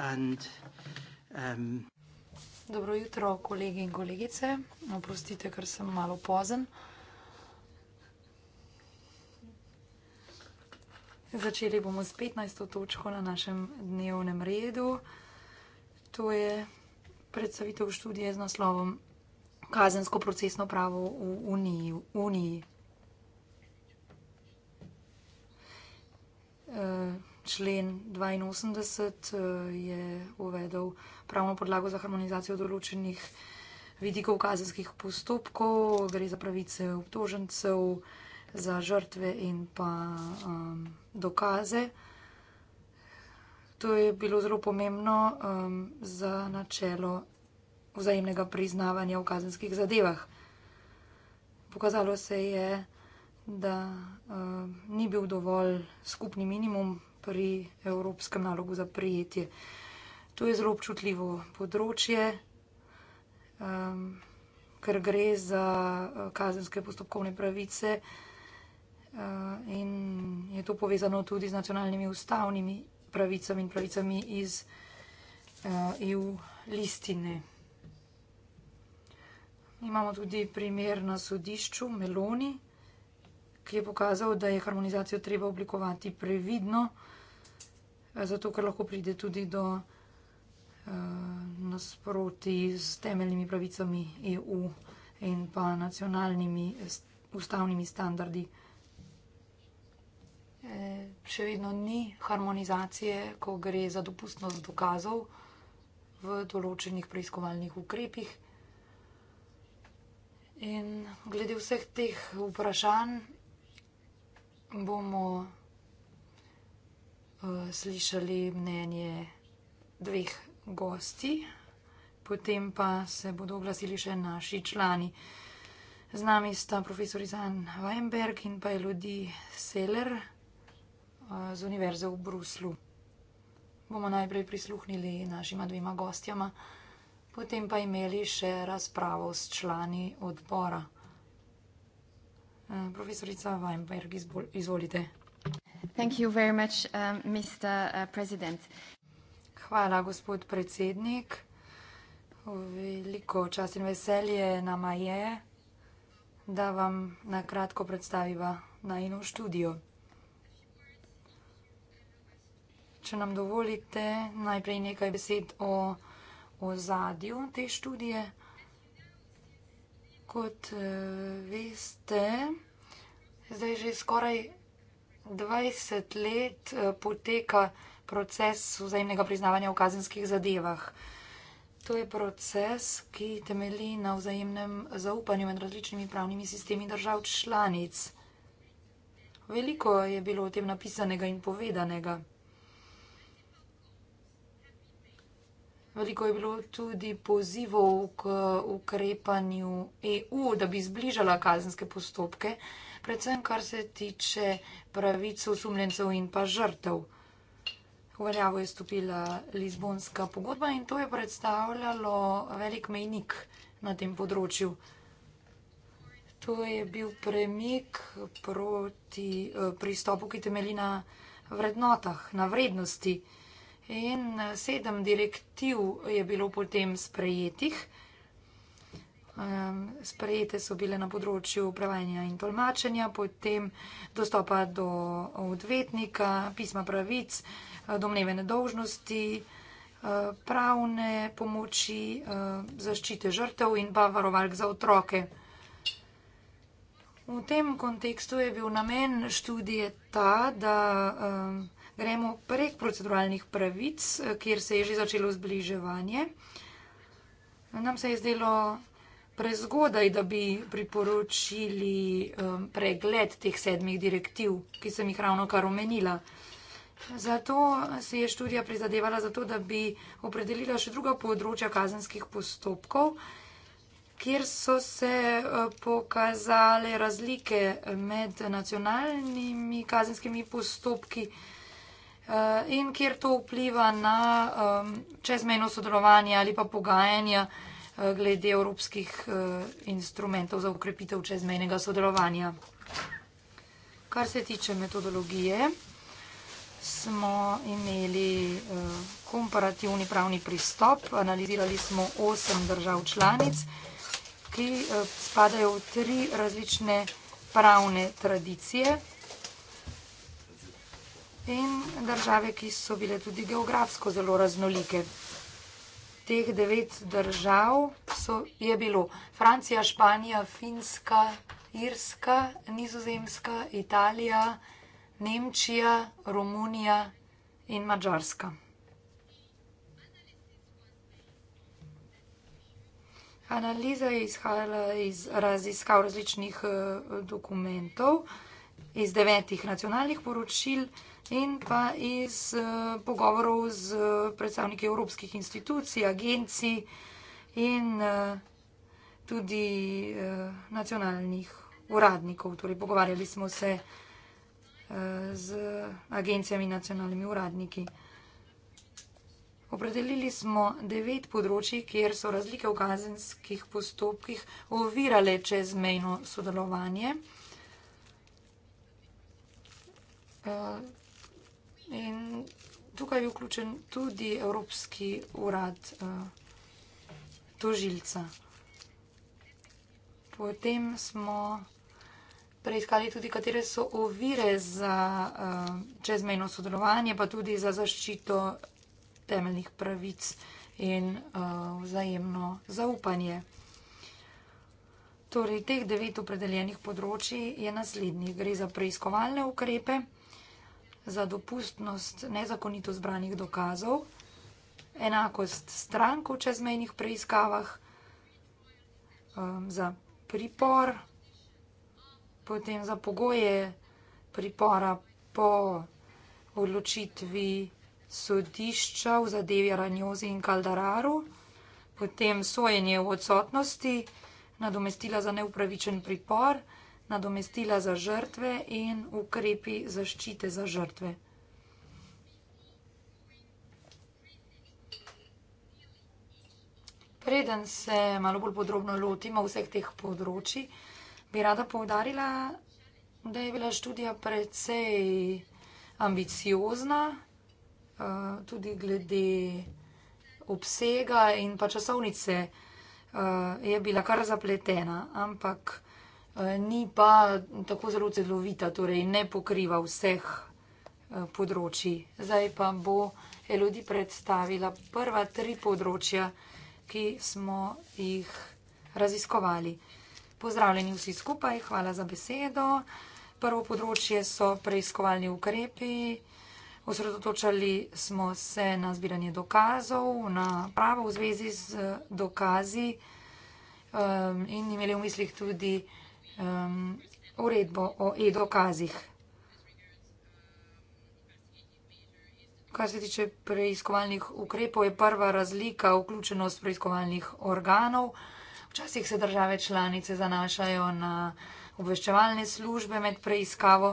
Um... Dobro jutro, kolegi in kolegice. Oprostite, ker sem malo pozen. Začeli bomo s 15. točko na našem dnevnem redu. To je predstavitev študije z naslovom Kazensko procesno pravo v Uniji. Uniji. Uh člen 82 eh, je uvedel pravno podlago za harmonizacijo določenih vidikov kazenskih postopkov, gre za pravice obtožencev, za žrtve in pa um, dokaze. To je bilo zelo pomembno um, za načelo vzajemnega priznavanja v kazenskih zadevah. Pokazalo se je, da um, ni bil dovolj skupni minimum pri evropskem nalogu za prijetje. To je zelo občutljivo področje, um, ker gre za uh, kazenske postopkovne pravice uh, in je to povezano tudi z nacionalnimi ustavnimi pravicami in pravicami iz uh, EU listine. Imamo tudi primer na sodišču Meloni, ki je pokazal, da je harmonizacijo treba oblikovati previdno. Uh, zato ker lahko pride tudi do uh, nasproti s temeljnimi pravicami EU in pa nacionalnimi ustavnimi standardi. E, še vedno ni harmonizacije, ko gre za dopustnost dokazov v določenih preiskovalnih ukrepih. In glede vseh teh vprašanj bomo Eh, slišali mnenje dveh gosti, potem pa se bodo oglasili še naši člani. Z nami sta profesor Izan Weinberg in pa Elodi Seller eh, z Univerze v Bruslu. Bomo najprej prisluhnili našima dvema gostjama, potem pa imeli še razpravo s člani odbora. Eh, profesorica Weinberg, izvolite. Thank you very much, um, uh, Mr. President. Hvala, gospod predsednik. Veliko čast in veselje nama je, da vam nakratko predstaviva na eno študijo. Če nam dovolite, najprej nekaj besed o ozadju te študije. Kot eh, veste, zdaj že skoraj 20 let eh, poteka proces vzajemnega priznavanja v kazenskih zadevah. To je proces, ki temeli na vzajemnem zaupanju med različnimi pravnimi sistemi držav članic. Veliko je bilo o tem napisanega in povedanega. Veliko je bilo tudi pozivov k ukrepanju EU, da bi zbližala kazenske postopke predvsem kar se tiče pravic osumljencev in pa žrtev. V veljavo je stopila Lizbonska pogodba in to je predstavljalo velik mejnik na tem področju. To je bil premik proti eh, pristopu, ki temeli na vrednotah, na vrednosti. In eh, sedem direktiv je bilo potem sprejetih um, sprejete so bile na področju prevajanja in tolmačenja, potem dostopa do odvetnika, pisma pravic, eh, domneve nedolžnosti, eh, pravne pomoči, eh, zaščite žrtev in pa varovalk za otroke. V tem kontekstu je bil namen študije ta, da um, gremo prek proceduralnih pravic, kjer se je že začelo zbliževanje. Nam se je zdelo prezgodaj, da bi priporočili um, pregled teh sedmih direktiv, ki sem jih ravno kar omenila. Zato se je študija prizadevala za to, da bi opredelila še druga področja kazenskih postopkov, kjer so se uh, pokazale razlike med nacionalnimi kazenskimi postopki uh, in kjer to vpliva na um, čezmejno sodelovanje ali pa pogajanja. Eh, glede evropskih eh, instrumentov za ukrepitev čezmejnega sodelovanja. Kar se tiče metodologije, smo imeli eh, komparativni pravni pristop. Analizirali smo osem držav članic, ki spadajo v tri različne pravne tradicije in države, ki so bile tudi geografsko zelo raznolike teh devet držav so, je bilo Francija, Španija, Finska, Irska, Nizozemska, Italija, Nemčija, Romunija in Mačarska. Analiza je izhajala iz raziskav različnih eh, dokumentov, iz devetih nacionalnih poročil in pa iz uh, pogovorov z uh, predstavniki evropskih institucij, agencij in uh, tudi uh, nacionalnih uradnikov. Torej, pogovarjali smo se uh, z agencijami in nacionalnimi uradniki. Opredelili smo devet področji, kjer so razlike v kazenskih postopkih ovirale čezmejno sodelovanje. Uh, In tukaj je vključen tudi Evropski urad eh, tožilca. Potem smo preiskali tudi, katere so ovire za eh, čezmejno sodelovanje, pa tudi za zaščito temeljnih pravic in eh, vzajemno zaupanje. Torej, teh devet opredeljenih področji je naslednji. Gre za preiskovalne ukrepe za dopustnost nezakonito zbranih dokazov, enakost strank v čezmejnih preiskavah, um, za pripor, potem za pogoje pripora po odločitvi sodišča v zadevi Aranjozi in Kaldararu, potem sojenje v odsotnosti, nadomestila za neupravičen pripor, pripor, nadomestila za žrtve in ukrepi zaščite za žrtve. Preden se malo bolj podrobno lotimo vseh teh področji, bi rada povdarila, da je bila študija precej ambiciozna, eh, tudi glede obsega in pa časovnice eh, je bila kar zapletena, ampak Eh, ni pa tako zelo celovita, torej ne pokriva vseh eh, področji. Zdaj pa bo Elodi predstavila prva tri področja, ki smo jih raziskovali. Pozdravljeni vsi skupaj, hvala za besedo. Prvo področje so preiskovalni ukrepi. Osredotočali smo se na zbiranje dokazov, na pravo v zvezi z dokazi ehm, in imeli v mislih tudi Um, uredbo o e-dokazih. Kar se tiče preiskovalnih ukrepov, je prva razlika vključenost preiskovalnih organov. Včasih se države članice zanašajo na obveščevalne službe med preiskavo.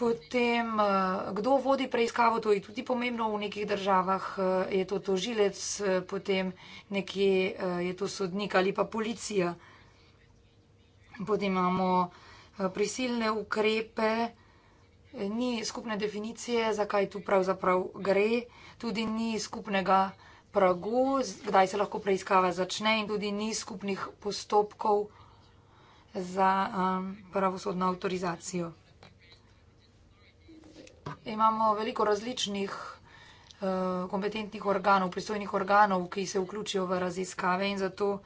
Potem, uh, kdo vodi preiskavo, to je tudi pomembno. V nekih državah uh, je to tožilec, uh, potem nekje je to sodnik ali pa policija potem imamo eh, prisilne ukrepe, ni skupne definicije, zakaj tu pravzaprav gre, tudi ni skupnega pragu, kdaj se lahko preiskava začne in tudi ni skupnih postopkov za um, pravosodno avtorizacijo. Imamo veliko različnih eh, kompetentnih organov, pristojnih organov, ki se vključijo v raziskave in zato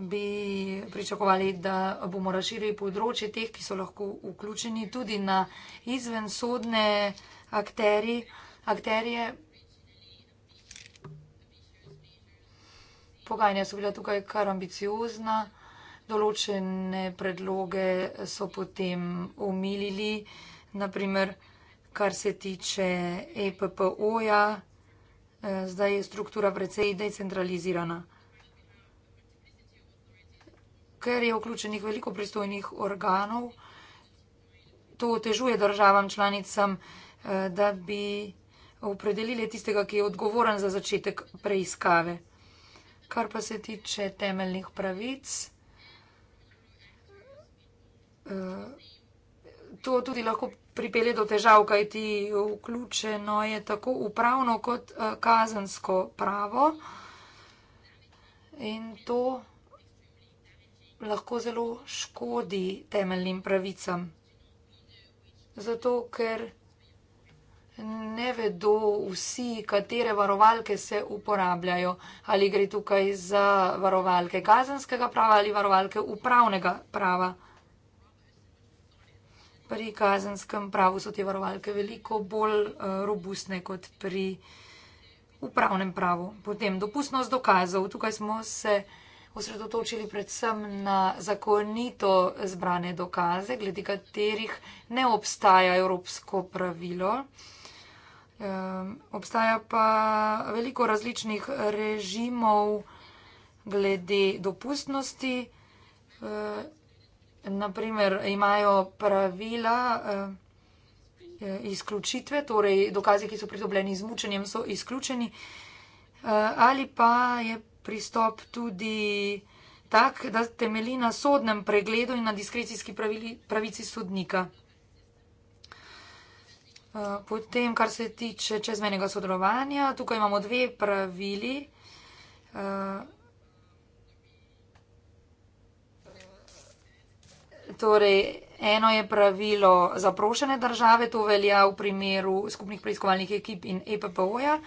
bi pričakovali, da bomo razširili področje teh, ki so lahko vključeni tudi na izvensodne akteri, akterije. Pogajanja so bila tukaj kar ambiciozna, določene predloge so potem omilili, naprimer, kar se tiče EPPO-ja, eh, zdaj je struktura precej decentralizirana ker je vključenih veliko pristojnih organov, to otežuje državam članicam, eh, da bi opredelili tistega, ki je odgovoren za začetek preiskave. Kar pa se tiče temeljnih pravic, eh, to tudi lahko pripelje do težav, kaj ti vključeno je tako upravno kot eh, kazansko pravo. In to lahko zelo škodi temeljnim pravicam. Zato, ker ne vedo vsi, katere varovalke se uporabljajo, ali gre tukaj za varovalke kazenskega prava ali varovalke upravnega prava. Pri kazenskem pravu so te varovalke veliko bolj eh, robustne kot pri upravnem pravu. Potem dopustnost dokazov. Tukaj smo se osredotočili predvsem na zakonito zbrane dokaze, glede katerih ne obstaja evropsko pravilo. Obstaja pa veliko različnih režimov glede dopustnosti. Naprimer, imajo pravila izključitve, torej dokazi, ki so pridobljeni z mučenjem, so izključeni, ali pa je pristop tudi tak, da temelji na sodnem pregledu in na diskrecijski pravili, pravici sodnika. Eh, potem, kar se tiče čezmenega sodelovanja, tukaj imamo dve pravili. Eh, torej, eno je pravilo zaprošene države, to velja v primeru skupnih preiskovalnih ekip in EPPO-ja.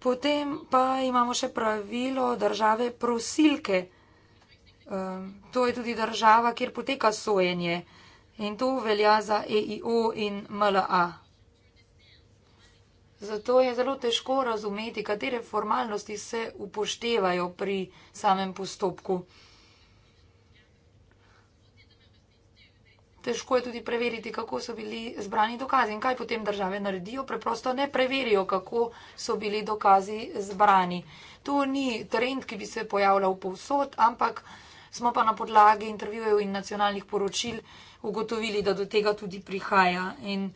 Potem pa imamo še pravilo države prosilke. Ehm, to je tudi država, kjer poteka sojenje in to velja za EIO in MLA. Zato je zelo težko razumeti, katere formalnosti se upoštevajo pri samem postopku. težko je tudi preveriti, kako so bili zbrani dokazi in kaj potem države naredijo. Preprosto ne preverijo, kako so bili dokazi zbrani. To ni trend, ki bi se pojavljal povsod, ampak smo pa na podlagi intervjujev in nacionalnih poročil ugotovili, da do tega tudi prihaja. In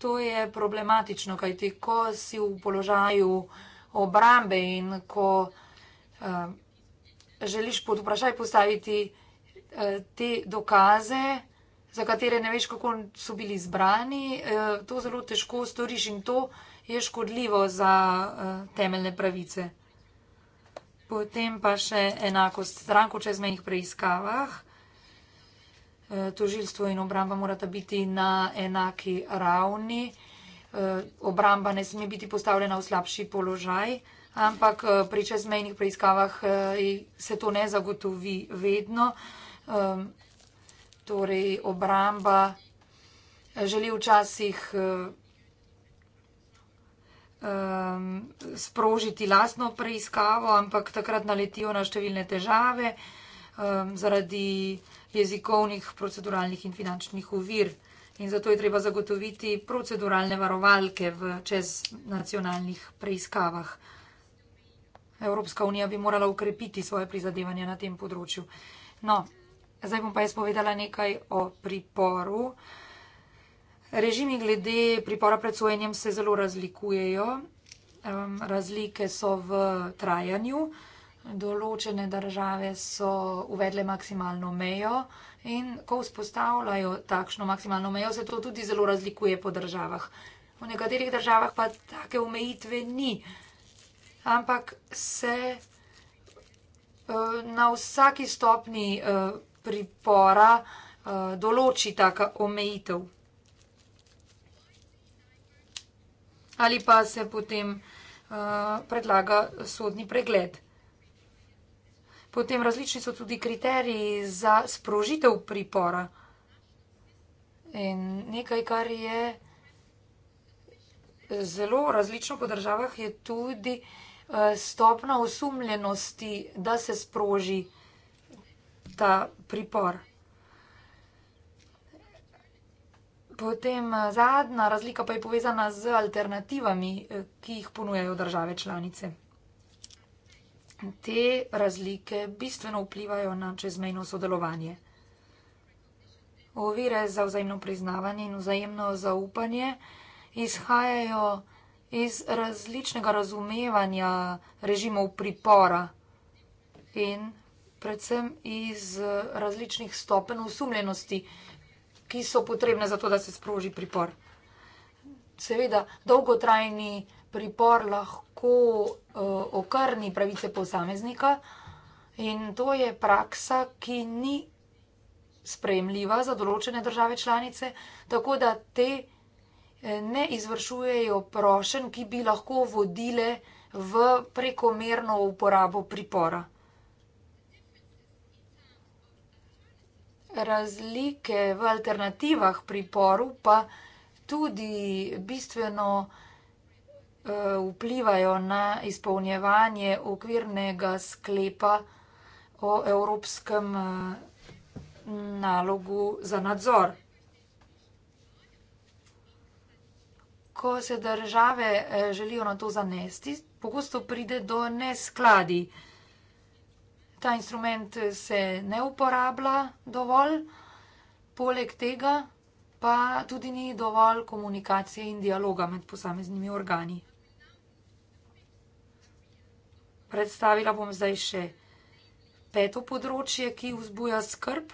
to je problematično, kajti ko si v položaju obrambe in ko uh, želiš pod vprašaj postaviti uh, te dokaze, za katere ne veš, kako so bili zbrani, eh, to zelo težko storiš in to je škodljivo za eh, temeljne pravice. Potem pa še enakost strank v čezmejnih preiskavah. Eh, tožilstvo in obramba morata biti na enaki ravni. Obramba ne sme biti postavljena v slabši položaj, ampak pri čezmejnih preiskavah se to ne zagotovi vedno. Vedno torej obramba eh, želi včasih um, sprožiti lastno preiskavo, ampak takrat naletijo na številne težave um, zaradi jezikovnih, proceduralnih in finančnih uvir. In zato je treba zagotoviti proceduralne varovalke v čeznacionalnih preiskavah. Evropska unija bi morala ukrepiti svoje prizadevanja na tem področju. No, Zdaj bom pa jaz povedala nekaj o priporu. Režimi glede pripora pred sojenjem se zelo razlikujejo. Razlike so v trajanju. Določene države so uvedle maksimalno mejo in ko vzpostavljajo takšno maksimalno mejo, se to tudi zelo razlikuje po državah. V nekaterih državah pa take omejitve ni, ampak se eh, na vsaki stopni eh, pripora eh, določi taka omejitev. Ali pa se potem eh, predlaga sodni pregled. Potem različni so tudi kriteriji za sprožitev pripora. In nekaj, kar je eh, zelo različno po državah, je tudi stopna osumljenosti, da se sproži pripora sta pripor. Potem eh, zadnja razlika pa je povezana z alternativami, eh, ki jih ponujajo države članice. Te razlike bistveno vplivajo na čezmejno sodelovanje. Ovire za vzajemno priznavanje in vzajemno zaupanje izhajajo iz različnega razumevanja režimov pripora in predvsem iz eh, različnih stopen usumljenosti, ki so potrebne za to, da se sproži pripor. Seveda, dolgotrajni pripor lahko uh, okrni pravice posameznika in to je praksa, ki ni sprejemljiva za določene države članice, tako da te eh, ne izvršujejo prošen, ki bi lahko vodile v prekomerno uporabo pripora. razlike v alternativah priporu pa tudi bistveno eh, vplivajo na izpolnjevanje okvirnega sklepa o evropskem eh, nalogu za nadzor. Ko se države eh, želijo na to zanesti, pogosto pride do neskladij ta instrument se ne uporablja dovolj, poleg tega pa tudi ni dovolj komunikacije in dialoga med posameznimi organi. Predstavila bom zdaj še peto področje, ki vzbuja skrb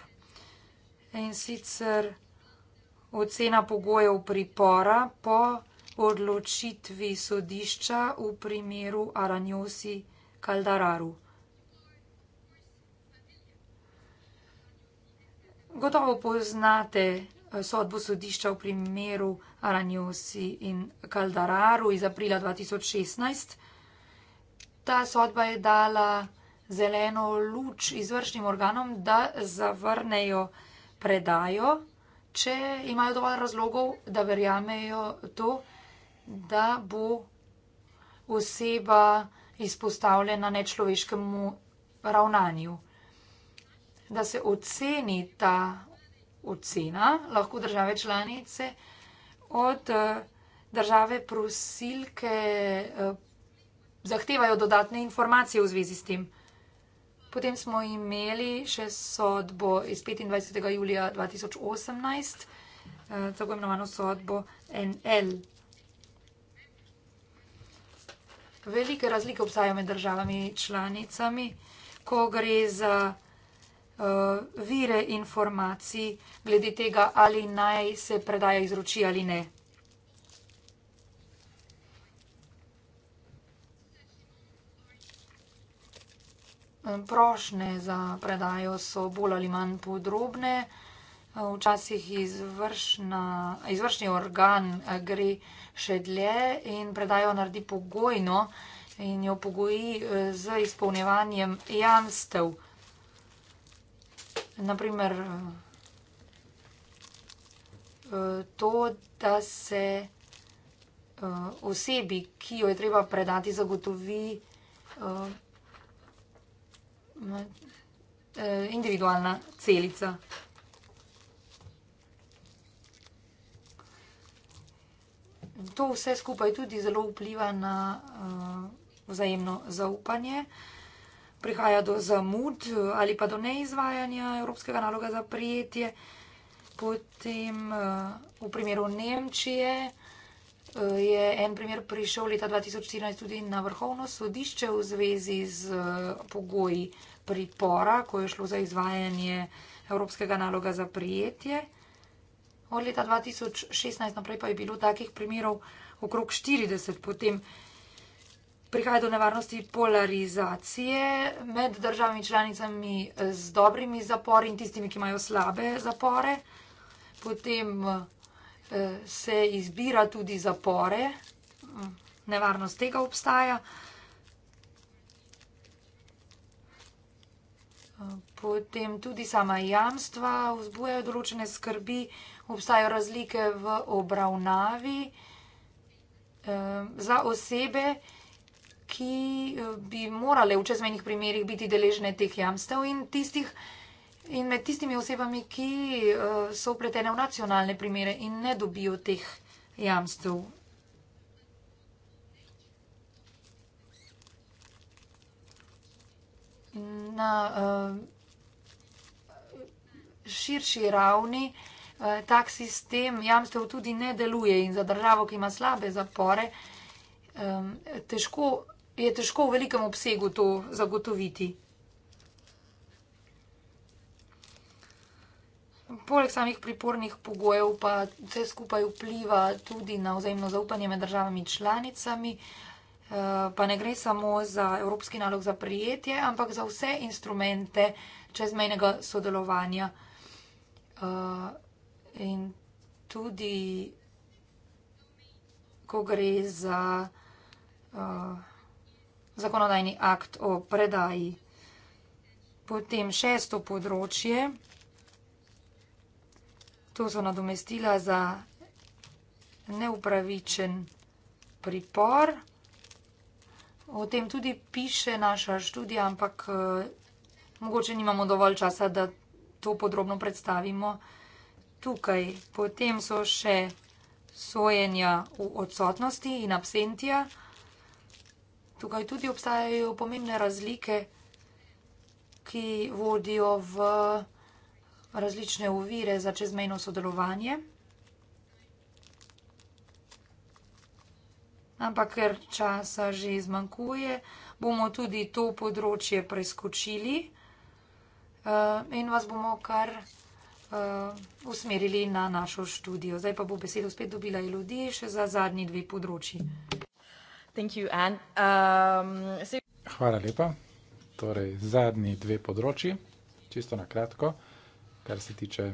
in sicer ocena pogojev pripora po odločitvi sodišča v primeru Aranjosi Kaldararu. Gotovo poznate eh, sodbo sodišča v primeru Aranjosi in Kaldararu iz aprila 2016. Ta sodba je dala zeleno luč izvršnim organom, da zavrnejo predajo, če imajo dovolj razlogov, da verjamejo to, da bo oseba izpostavljena nečloveškemu ravnanju da se oceni ta ocena, lahko države članice od eh, države prosilke eh, zahtevajo dodatne informacije v zvezi s tem. Potem smo imeli še sodbo iz 25. julija 2018, eh, tako imenovano sodbo NL. Velike razlike obstajajo med državami članicami, ko gre za Eh, vire informacij glede tega, ali naj se predaja izroči ali ne. Eh, Prošne za predajo so bolj ali manj podrobne. Eh, včasih izvršna, izvršni organ gre še dlje in predajo naredi pogojno in jo pogoji z izpolnevanjem jamstev naprimer eh, to, da se eh, osebi, ki jo je treba predati, zagotovi eh, individualna celica. To vse skupaj tudi zelo vpliva na vzajemno zaupanje prihaja do zamud eh, ali pa do neizvajanja evropskega naloga za prijetje. Potem eh, v primeru Nemčije eh, je en primer prišel leta 2014 tudi na vrhovno sodišče v zvezi z pogoji pripora, ko je šlo za izvajanje evropskega naloga za prijetje. Od leta 2016 naprej pa je bilo takih primerov okrog 40. Potem prihaja do nevarnosti polarizacije med državami članicami z dobrimi zapori in tistimi, ki imajo slabe zapore. Potem eh, se izbira tudi zapore, nevarnost tega obstaja. Potem tudi sama jamstva vzbujajo določene skrbi, obstajajo razlike v obravnavi eh, za osebe, ki ki eh, bi morale v čezmenih primerjih biti deležne teh jamstev in, tistih, in med tistimi osebami, ki eh, so upletene v nacionalne primere in ne dobijo teh jamstev. Na eh, širši ravni tak sistem jamstev tudi ne deluje in za državo, ki ima slabe zapore, težko je težko v velikem obsegu to zagotoviti. Poleg samih pripornih pogojev pa vse skupaj vpliva tudi na vzajemno zaupanje med državami članicami, eh, pa ne gre samo za evropski nalog za prijetje, ampak za vse instrumente čezmejnega sodelovanja. Eh, in tudi, ko gre za. Eh, zakonodajni akt o predaji. Potem šesto področje, to so nadomestila za neupravičen pripor. O tem tudi piše naša študija, ampak eh, mogoče nimamo dovolj časa, da to podrobno predstavimo tukaj. Potem so še sojenja v odsotnosti in absentija. Tukaj tudi obstajajo pomembne razlike, ki vodijo v različne uvire za čezmejno sodelovanje. Ampak ker časa že izmanjkuje, bomo tudi to področje preskočili eh, in vas bomo kar eh, usmerili na našo študijo. Zdaj pa bo besedo spet dobila Elodije še za zadnji dve področji. Um, Hvala lepa. Torej, zadnji dve področji, čisto na kratko, kar se tiče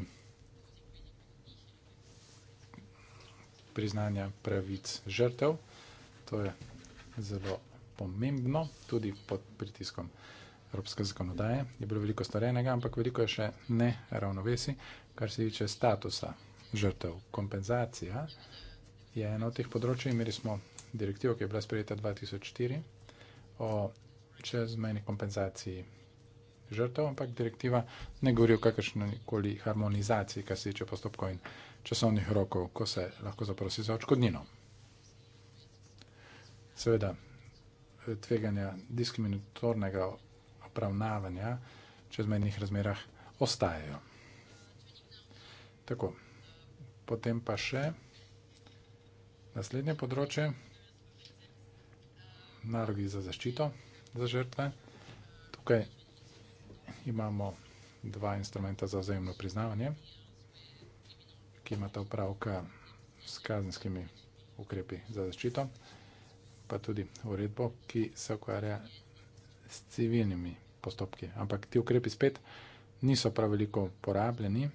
priznanja pravic žrtev. To je zelo pomembno, tudi pod pritiskom evropske zakonodaje. Je bilo veliko storjenega, ampak veliko je še ne ravnovesi, kar se tiče statusa žrtev. Kompenzacija je eno od teh področij. Imeli smo direktivo, ki je bila sprejeta 2004 o čezmejni kompenzaciji žrtev, ampak direktiva ne govori o kakršnikoli harmonizaciji, kar se tiče postopkov in časovnih rokov, ko se lahko zaprosi za očkodnino. Seveda, tveganja diskriminatornega opravnavanja v čezmejnih razmerah ostajajo. Tako, potem pa še naslednje področje naravi za zaščito za žrtve. Tukaj imamo dva instrumenta za vzajemno priznavanje, ki imata upravka s kazenskimi ukrepi za zaščito, pa tudi uredbo, ki se ukvarja s civilnimi postopki. Ampak ti ukrepi spet niso prav veliko porabljeni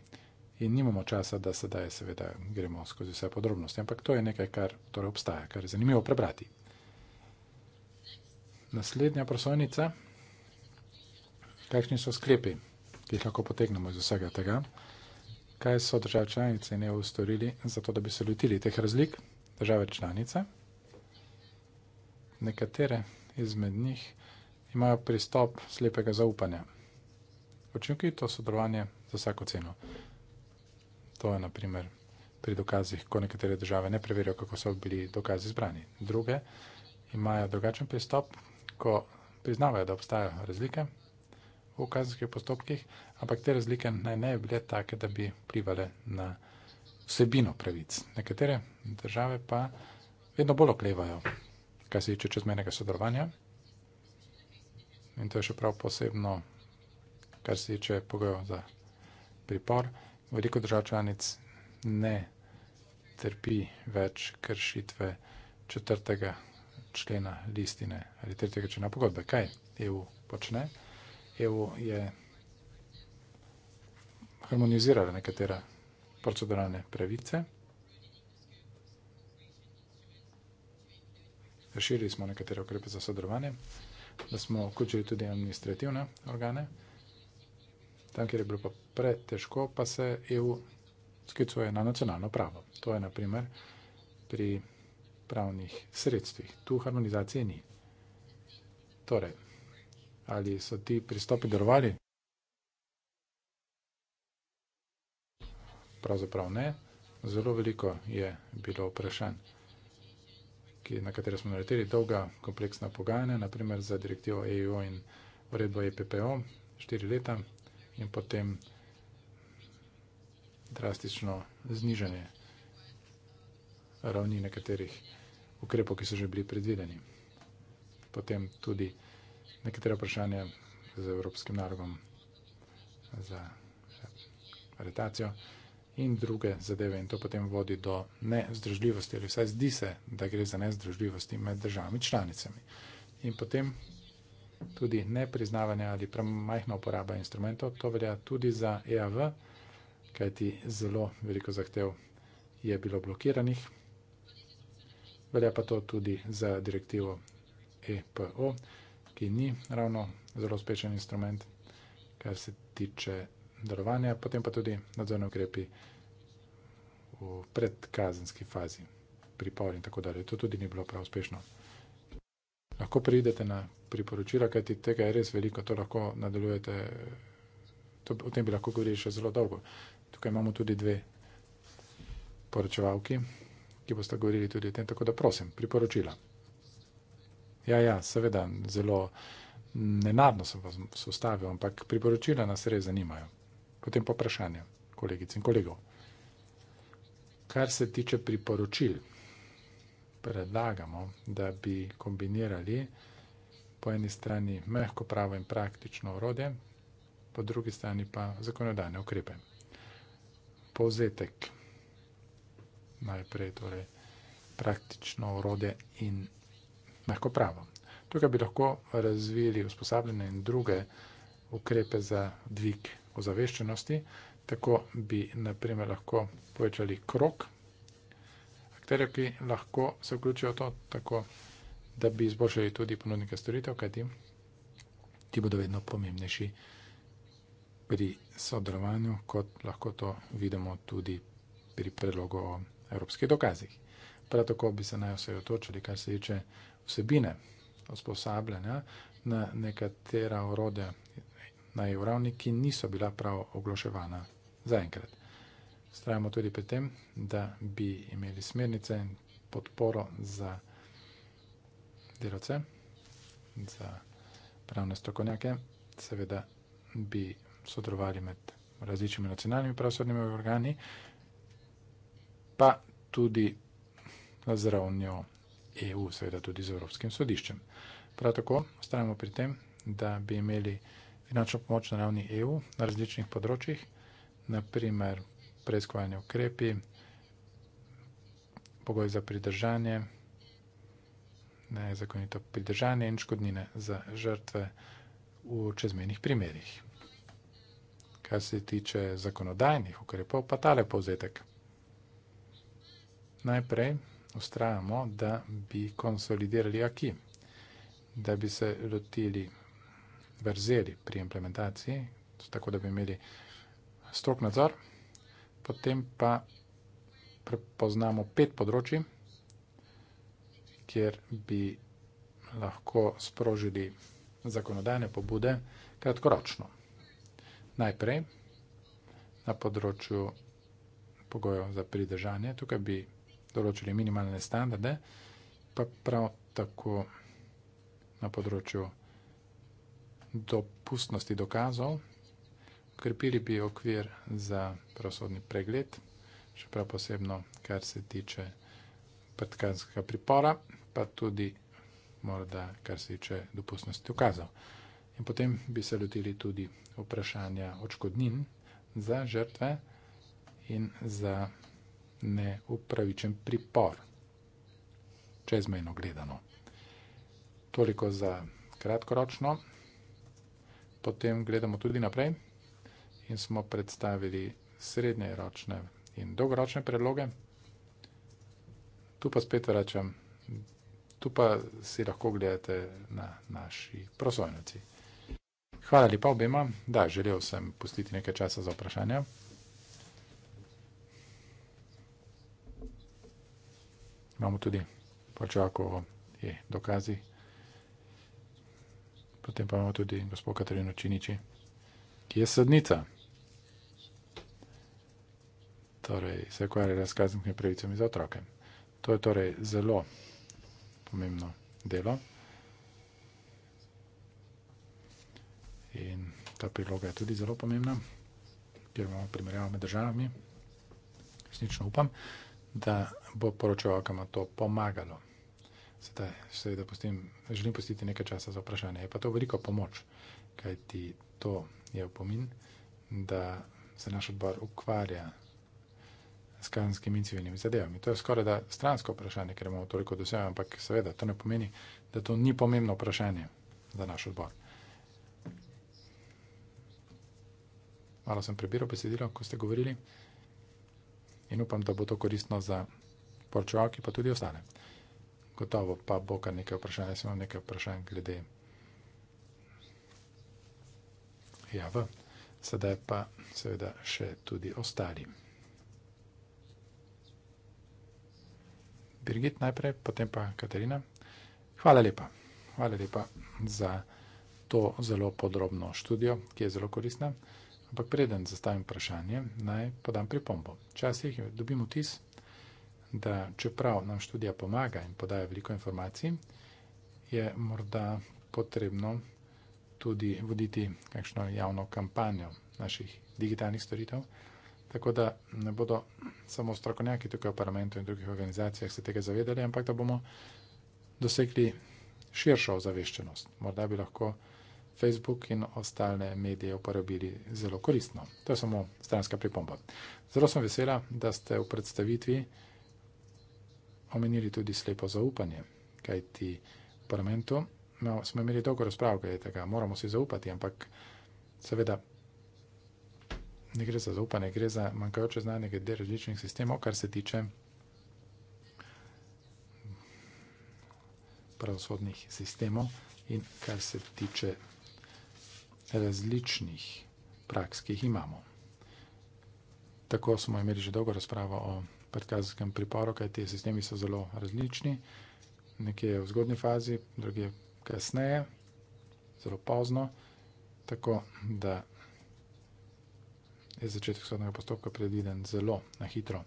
in nimamo časa, da sedaj seveda gremo skozi vse podrobnosti. Ampak to je nekaj, kar torej obstaja, kar je zanimivo prebrati naslednja prosojnica. Kakšni so sklepi, ki jih lahko potegnemo iz vsega tega? Kaj so države članice in EU storili, zato da bi se lotili teh razlik? Države članice, nekatere izmed njih imajo pristop slepega zaupanja. Učinki to sodelovanje za vsako ceno. To je naprimer pri dokazih, ko nekatere države ne preverijo, kako so bili dokazi zbrani. Druge imajo drugačen pristop, ko priznavajo, da obstajajo razlike v kazenskih postopkih, ampak te razlike naj ne bi bile take, da bi vplivali na vsebino pravic. Nekatere države pa vedno bolj oklevajo, kar se tiče čezmejnega sodelovanja. In to je še prav posebno, kar se tiče pogojev za pripor. Veliko držav članic ne trpi več kršitve četrtega člena listine ali tretjega člena pogodbe. Kaj EU počne? EU je harmonizirala nekatera proceduralne pravice. Razširili smo nekatere okrepe za sodelovanje, da smo vključili tudi administrativne organe. Tam, kjer je bilo pa pre težko, pa se EU sklicuje na nacionalno pravo. To je naprimer pri pravnih sredstvih. Tu harmonizacije ni. Torej, ali so ti pristopi darovali? Pravzaprav ne. Zelo veliko je bilo vprašanj, na katere smo naleteli dolga kompleksna pogajanja, naprimer za direktivo EU in uredbo EPPO, štiri leta in potem drastično znižanje ravni nekaterih ukrepov, ki so že bili predvideni. Potem tudi nekatera vprašanja z evropskim narodom za eh, aretacijo in druge zadeve in to potem vodi do nezdružljivosti ali vsaj zdi se, da gre za nezdružljivosti med državami članicami. In potem tudi nepriznavanje ali premajhna uporaba instrumentov, to velja tudi za EAV, kajti zelo veliko zahtev je bilo blokiranih velja pa to tudi za direktivo EPO, ki ni ravno zelo uspešen instrument, kar se tiče delovanja, potem pa tudi nadzorne ukrepi v predkazenski fazi, pripor in tako dalje. To tudi ni bilo prav uspešno. Lahko pridete na priporočila, kajti tega je res veliko, to lahko nadaljujete, to, o tem bi lahko govorili še zelo dolgo. Tukaj imamo tudi dve poročevalki ki boste govorili tudi o tem. Tako da prosim, priporočila. Ja, ja, seveda, zelo nenadno sem vas ustavil, ampak priporočila nas res zanimajo. Potem pa vprašanje kolegic in kolegov. Kar se tiče priporočil, predlagamo, da bi kombinirali po eni strani mehko pravo in praktično orodje, po drugi strani pa zakonodajne ukrepe. Povzetek najprej torej, praktično urode in lahko pravo. Tukaj bi lahko razvili usposabljene in druge ukrepe za dvig ozaveščenosti. Tako bi naprimer lahko povečali krok, akterje, ki lahko se vključijo v to, tako da bi izboljšali tudi ponudnike storitev, kajti ti bodo vedno pomembnejši pri sodelovanju, kot lahko to vidimo tudi pri predlogu o evropskih dokazih. Prav tako bi se naj osredotočili, kar se tiče vsebine usposabljanja na nekatera orodja na evravni, ki niso bila prav oglaševana zaenkrat. Strajamo tudi pri tem, da bi imeli smernice in podporo za delavce, za pravne strokovnjake, seveda bi sodelovali med različnimi nacionalnimi pravosodnimi organi, pa tudi z ravnjo EU, seveda tudi z Evropskim sodiščem. Prav tako ostajamo pri tem, da bi imeli finančno pomoč na ravni EU na različnih področjih, naprimer preizkovanje ukrepi, pogoj za pridržanje, nezakonito pridržanje in škodnine za žrtve v čezmenih primerih. Kar se tiče zakonodajnih ukrepov, pa tale povzetek najprej ustrajamo, da bi konsolidirali aki, da bi se lotili verzeli pri implementaciji, tako da bi imeli strok nadzor, potem pa prepoznamo pet področji, kjer bi lahko sprožili zakonodajne pobude kratkoročno. Najprej na področju pogojev za pridržanje, tukaj bi vsega, določili minimalne standarde, pa prav tako na področju dopustnosti dokazov, krepili bi okvir za pravosodni pregled, še prav posebno, kar se tiče predkazanskega pripora, pa tudi morda, kar se tiče dopustnosti dokazov. In potem bi se lotili tudi vprašanja očkodnin za žrtve in za neupravičen pripor, čezmejno gledano. Toliko za kratkoročno, potem gledamo tudi naprej in smo predstavili srednjeročne in dolgoročne predloge. Tu pa spet vračam, tu pa si lahko gledate na naši prosojnici. Hvala lepa obema, da želel sem pustiti nekaj časa za vprašanja. imamo tudi pačako je dokazi. Potem pa imamo tudi gospod Katarino Činiči, ki je sodnica. Torej, se ukvarjala s kazenskimi pravicami za otroke. To je torej zelo pomembno delo. In ta priloga je tudi zelo pomembna, ker imamo primerjavo med državami. Resnično upam da bo poročevalkama to pomagalo. Sedaj, seveda, postim, želim postiti nekaj časa za vprašanje. Je pa to veliko pomoč, kaj ti to je opomin, da se naš odbor ukvarja s kazenskimi in civilnimi zadevami. To je skoraj da stransko vprašanje, ker imamo toliko dosega, ampak seveda to ne pomeni, da to ni pomembno vprašanje za naš odbor. Malo sem prebiral besedilo, ko ste govorili in upam, da bo to koristno za poročevalke, pa tudi ostale. Gotovo pa bo kar nekaj vprašanj, jaz imam nekaj vprašanj glede. Ja, v. Sedaj pa seveda še tudi ostali. Birgit najprej, potem pa Katarina. Hvala lepa. Hvala lepa za to zelo podrobno študijo, ki je zelo koristna. Ampak preden zastavim vprašanje, naj podam pripombo. Včasih dobim vtis, da čeprav nam študija pomaga in podaja veliko informacij, je morda potrebno tudi voditi kakšno javno kampanjo naših digitalnih storitev, tako da ne bodo samo strokovnjaki tukaj v parlamentu in drugih organizacijah se tega zavedali, ampak da bomo dosegli širšo ozaveščenost. Morda bi lahko. Facebook in ostale medije uporabili zelo koristno. To je samo stranska pripomba. Zelo sem vesela, da ste v predstavitvi omenili tudi slepo zaupanje, kajti v parlamentu no, smo imeli dolgo razprav, kaj je tega, moramo si zaupati, ampak seveda ne gre za zaupanje, gre za manjkajoče znanje glede različnih sistemov, kar se tiče pravosodnih sistemov in kar se tiče različnih praks, ki jih imamo. Tako smo imeli že dolgo razpravo o predkazenskem priporu, kaj ti sistemi so zelo različni. Nekje je v zgodnji fazi, druge kasneje, zelo pozno. Tako da je začetek sodnega postopka predviden zelo na hitro.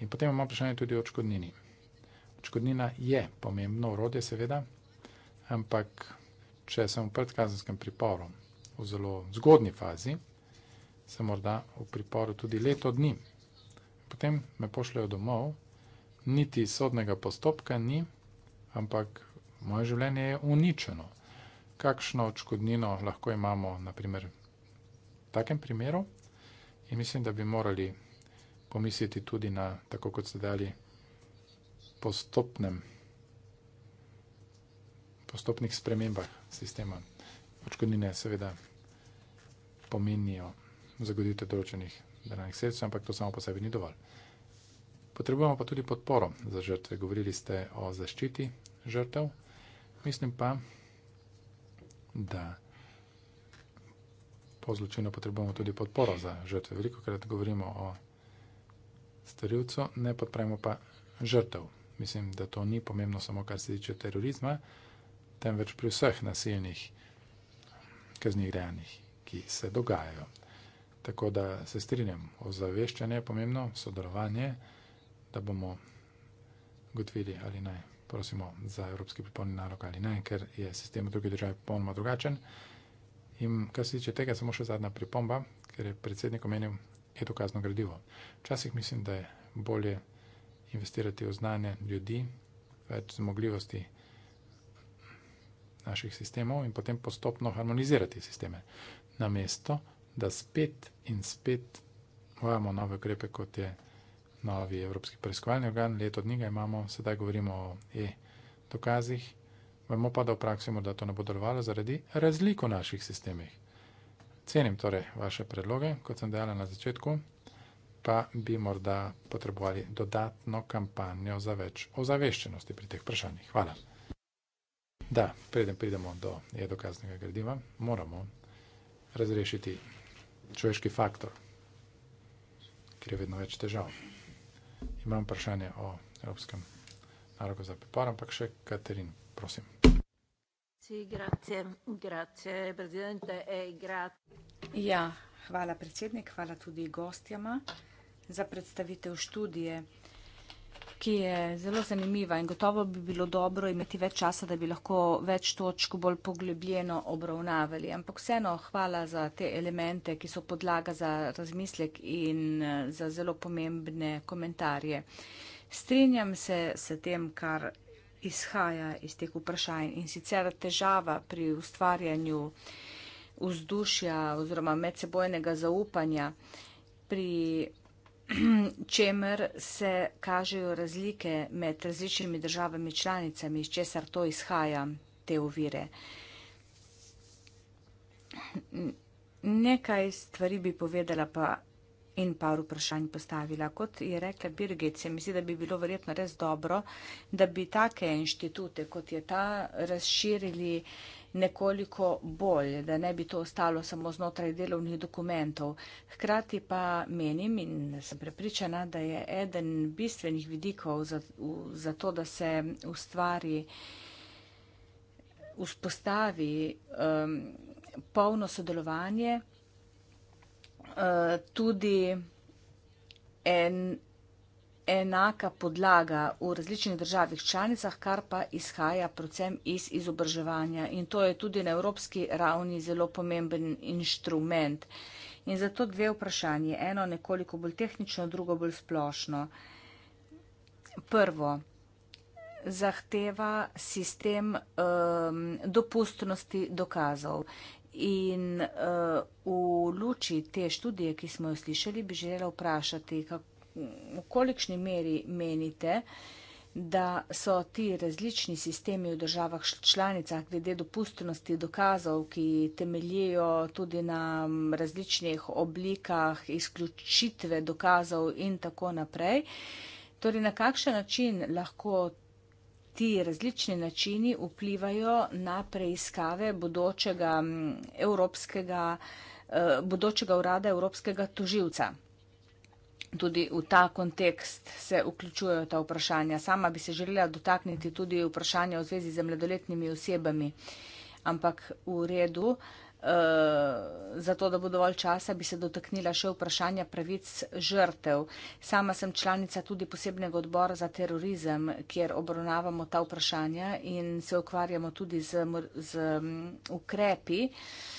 In potem imamo vprašanje tudi o odškodnini. Odškodnina je pomembno urodje, seveda, ampak če sem v predkazenskem priporu, v zelo zgodni fazi, sem morda v priporu tudi leto dni. Potem me pošljajo domov, niti sodnega postopka ni, ampak moje življenje je uničeno. Kakšno očkodnino lahko imamo, naprimer, v takem primeru? In mislim, da bi morali pomisliti tudi na, tako kot ste dali, postopnem, postopnih spremembah sistema očkodnine seveda pomenijo zagoditi določenih denarnih sredstv, ampak to samo po sebi ni dovolj. Potrebujemo pa tudi podporo za žrtve. Govorili ste o zaščiti žrtev. Mislim pa, da po zločinu potrebujemo tudi podporo za žrtve. Veliko krat govorimo o starilcu, ne podpremo pa žrtev. Mislim, da to ni pomembno samo kar se tiče terorizma, temveč pri vseh nasilnih žrtev kaznih dejanjih, ki se dogajajo. Tako da se strinjam, ozaveščanje je pomembno, sodelovanje, da bomo gotovili ali naj, prosimo za evropski priporni narok ali naj, ker je sistem v drugi državi popolnoma drugačen. In kar se tiče tega, samo še zadnja pripomba, ker je predsednik omenil, je to kazno gradivo. Včasih mislim, da je bolje investirati v znanje ljudi, več zmogljivosti naših sistemov in potem postopno harmonizirati sisteme. Namesto, da spet in spet uvajamo nove ukrepe, kot je novi Evropski preiskovalni organ, leto dni ga imamo, sedaj govorimo o e-dokazih, vemo pa, da v praksi morda to ne bo delovalo zaradi razlik v naših sistemih. Cenim torej vaše predloge, kot sem dejala na začetku, pa bi morda potrebovali dodatno kampanjo za več ozaveščenosti pri teh vprašanjih. Hvala. Da, preden pridemo do jedokaznega gradiva, moramo razrešiti človeški faktor, ker je vedno več težav. Imam vprašanje o Evropskem narogu za pripor, ampak še Katerin, prosim. Grazie, grazie, presidente, e grazie. Ja, hvala predsednik, hvala tudi gostjama za predstavitev študije ki je zelo zanimiva in gotovo bi bilo dobro imeti več časa, da bi lahko več točk bolj poglobljeno obravnavali. Ampak vseeno hvala za te elemente, ki so podlaga za razmislek in eh, za zelo pomembne komentarje. Strinjam se s tem, kar izhaja iz teh vprašanj in sicer težava pri ustvarjanju vzdušja oziroma medsebojnega zaupanja pri čemer se kažejo razlike med različnimi državami članicami, iz česar to izhaja, te ovire. Nekaj stvari bi povedala pa in par vprašanj postavila. Kot je rekla Birgit, se mi zdi, da bi bilo verjetno res dobro, da bi take inštitute, kot je ta, razširili uh, nekoliko bolj, da ne bi to ostalo samo znotraj delovnih dokumentov. Hkrati pa menim in sem prepričana, da je eden bistvenih vidikov za, v, za to, da se ustvari, vzpostavi um, polno sodelovanje, uh, tudi en, enaka podlaga v različnih državih članicah, kar pa izhaja predvsem iz izobraževanja. In to je tudi na evropski ravni zelo pomemben inštrument. In zato dve vprašanje. Eno nekoliko bolj tehnično, drugo bolj splošno. Prvo, zahteva sistem um, dopustnosti dokazov. In uh, v luči te študije, ki smo jo slišali, bi želela vprašati, kako v kolikšni meri menite, da so ti različni sistemi v državah članicah glede dopustnosti dokazov, ki temeljijo tudi na različnih oblikah izključitve dokazov in tako naprej. Torej, na kakšen način lahko ti različni načini vplivajo na preiskave bodočega, evropskega, eh, bodočega urada evropskega tožilca? tudi v ta kontekst se vključujejo ta vprašanja. Sama bi se želela dotakniti tudi vprašanja v zvezi z mladoletnimi osebami, ampak v redu. E, zato, da bo dovolj časa, bi se dotaknila še vprašanja pravic žrtev. Sama sem članica tudi posebnega odbora za terorizem, kjer obravnavamo ta vprašanja in se ukvarjamo tudi z, z mm, ukrepi. E,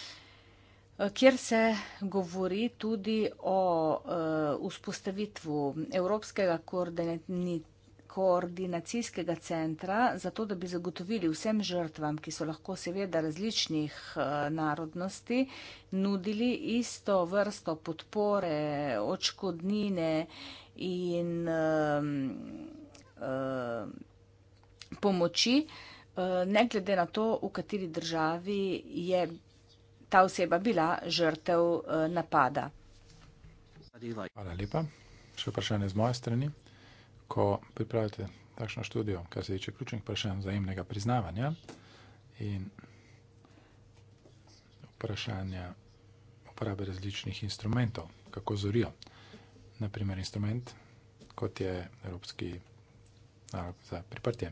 Eh, kjer se govori tudi o eh, vzpostavitvu Evropskega koordinatnika koordinacijskega centra, zato da bi zagotovili vsem žrtvam, ki so lahko seveda različnih eh, narodnosti, nudili isto vrsto podpore, očkodnine in pomoči, ne glede na to, v kateri državi je bilo ta oseba bila žrtev eh, napada. Hvala lepa. Še vprašanje z moje strani. Ko pripravite takšno študijo, kar se tiče ključnih vprašanj vzajemnega priznavanja in vprašanja uporabe različnih instrumentov, kako zorijo, naprimer instrument, kot je Evropski narod za priprtje.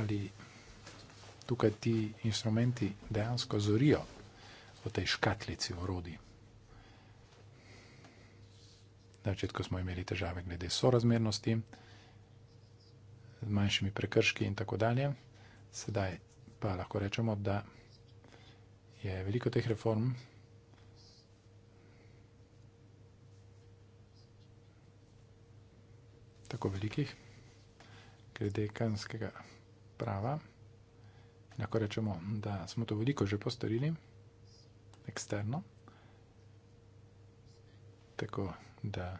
Ali tukaj ti instrumenti dejansko zorijo v tej škatlici orodij. Na začetku smo imeli težave glede sorazmernosti, z manjšimi prekrški in tako dalje. Sedaj pa lahko rečemo, da je veliko teh reform tako velikih glede kanskega prava lahko rečemo, da smo to veliko že postorili, eksterno. Tako da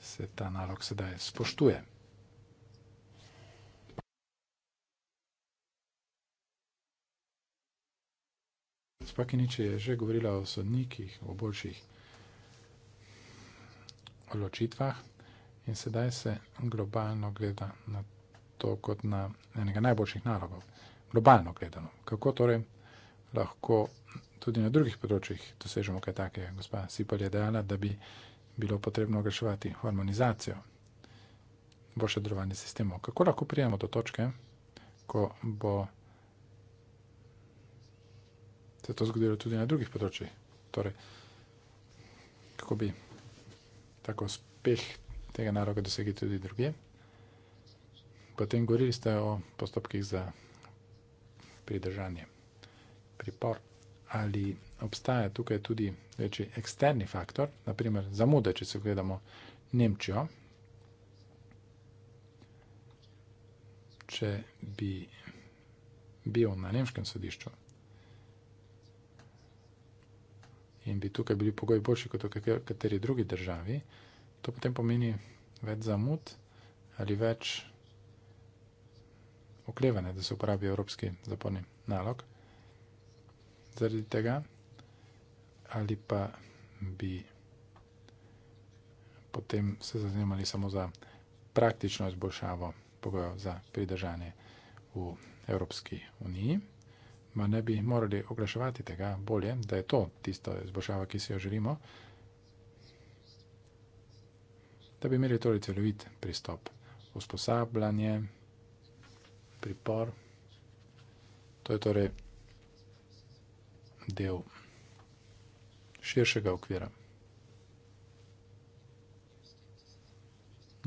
se ta nalog sedaj spoštuje. Spakinič je že govorila o sodnikih, o boljših odločitvah in sedaj se globalno gleda na to kot na enega najboljših nalogov globalno gledano. Kako torej lahko tudi na drugih področjih dosežemo kaj takega? Gospa Sipal je dejala, da bi bilo potrebno oglaševati harmonizacijo boljše drovanje sistemov. Kako lahko prijemo do točke, ko bo se to zgodilo tudi na drugih področjih? Torej, kako bi tako uspeh tega naroga dosegli tudi druge? Potem govorili ste o postopkih za pridržanje, pripor. Ali obstaja tukaj tudi reči, eksterni faktor, naprimer zamude, če se gledamo Nemčijo, če bi bil na nemškem sodišču in bi tukaj bili pogoji boljši kot v kateri drugi državi, to potem pomeni več zamud ali več oklevane, da se uporabi evropski zaporni nalog. Zaradi tega ali pa bi potem se zanimali samo za praktično izboljšavo pogojev za pridržanje v Evropski uniji, ma ne bi morali oglaševati tega bolje, da je to tisto izboljšava, ki si jo želimo, da bi imeli torej celovit pristop, usposabljanje, pripor. To je torej del širšega okvira.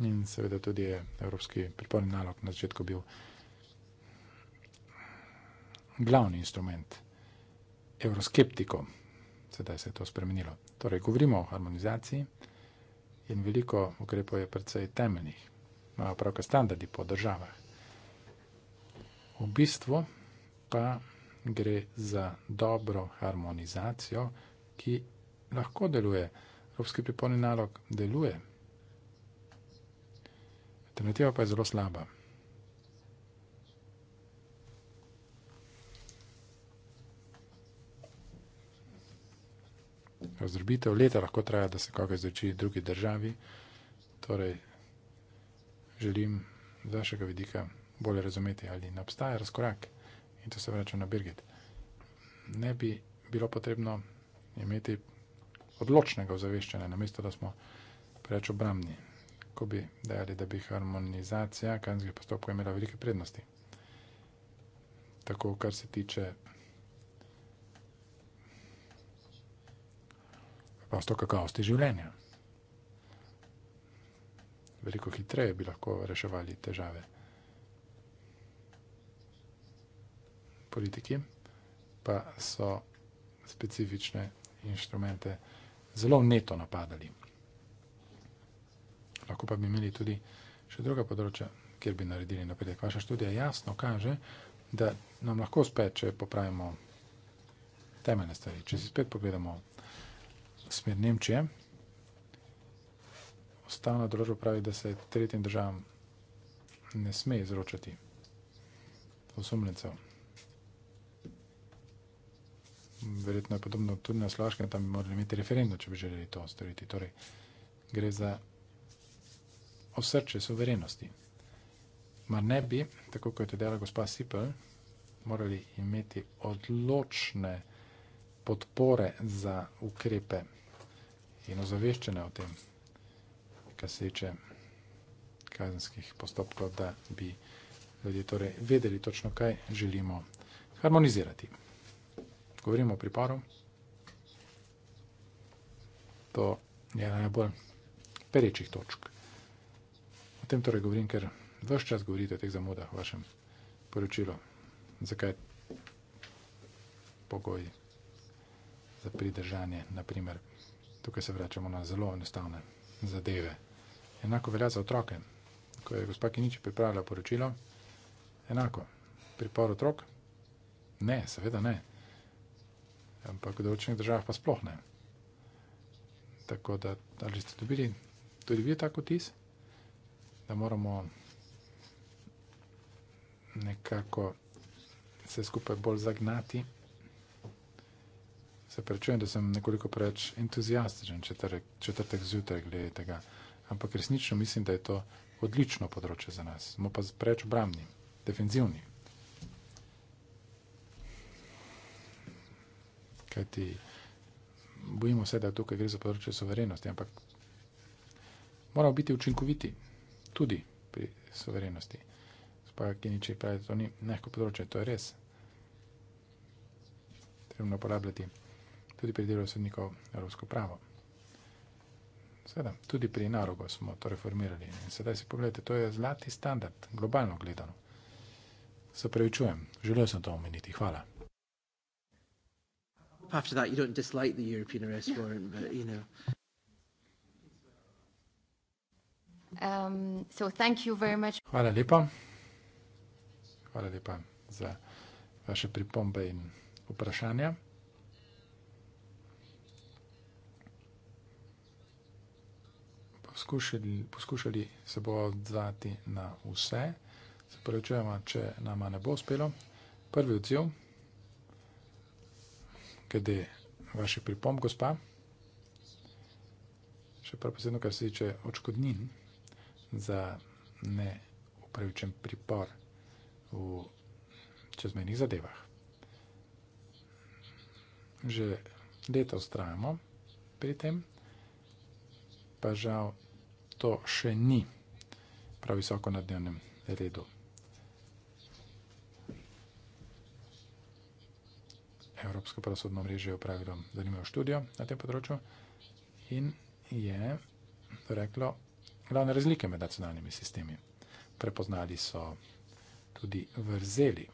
In seveda tudi je evropski priporni nalog na začetku bil glavni instrument evroskeptikov. Sedaj se je to spremenilo. Torej, govorimo o harmonizaciji in veliko ukrepov je predvsej temeljnih. Imajo pravka standardi po državah. V bistvu pa gre za dobro harmonizacijo, ki lahko deluje. Evropski priporni nalog deluje. Alternativa pa je zelo slaba. Razdrobitev leta lahko traja, da se koga izreči v drugi državi. Torej, želim z vašega vidika bolje razumeti, ali ne obstaja razkorak. In to se vrača na Birgit. Ne bi bilo potrebno imeti odločnega ozaveščanja, namesto da smo preveč obramni, ko bi dejali, da bi harmonizacija kazenskih postopkov imela velike prednosti. Tako, kar se tiče prosto kakovosti življenja. Veliko hitreje bi lahko reševali težave. politiki, pa so specifične inštrumente zelo neto napadali. Lahko pa bi imeli tudi še druga področja, kjer bi naredili napredek. Vaša študija jasno kaže, da nam lahko uspe, če popravimo temeljne stvari. Če si spet pogledamo smer Nemčije, ustavna družba pravi, da se tretjim državam ne sme izročati osumljencev verjetno je podobno tudi na Slovaškem, tam bi morali imeti referendum, če bi želeli to storiti. Torej, gre za osrče soverenosti. Mar ne bi, tako kot je to dejala gospa Sipel, morali imeti odločne podpore za ukrepe in ozaveščene o tem, kar se tiče kazenskih postopkov, da bi ljudje torej vedeli točno, kaj želimo harmonizirati govorimo o priporu, to je ena najbolj perečih točk. O tem torej govorim, ker vse čas govorite o teh zamudah v vašem poročilu, zakaj pogoji za pridržanje, naprimer, tukaj se vračamo na zelo enostavne zadeve. Enako velja za otroke, ko je gospa Kiniči pripravila poročilo, enako, pripor otrok, ne, seveda ne ampak v določenih državah pa sploh ne. Tako da, ali ste dobili tudi vi tako vtis, da moramo nekako se skupaj bolj zagnati. Se prečujem, da sem nekoliko preveč entuzijastičen četrtek, četrtek zjutraj glede tega, ampak resnično mislim, da je to odlično področje za nas. Smo pa preveč obramni, defenzivni. kajti bojimo se, da tukaj gre za področje soverenosti, ampak moramo biti učinkoviti tudi pri soverenosti. Spaj, ki niče pravi, to ni neko področje, to je res. Trebno uporabljati tudi pri delu sodnikov evropsko pravo. Sveda, tudi pri narogo smo to reformirali. In sedaj si pogledajte, to je zlati standard, globalno gledano. Se pravičujem, želel sem to omeniti. Hvala after that, you don't dislike the European arrest yeah. warrant, but you know. Um, so thank you very much. Hvala lepa. Hvala lepa za vaše pripombe in vprašanja. Poskušali, poskušali se bo odzvati na vse. Se pravi, če nama ne bo uspelo. Prvi odziv glede vaših pripomb, gospa. Še prav posebno, kar se tiče očkodnin za neupravičen pripor v čezmejnih zadevah. Že leta ustrajamo pri tem, pa žal to še ni prav visoko na dnevnem redu. Evropsko pravosodno mrežo je opravilo zanimivo študijo na tem področju in je reklo glavne razlike med nacionalnimi sistemi. Prepoznali so tudi vrzeli,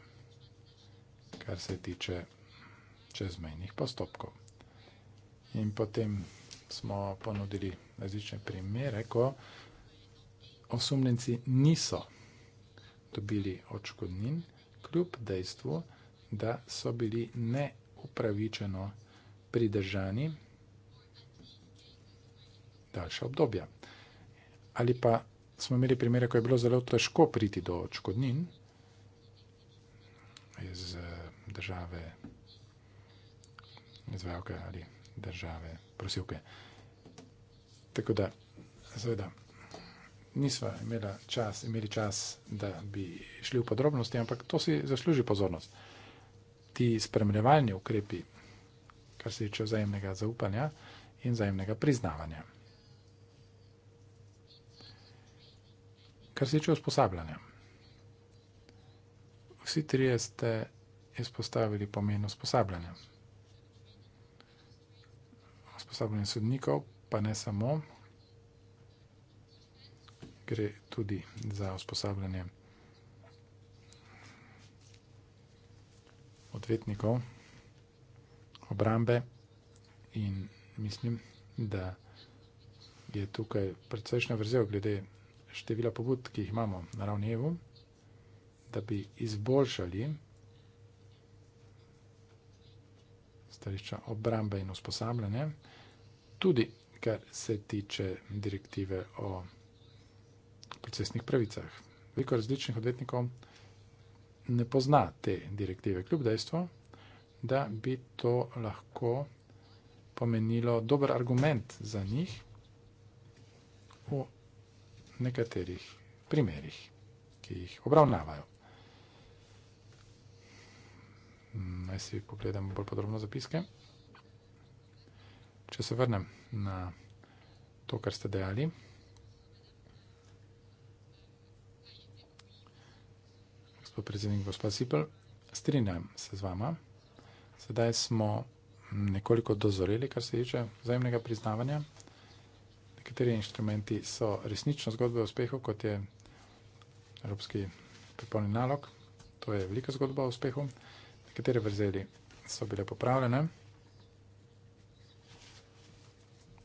kar se tiče čezmejnih postopkov. In potem smo ponudili različne primere, ko osumljenci niso dobili očkodnin, kljub dejstvu, da da so bili neupravičeno pridržani daljša obdobja. Ali pa smo imeli primere, ko je bilo zelo težko priti do očkodnin iz eh, države izvajalke ali države prosilke. Tako da, seveda, nisva imela čas, imeli čas, da bi šli v podrobnosti, ampak to si zasluži pozornost ti spremljevalni ukrepi, kar se tiče vzajemnega zaupanja in vzajemnega priznavanja. Kar se tiče usposabljanja. Vsi trije ste izpostavili pomen usposabljanja. Usposabljanje sodnikov pa ne samo, gre tudi za usposabljanje sodnikov, odvetnikov obrambe in mislim, da je tukaj precejšnja vrzel glede števila pobud, ki jih imamo na ravni EU, da bi izboljšali stališča obrambe in usposabljanje, tudi kar se tiče direktive o procesnih pravicah. Veliko različnih odvetnikov, ne pozna te direktive, kljub dejstvu, da bi to lahko pomenilo dober argument za njih v nekaterih primerih, ki jih obravnavajo. Naj si pogledamo bolj podrobno zapiske. Če se vrnem na to, kar ste dejali. gospod predsednik, gospod Sipel, strinjam se z vama. Sedaj smo nekoliko dozoreli, kar se tiče vzajemnega priznavanja. Nekateri inštrumenti so resnično zgodbe o uspehu, kot je Evropski pripolni nalog. To je velika zgodba o uspehu. Nekatere vrzeli so bile popravljene,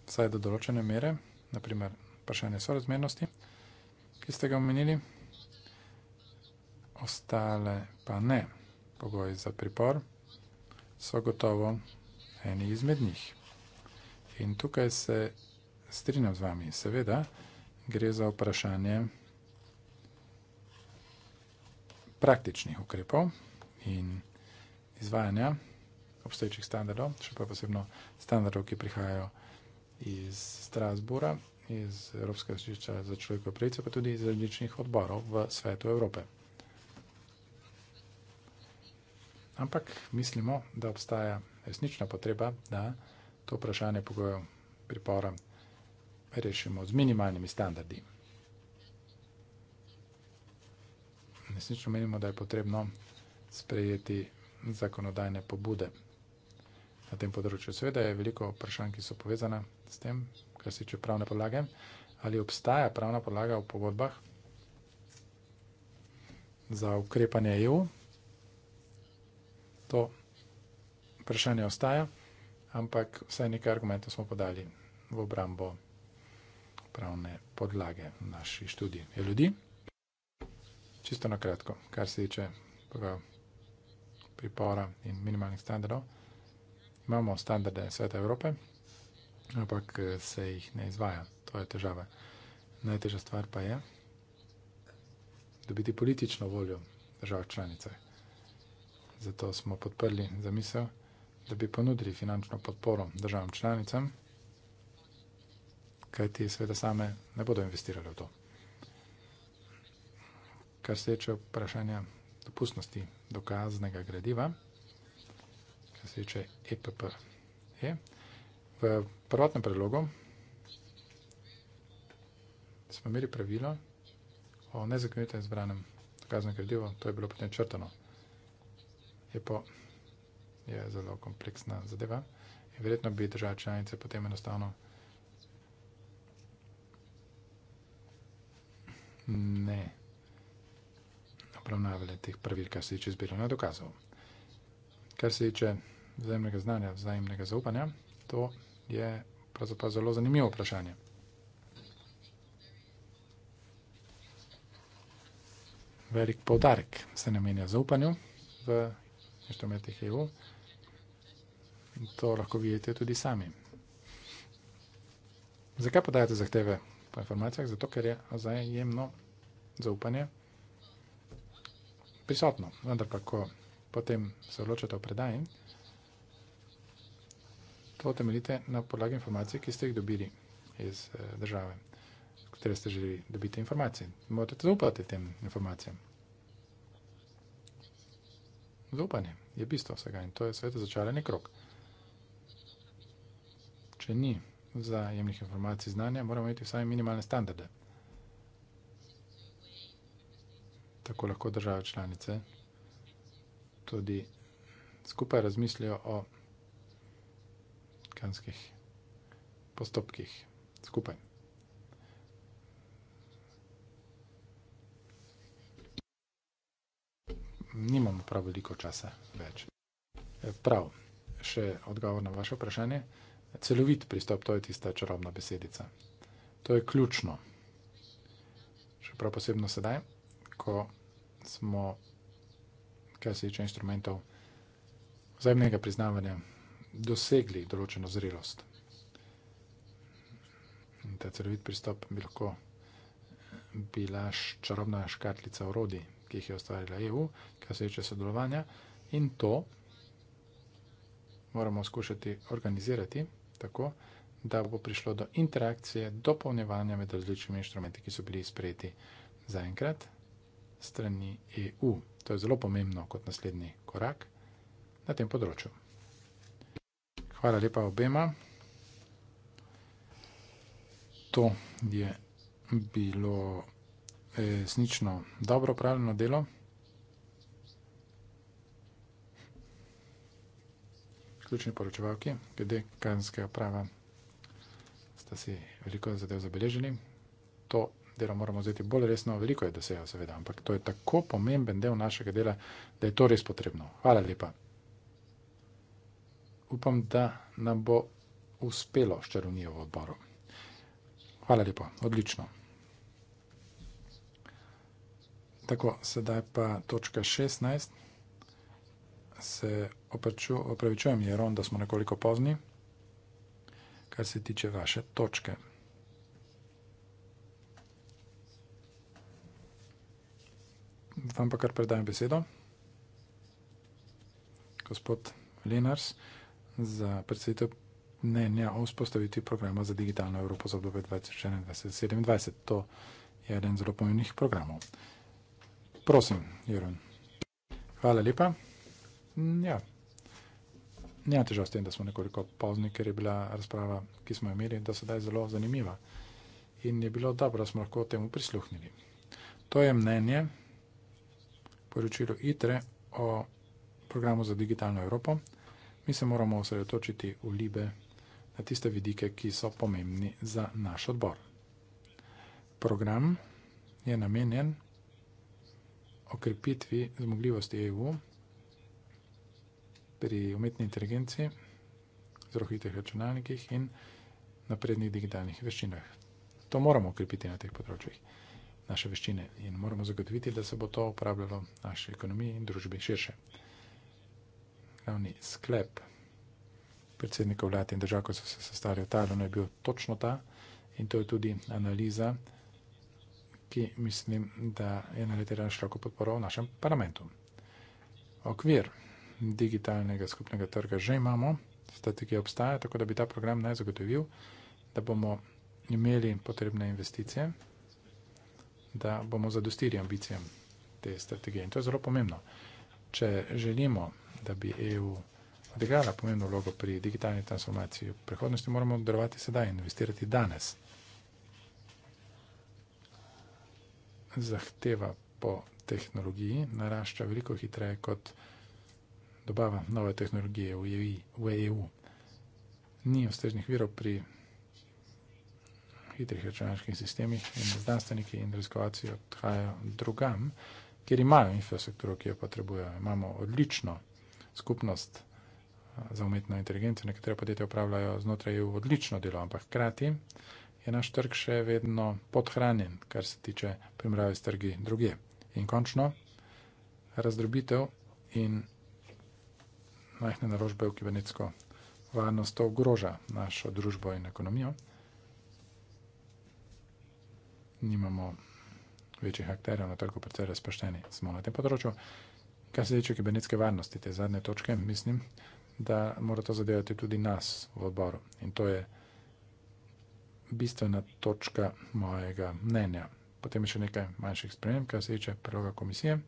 vsaj do določene mere, naprimer vprašanje sorazmernosti, ki ste ga omenili, ostale pa ne. Pogoji za pripor so gotovo eni izmed njih. In tukaj se strinjam z vami, seveda gre za vprašanje praktičnih ukrepov in izvajanja obstoječih standardov, še pa posebno standardov, ki prihajajo iz Strasbura, iz Evropskega sodišča za človekove pravice, pa tudi iz različnih odborov v svetu Evrope. Ampak mislimo, da obstaja resnična potreba, da to vprašanje pogojev pripora rešimo z minimalnimi standardi. Resnično menimo, da je potrebno sprejeti zakonodajne pobude na tem področju. Sveda je veliko vprašanj, ki so povezana s tem, kar se tiče pravne podlage, ali obstaja pravna podlaga v pogodbah za ukrepanje EU to vprašanje ostaja, ampak vsaj nekaj argumentov smo podali v obrambo pravne podlage v naši študiji je ljudi. Čisto na kratko, kar se tiče pripora in minimalnih standardov. Imamo standarde Sveta Evrope, ampak eh, se jih ne izvaja. To je težava. Najtežja stvar pa je dobiti politično voljo držav članicah. Zato smo podprli zamisel, da bi ponudili finančno podporo državam članicam, kajti seveda same ne bodo investirali v to. Kar se tiče vprašanja dopustnosti dokaznega gradiva, kar se tiče EPP, je v prvotnem predlogu smo imeli pravilo o nezakonito izbranem dokaznem gradivu, to je bilo potem črtano je pa je zelo kompleksna zadeva. In verjetno bi države članice potem enostavno ne obravnavali teh pravil, kar se tiče zbiranja dokazov. Kar se tiče vzajemnega znanja, vzajemnega zaupanja, to je pravzaprav zelo zanimivo vprašanje. Velik povdarek se namenja zaupanju v inštrument teh EU. To lahko vidite tudi sami. Zakaj podajate zahteve po informacijah? Zato, ker je vzajemno zaupanje prisotno. Vendar pa, ko potem se odločate o predaji, to temeljite na podlagi informacij, ki ste jih dobili iz eh, države, v kateri ste želeli dobiti informacije. Morate zaupati tem informacijam. Zaupanje je bistvo vsega in to je svet začarani krok. Če ni vzajemnih informacij znanja, moramo imeti vsaj minimalne standarde. Tako lahko države članice tudi skupaj razmislijo o kanskih postopkih skupaj. nimamo prav veliko časa več. E, prav, še odgovor na vaše vprašanje. Celovit pristop, to je tista čarobna besedica. To je ključno. Še prav posebno sedaj, ko smo, kar se tiče instrumentov vzajemnega priznavanja, dosegli določeno zrelost. In ta celovit pristop bi lahko bila čarobna škatlica orodij, ki jih je ustvarila EU, kar se tiče sodelovanja in to moramo skušati organizirati tako, da bo prišlo do interakcije, dopolnjevanja med različnimi inštrumenti, ki so bili sprejeti zaenkrat strani EU. To je zelo pomembno kot naslednji korak na tem področju. Hvala lepa obema. To je bilo resnično dobro upravljeno delo. Ključni poročevalki, glede kazenskega prava, ste si veliko zadev zabeležili. To delo moramo vzeti bolj resno, veliko je dosega, seveda, ampak to je tako pomemben del našega dela, da je to res potrebno. Hvala lepa. Upam, da nam bo uspelo ščarovnijo v odboru. Hvala lepa, odlično. Tako, sedaj pa točka 16. Se opraču, opravičujem, Jeron, da smo nekoliko pozni, kar se tiče vaše točke. Vam pa kar predajem besedo, gospod Lenars, za predsednitev mnenja o vzpostavitvi programa za digitalno Evropo za obdobje 2021-2027. To je eden zelo pomembnih programov. Prosim, Jeroen. Hvala lepa. Mm, ja. Nima težav s tem, da smo nekoliko pozni, ker je bila razprava, ki smo imeli, da se daj zelo zanimiva. In je bilo dobro, da smo lahko temu prisluhnili. To je mnenje, poročilo ITRE o programu za digitalno Evropo. Mi se moramo osredotočiti v libe na tiste vidike, ki so pomembni za naš odbor. Program je namenjen o krepitvi zmogljivosti EU pri umetni inteligenci, zrohitih računalnikih in naprednih digitalnih veščinah. To moramo ukrepiti na teh področjih, naše veščine in moramo zagotoviti, da se bo to uporabljalo naši ekonomiji in družbi širše. Glavni sklep predsednikov vlade in držav, ko so se sestali v Talonu, je bil točno ta in to je tudi analiza, ki je bila, ki mislim, da je naletela na široko podporo v našem parlamentu. Okvir digitalnega skupnega trga že imamo, strategija obstaja, tako da bi ta program naj zagotovil, da bomo imeli potrebne investicije, da bomo zadostili ambicijam te strategije. In to je zelo pomembno. Če želimo, da bi EU odigrala pomembno vlogo pri digitalni transformaciji v prihodnosti, moramo delovati sedaj, investirati danes. zahteva po tehnologiji narašča veliko hitreje kot dobava nove tehnologije v EU. V EU. Ni ustreznih virov pri hitrih računalniških sistemih in znanstveniki in raziskovalci odhajajo drugam, kjer imajo infrastrukturo, ki jo potrebujejo. Imamo odlično skupnost eh, za umetno inteligenco, nekatere podjetja upravljajo znotraj EU odlično delo, ampak hkrati je naš trg še vedno podhranjen, kar se tiče primerjave s trgi druge. In končno, razdrobitev in majhne naložbe v kibernetsko varnost to ogroža našo družbo in ekonomijo. Nimamo večjih akterjev na trgu, predvsej razpršteni smo na tem področju. Kar se tiče kibernetske varnosti, te zadnje točke, mislim, da mora to zadevati tudi nas v odboru. In to je bistvena točka mojega mnenja. Potem je še nekaj manjših sprememb, kar se tiče predloga komisije.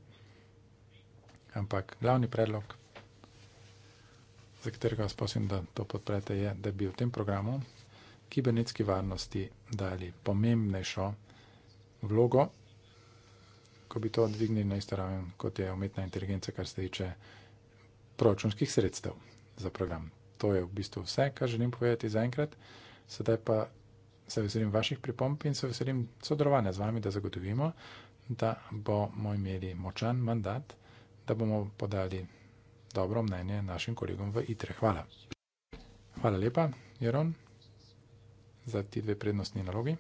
Ampak glavni predlog, za katerega vas prosim, da to podprete, je, da bi v tem programu kibernetski varnosti dali pomembnejšo vlogo, ko bi to dvignili na isto raven, kot je umetna inteligenca, kar se tiče proračunskih sredstev za program. To je v bistvu vse, kar želim povedati zaenkrat. Sedaj pa se veselim vaših pripomp in se veselim sodelovanja z vami, da zagotovimo, da bomo imeli močan mandat, da bomo podali dobro mnenje našim kolegom v ITRE. Hvala. Hvala lepa, Jeron, za ti dve prednostni nalogi.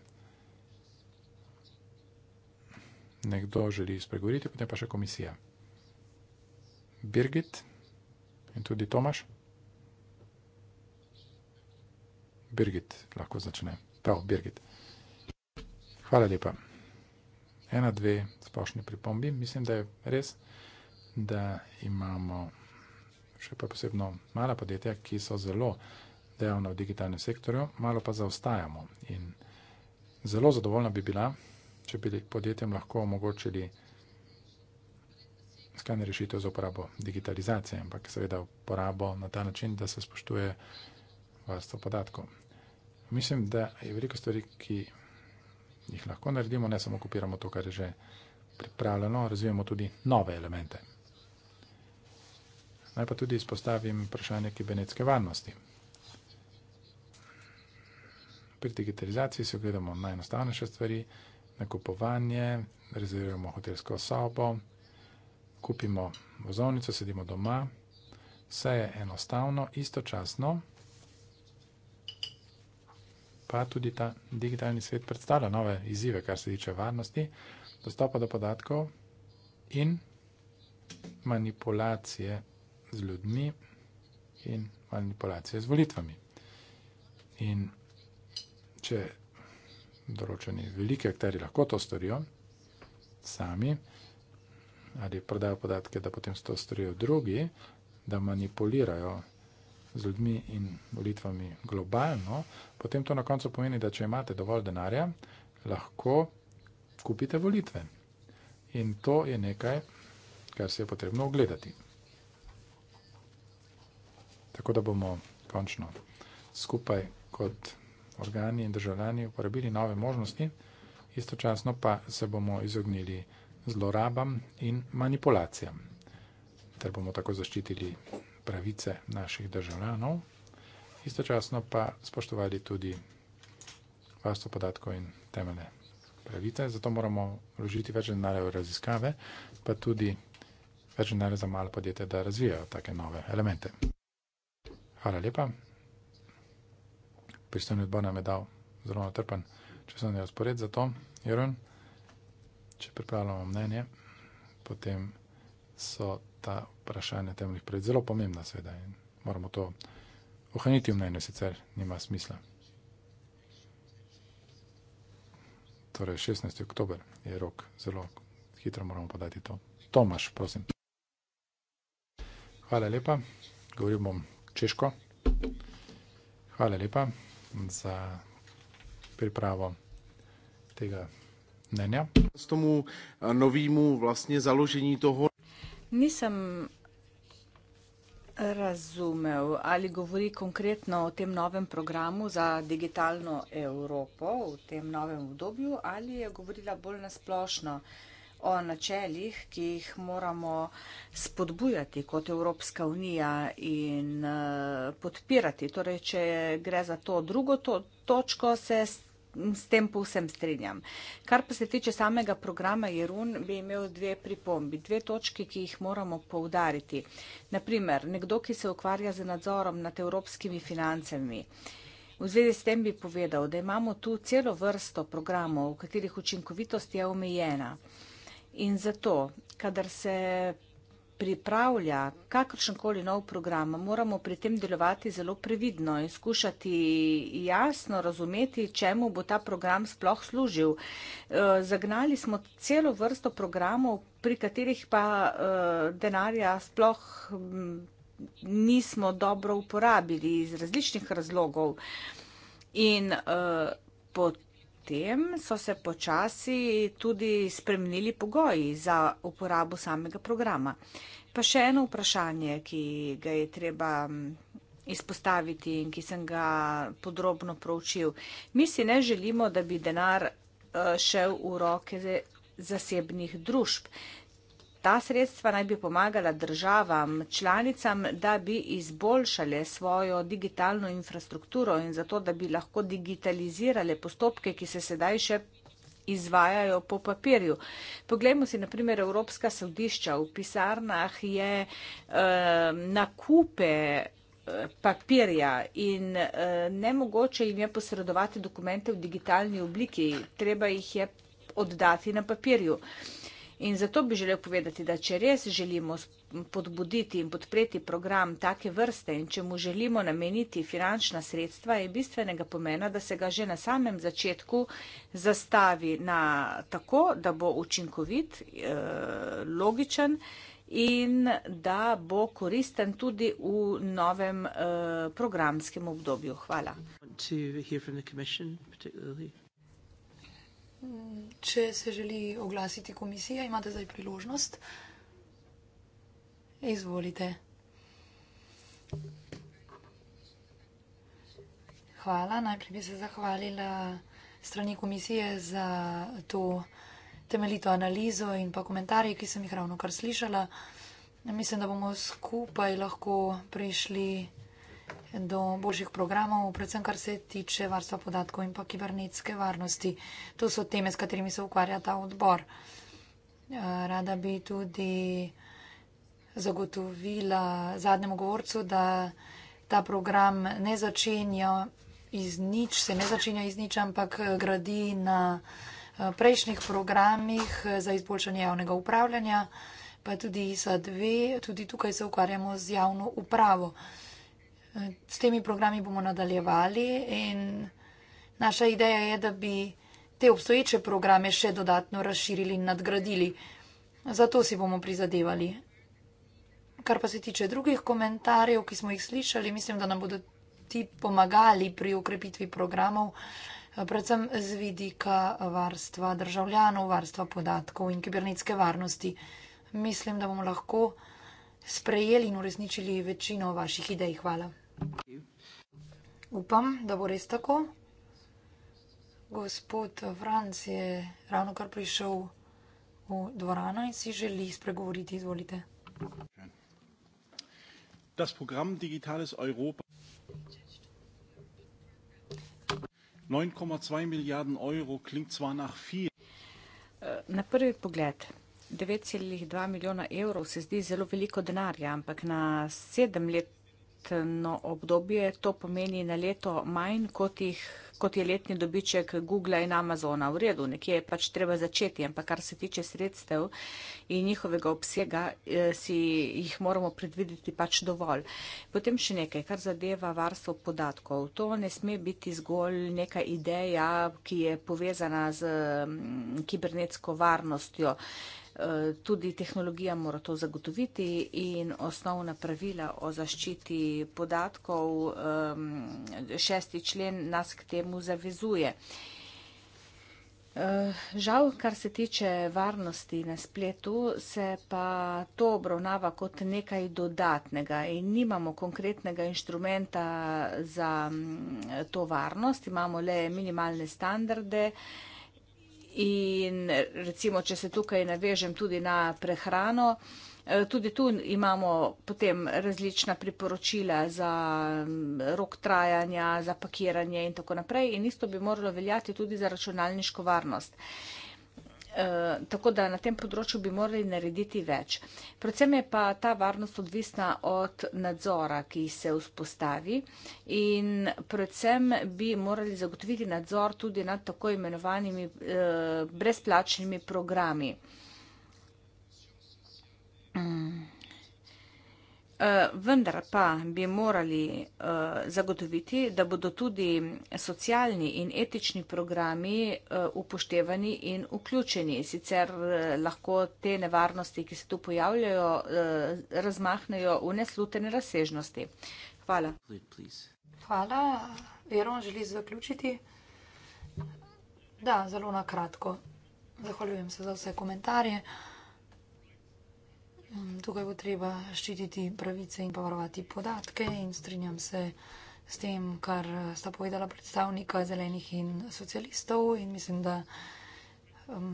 Nekdo želi spregovoriti, potem pa še komisija. Birgit in tudi Tomaš. Birgit lahko začne. Prav, Birgit. Hvala lepa. Ena, dve splošni pripombi. Mislim, da je res, da imamo še pa posebno mala podjetja, ki so zelo dejavna v digitalnem sektorju, malo pa zaostajamo. In zelo zadovoljna bi bila, če bi podjetjem lahko omogočili skajne rešitev za uporabo digitalizacije, ampak seveda uporabo na ta način, da se spoštuje varstvo podatkov. Mislim, da je veliko stvari, ki jih lahko naredimo, ne samo kopiramo to, kar je že pripravljeno, razvijamo tudi nove elemente. Naj pa tudi izpostavim vprašanje kibernetske varnosti. Pri digitalizaciji se ogledamo najenostavnejše stvari, nakupovanje, rezerviramo hotelsko sobo, kupimo vozovnico, sedimo doma. Vse je enostavno, istočasno pa tudi ta digitalni svet predstavlja nove izzive, kar se tiče varnosti, dostopa do podatkov in manipulacije z ljudmi in manipulacije z volitvami. In če določeni veliki akteri lahko to storijo sami ali prodajo podatke, da potem to storijo drugi, da manipulirajo z ljudmi in volitvami globalno, potem to na koncu pomeni, da če imate dovolj denarja, lahko kupite volitve. In to je nekaj, kar se je potrebno ogledati. Tako da bomo končno skupaj kot organi in državljani uporabili nove možnosti, istočasno pa se bomo izognili zlorabam in manipulacijam, ter bomo tako zaščitili pravice naših državljanov, istočasno pa spoštovali tudi varstvo podatkov in temeljne pravice. Zato moramo vložiti več denarja v raziskave, pa tudi več denarja za male podjetja, da razvijajo take nove elemente. Hvala lepa. Pristojni odbor nam je dal zelo natrpen časovni razpored, zato, Jeroen, če pripravljamo mnenje, potem so ta vprašanja temeljnih pravic. Zelo pomembna, seveda, in moramo to ohraniti v mnenju, sicer nima smisla. Torej, 16. oktober je rok, zelo hitro moramo podati to. Tomaš, prosim. Hvala lepa, govoril bom češko. Hvala lepa za pripravo tega mnenja. Z tomu eh, novýmu vlastně založení toho nisem razumel, ali govori konkretno o tem novem programu za digitalno Evropo v tem novem obdobju ali je govorila bolj nasplošno o načeljih, ki jih moramo spodbujati kot Evropska unija in eh, podpirati. Torej, če gre za to drugo to, točko, se s tem povsem strinjam. Kar pa se tiče samega programa Jerun, bi imel dve pripombi, dve točke, ki jih moramo poudariti. Naprimer, nekdo, ki se ukvarja z nadzorom nad evropskimi financami. V zvezi s tem bi povedal, da imamo tu celo vrsto programov, v katerih učinkovitost je omejena. In zato, kadar se pripravlja kakršenkoli nov program, moramo pri tem delovati zelo previdno in skušati jasno razumeti, čemu bo ta program sploh služil. Eh, zagnali smo celo vrsto programov, pri katerih pa eh, denarja sploh mm, nismo dobro uporabili iz različnih razlogov. In uh, tem so se počasi tudi spremenili pogoji za uporabo samega programa. Pa še eno vprašanje, ki ga je treba mm, izpostaviti in ki sem ga podrobno proučil. Mi si ne želimo, da bi denar eh, šel v roke zasebnih družb. Ta sredstva naj bi pomagala državam, članicam, da bi izboljšale svojo digitalno infrastrukturo in zato, da bi lahko digitalizirale postopke, ki se sedaj še izvajajo po papirju. Poglejmo si naprimer Evropska sodišča. V pisarnah je eh, nakupe eh, papirja in eh, nemogoče jim je posredovati dokumente v digitalni obliki, treba jih je oddati na papirju. Eh, In zato bi želel povedati, da če res želimo podbuditi in podpreti program take vrste in če mu želimo nameniti finančna sredstva, je bistvenega pomena, da se ga že na samem začetku zastavi na tako, da bo učinkovit, eh, logičen in da bo koristen tudi v novem eh, programskem obdobju. Hvala. Če se želi oglasiti komisija, imate zdaj priložnost. Izvolite. Hvala. Najprej bi se zahvalila strani komisije za to temeljito analizo in pa komentarje, ki sem jih ravno kar slišala. Mislim, da bomo skupaj lahko prišli do boljših programov, predvsem kar se tiče varstva podatkov in pa kibernetske varnosti. To so teme, s katerimi se ukvarja ta odbor. Eh, rada bi tudi zagotovila zadnjemu govorcu, da ta program ne začenja iz nič, se ne začenja iz nič, ampak eh, gradi na eh, prejšnjih programih za izboljšanje javnega upravljanja, pa tudi ISA 2, tudi tukaj se ukvarjamo z javno upravo. S temi programi bomo nadaljevali in naša ideja je, da bi te obstoječe programe še dodatno razširili in nadgradili. Zato si bomo prizadevali. Kar pa se tiče drugih komentarjev, ki smo jih slišali, mislim, da nam bodo ti pomagali pri ukrepitvi programov, predvsem z vidika varstva državljanov, varstva podatkov in kibernetske varnosti. Mislim, da bomo lahko sprejeli in uresničili večino vaših idej. Hvala. Upam, da bo res tako. Gospod Franc je ravno kar prišel v dvorano in si želi spregovoriti. Izvolite. Das Programm Digitales Europa. 9,2 milijarden evrov klingt zwar nach viel. Eh, na prvi pogled 9,2 milijona evrov se zdi zelo veliko denarja, ampak na sedem let letno obdobje. To pomeni na leto manj, kot, jih, kot je letni dobiček Google in Amazona. V redu, nekje je pač treba začeti, ampak kar se tiče sredstev in njihovega obsega, eh, si jih moramo predvideti pač dovolj. Potem še nekaj, kar zadeva varstvo podatkov. To ne sme biti zgolj neka ideja, ki je povezana z mm, kibernetsko varnostjo. Eh, tudi tehnologija mora to zagotoviti in osnovna pravila o zaščiti podatkov, šesti člen nas k temu zavezuje. Eh, žal, kar se tiče varnosti na spletu, se pa to obravnava kot nekaj dodatnega in nimamo konkretnega inštrumenta za mm, to varnost, imamo le minimalne standarde, In recimo, če se tukaj navežem tudi na prehrano, eh, tudi tu imamo potem različna priporočila za mm, rok trajanja, za pakiranje in tako naprej. In isto bi moralo veljati tudi za računalniško varnost. Eh, tako da na tem področju bi morali narediti več. Predvsem je pa ta varnost odvisna od nadzora, ki se vzpostavi in predvsem bi morali zagotoviti nadzor tudi nad tako imenovanimi eh, brezplačnimi programi. Mm. Eh, vendar pa bi morali eh, zagotoviti, da bodo tudi socialni in etični programi eh, upoštevani in vključeni. Sicer lahko te nevarnosti, ki se tu pojavljajo, razmahnejo v neslutene razsežnosti. Hvala. Hvala. Veron, želi zaključiti? Da, zelo na kratko. Zahvaljujem se za vse komentarje. Mm, tukaj bo treba ščititi pravice in povarovati podatke in strinjam se s tem, kar eh, sta povedala predstavnika zelenih in socialistov in mislim, da um,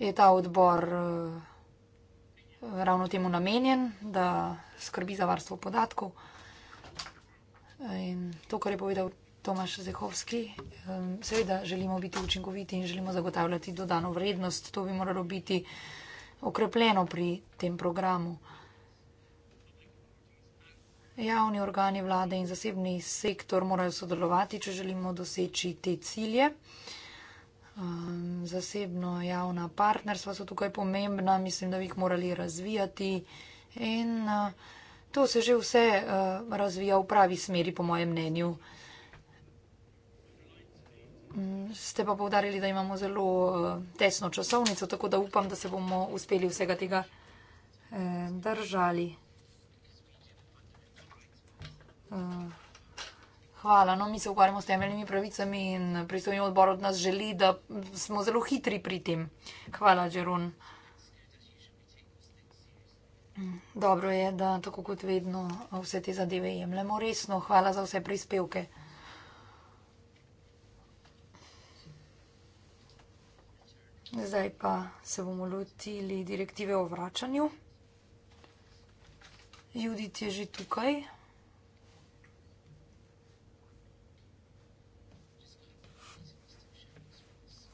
je ta odbor uh, ravno temu namenjen, da skrbi za varstvo podatkov. In to, kar je povedal Tomaš Zehovski, um, seveda želimo biti učinkoviti in želimo zagotavljati dodano vrednost. To bi moralo biti okrepljeno pri tem programu. Javni organi vlade in zasebni sektor morajo sodelovati, če želimo doseči te cilje. Um, zasebno javna partnerstva so tukaj pomembna, mislim, da bi jih morali razvijati in uh, to se že vse uh, razvija v pravi smeri, po mojem mnenju. Ste pa povdarili, da imamo zelo eh, tesno časovnico, tako da upam, da se bomo uspeli vsega tega eh, držali. Eh, hvala. No, mi se ukvarjamo s temeljnimi pravicami in pristojni odbor od nas želi, da smo zelo hitri pri tem. Hvala, Džeron. Dobro je, da tako kot vedno vse te zadeve jemljemo resno. Hvala za vse prispevke. Zdaj pa se bomo lotili direktive o vračanju. Judit je že tukaj.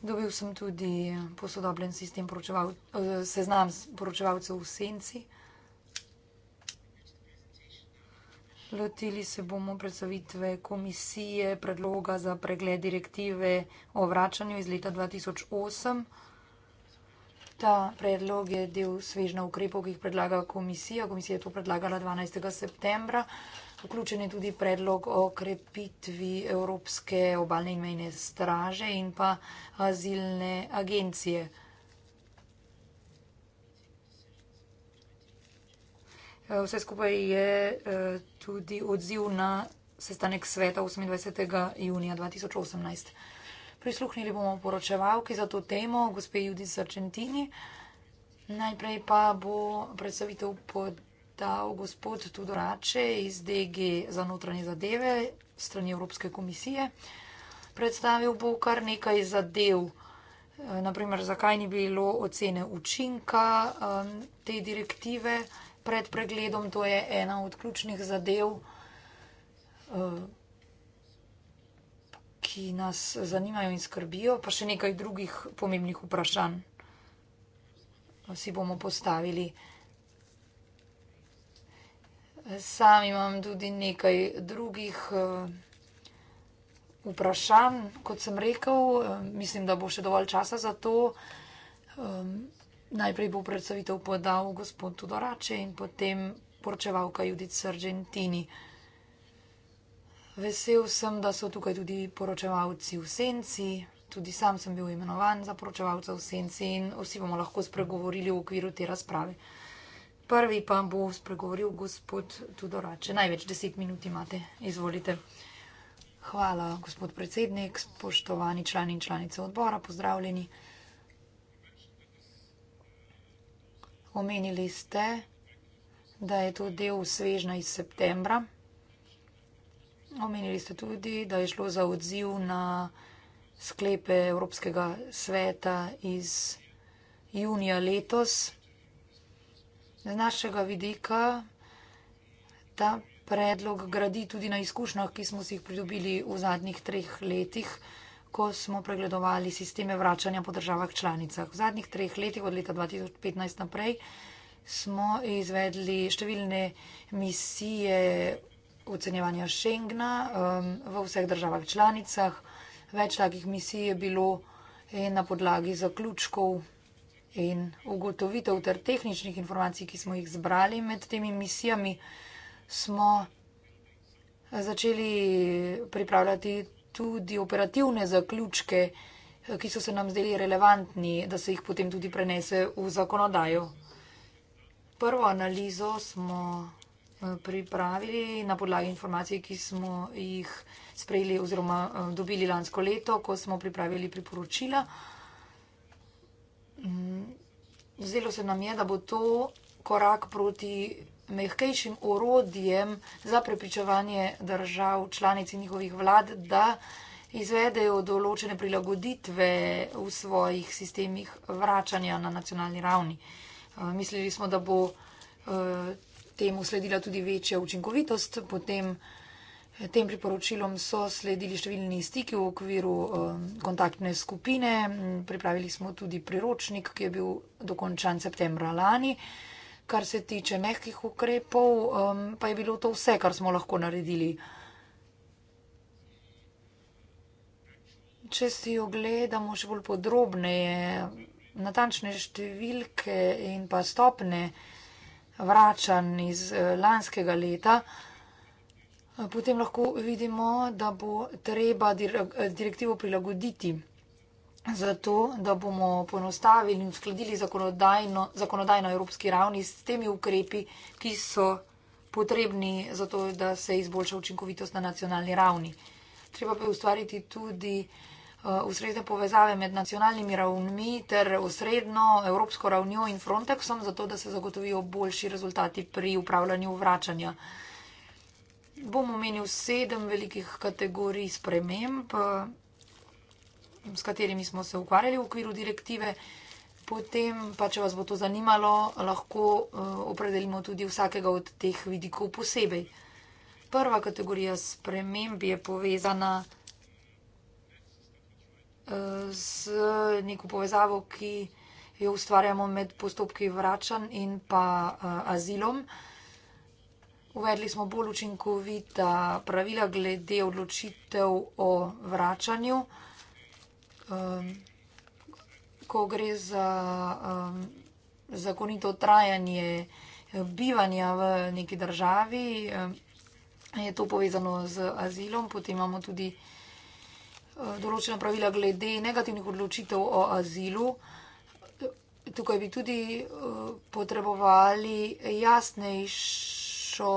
Dobil sem tudi posodobljen sistem poročeval, eh, seznam poročevalcev v senci. Lotili se bomo predstavitve komisije predloga za pregled direktive o vračanju iz leta 2008. Ta predlog je del svežna ukrepov, ki jih predlaga komisija. Komisija je to predlagala 12. septembra. Vključen je tudi predlog o krepitvi Evropske obalne in mejne straže in pa azilne agencije. Vse skupaj je eh, tudi odziv na sestanek sveta 28. junija 2018. Prisluhnili bomo poročevalki za to temo, gospe Judi Sarčentini. Najprej pa bo predstavitev podal gospod Tudorače iz DG za notranje zadeve strani Evropske komisije. Predstavil bo kar nekaj zadev, eh, naprimer zakaj ni bilo ocene učinka eh, te direktive pred pregledom, to je ena od ključnih zadev, eh, ki nas zanimajo in skrbijo, pa še nekaj drugih pomembnih vprašanj si bomo postavili. Sam imam tudi nekaj drugih eh, vprašanj, kot sem rekel, eh, mislim, da bo še dovolj časa za to. Najprej bo predstavitev podal gospod Tudorače in potem poročevalka Judica Argentini. Vesel sem, da so tukaj tudi poročevalci v senci. Tudi sam sem bil imenovan za poročevalca v senci in vsi bomo lahko spregovorili v okviru te razprave. Prvi pa bo spregovoril gospod Tudorače. Največ deset minut imate. Izvolite. Hvala, gospod predsednik, spoštovani člani in članice odbora, pozdravljeni. Omenili ste, da je to del svežna iz septembra. Omenili ste tudi, da je šlo za odziv na sklepe Evropskega sveta iz junija letos. Z našega vidika ta predlog gradi tudi na izkušnjah, ki smo si jih pridobili v zadnjih treh letih ko smo pregledovali sisteme vračanja po državah članicah. V zadnjih treh letih, od leta 2015 naprej, smo izvedli številne misije ocenjevanja Schengna um, v vseh državah članicah. Več takih misij je bilo in eh, na podlagi zaključkov in ugotovitev ter tehničnih informacij, ki smo jih zbrali med temi misijami, smo začeli pripravljati tudi operativne zaključke, eh, ki so se nam zdeli relevantni, da se jih potem tudi prenese v zakonodajo. Prvo analizo smo eh, pripravili na podlagi informacij, ki smo jih sprejeli oziroma eh, dobili lansko leto, ko smo pripravili priporočila. Mm, zdelo se nam je, da bo to korak proti mehkejšim orodjem za prepričevanje držav, članic in njihovih vlad, da izvedejo določene prilagoditve v svojih sistemih vračanja na nacionalni ravni. Eh, mislili smo, da bo eh, temu sledila tudi večja učinkovitost, potem eh, tem priporočilom so sledili številni stiki v okviru kontaktne skupine, mm, pripravili smo tudi priročnik, ki je bil dokončan septembra lani kar se tiče mehkih ukrepov, um, pa je bilo to vse, kar smo lahko naredili. Če si ogledamo še bolj podrobneje, natančne številke in pa stopne vračanj iz eh, lanskega leta, eh, potem lahko vidimo, da bo treba eh, direktivo prilagoditi zato, da bomo poenostavili in uskladili zakonodajno, zakonodajno evropski ravni s temi ukrepi, ki so potrebni za to, da se izboljša učinkovitost na nacionalni ravni. Treba pa ustvariti tudi uh, ustrezne uh, povezave med nacionalnimi ravnmi ter osredno evropsko ravnjo in Frontexom, zato da se zagotovijo boljši rezultati pri upravljanju vračanja. Bom omenil sedem velikih kategorij sprememb. Uh, s katerimi smo se ukvarjali v okviru direktive. Potem pa, če vas bo to zanimalo, lahko uh, opredelimo tudi vsakega od teh vidikov posebej. Prva kategorija sprememb je povezana uh, z neko povezavo, ki jo ustvarjamo med postopki vračanj in pa uh, azilom. Uvedli smo bolj učinkovita pravila glede odločitev o vračanju. Uh, um, ko gre za um, zakonito trajanje bivanja v neki državi, um, je to povezano z azilom. Potem imamo tudi uh, določena pravila glede negativnih odločitev o azilu. Tukaj bi tudi uh, potrebovali jasnejšo,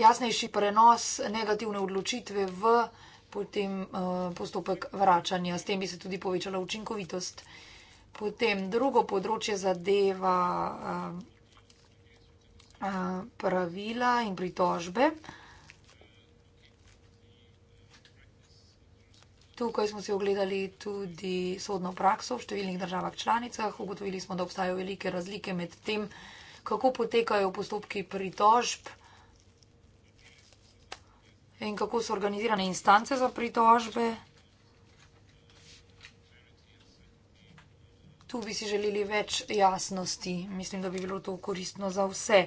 jasnejši prenos negativne odločitve v potem uh, postopek vračanja. S tem bi se tudi povečala učinkovitost. Potem drugo področje zadeva uh, uh, pravila in pritožbe. Tukaj smo si ogledali tudi sodno prakso v številnih državah članicah. Ugotovili smo, da obstajajo velike razlike med tem, kako potekajo postopki pritožb. In kako so organizirane instance za pritožbe? Tu bi si želeli več jasnosti. Mislim, da bi bilo to koristno za vse.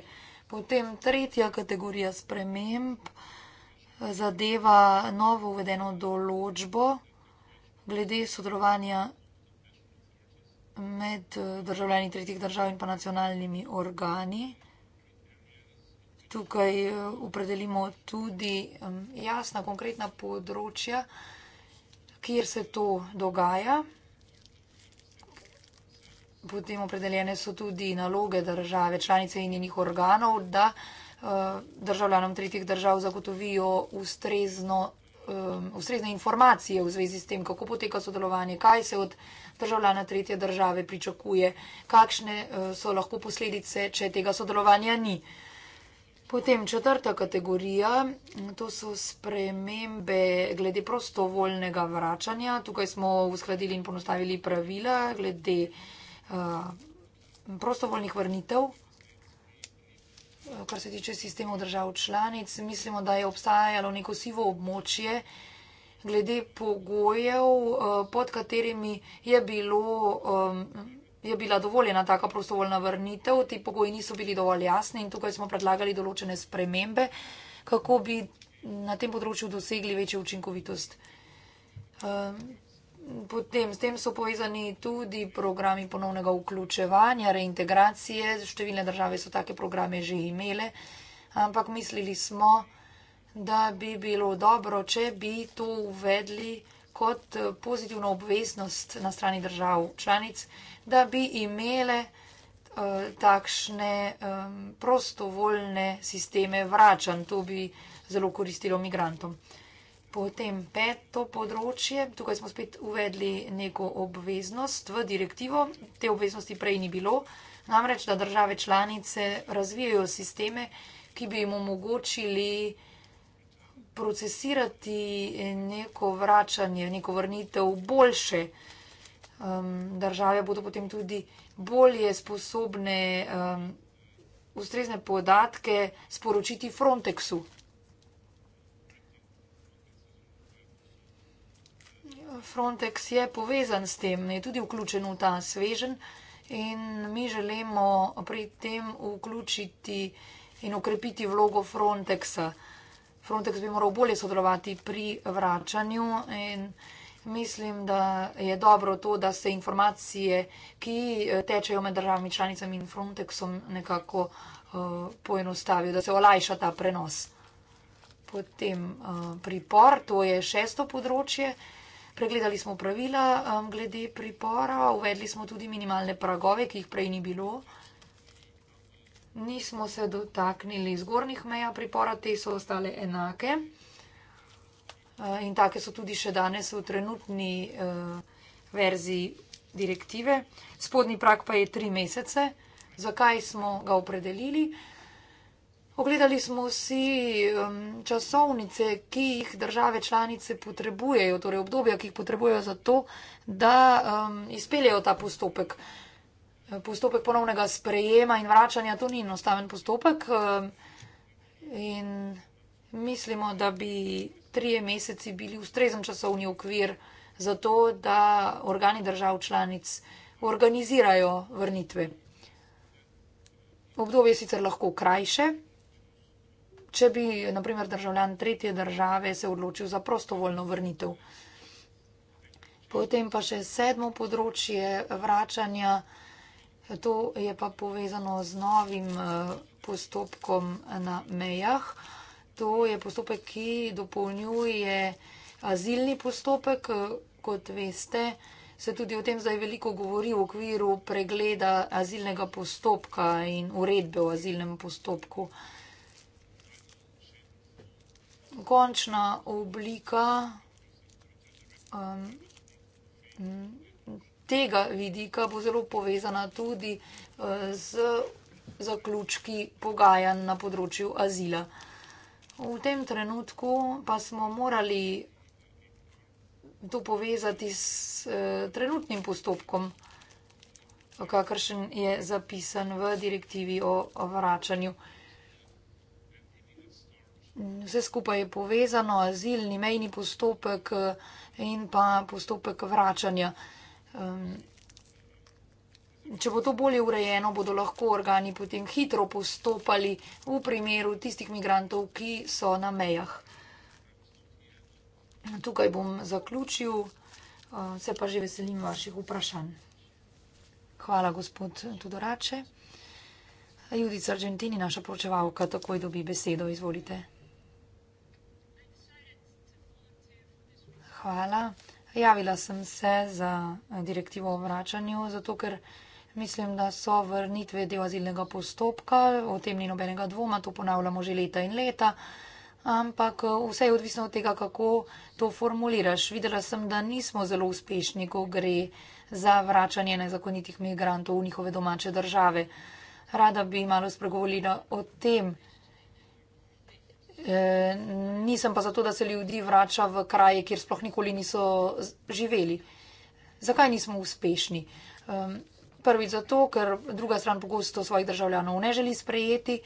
Potem tretja kategorija sprememb eh, zadeva novo uvedeno določbo glede sodelovanja med eh, državljani tretjih držav in pa nacionalnimi organi tukaj eh, opredelimo tudi jasna, konkretna področja, kjer se to dogaja. Potem opredeljene so tudi naloge države članice in njenih organov, da eh, državljanom tretjih držav zagotovijo ustrezno, ustrezne informacije v zvezi s tem, kako poteka sodelovanje, kaj se od državljana tretje države pričakuje, kakšne eh, so lahko posledice, če tega sodelovanja ni. Potem četrta kategorija, to so spremembe glede prostovoljnega vračanja. Tukaj smo uskladili in ponostavili pravila glede uh, prostovoljnih vrnitev. Kar se tiče sistemov držav članic, mislimo, da je obstajalo neko sivo območje glede pogojev, uh, pod katerimi je bilo. Um, je bila dovoljena taka prostovoljna vrnitev, ti pogoji niso bili dovolj jasni in tukaj smo predlagali določene spremembe, kako bi na tem področju dosegli večjo učinkovitost. Ehm, potem s tem so povezani tudi programi ponovnega vključevanja, reintegracije. Številne države so take programe že imele, ampak mislili smo, da bi bilo dobro, če bi to uvedli kot eh, pozitivno obveznost na strani držav članic, da bi imele eh, takšne prostovoljne sisteme vračanj. To bi zelo koristilo migrantom. Potem peto področje, tukaj smo spet uvedli neko obveznost v direktivo, te obveznosti prej ni bilo, namreč da države članice razvijajo sisteme, ki bi jim omogočili uh, procesirati neko vračanje, neko vrnitev boljše. Um, države bodo potem tudi bolje sposobne um, ustrezne podatke sporočiti Frontexu. Frontex je povezan s tem, je tudi vključen v ta svežen in mi želimo pri tem vključiti in ukrepiti vlogo Frontexa. Frontex bi moral bolje sodelovati pri vračanju in mislim, da je dobro to, da se informacije, ki eh, tečejo med državami članicami in Frontexom, nekako uh, poenostavijo, da se olajša ta prenos. Potem uh, pripor, to je šesto področje. Pregledali smo pravila um, glede pripora, uvedli smo tudi minimalne pragove, ki jih prej ni bilo nismo se dotaknili zgornjih meja pripora, te so ostale enake. Eh, in take so tudi še danes v trenutni uh, verziji direktive. Spodnji prak pa je tri mesece. Zakaj smo ga opredelili? Ogledali smo si um, časovnice, ki jih države članice potrebujejo, torej obdobja, ki jih potrebujejo za to, da um, izpeljejo ta postopek. Uh, postopek ponovnega sprejema in vračanja, to ni enostaven postopek. Eh, in mislimo, da bi trije meseci bili ustrezen časovni okvir za to, da organi držav članic organizirajo vrnitve. Obdobje je sicer lahko krajše. Če bi, naprimer, državljan tretje države se odločil za prostovoljno vrnitev. Potem pa še sedmo področje vračanja. To je pa povezano z novim eh, postopkom na mejah. To je postopek, ki dopolnjuje azilni postopek, kot veste. Se tudi o tem zdaj veliko govori v okviru pregleda azilnega postopka in uredbe o azilnem postopku. Končna oblika um, tega vidika bo zelo povezana tudi eh, z zaključki pogajanj na področju azila. V tem trenutku pa smo morali to povezati s eh, trenutnim postopkom, kakršen je zapisan v direktivi o vračanju. Vse skupaj je povezano, azilni, mejni postopek eh, in pa postopek vračanja. Um, če bo to bolje urejeno, bodo lahko organi potem hitro postopali v primeru tistih migrantov, ki so na mejah. Tukaj bom zaključil, uh, se pa že veselim vaših vprašanj. Hvala, gospod Tudorače. Judica Argentini, naša poročevalka, takoj dobi besedo. Izvolite. Hvala. Javila sem se za eh, direktivo o vračanju, zato ker mislim, da so vrnitve del azilnega postopka, o tem ni nobenega dvoma, to ponavljamo že leta in leta, ampak eh, vse je odvisno od tega, kako to formuliraš. Videla sem, da nismo zelo uspešni, ko gre za vračanje nezakonitih migrantov v njihove domače države. Rada bi malo spregovorila o tem. E, nisem pa zato, da se ljudi vrača v kraje, kjer sploh nikoli niso živeli. Zakaj nismo uspešni? E, prvič zato, ker druga stran pogosto svojih državljanov ne želi sprejeti. E,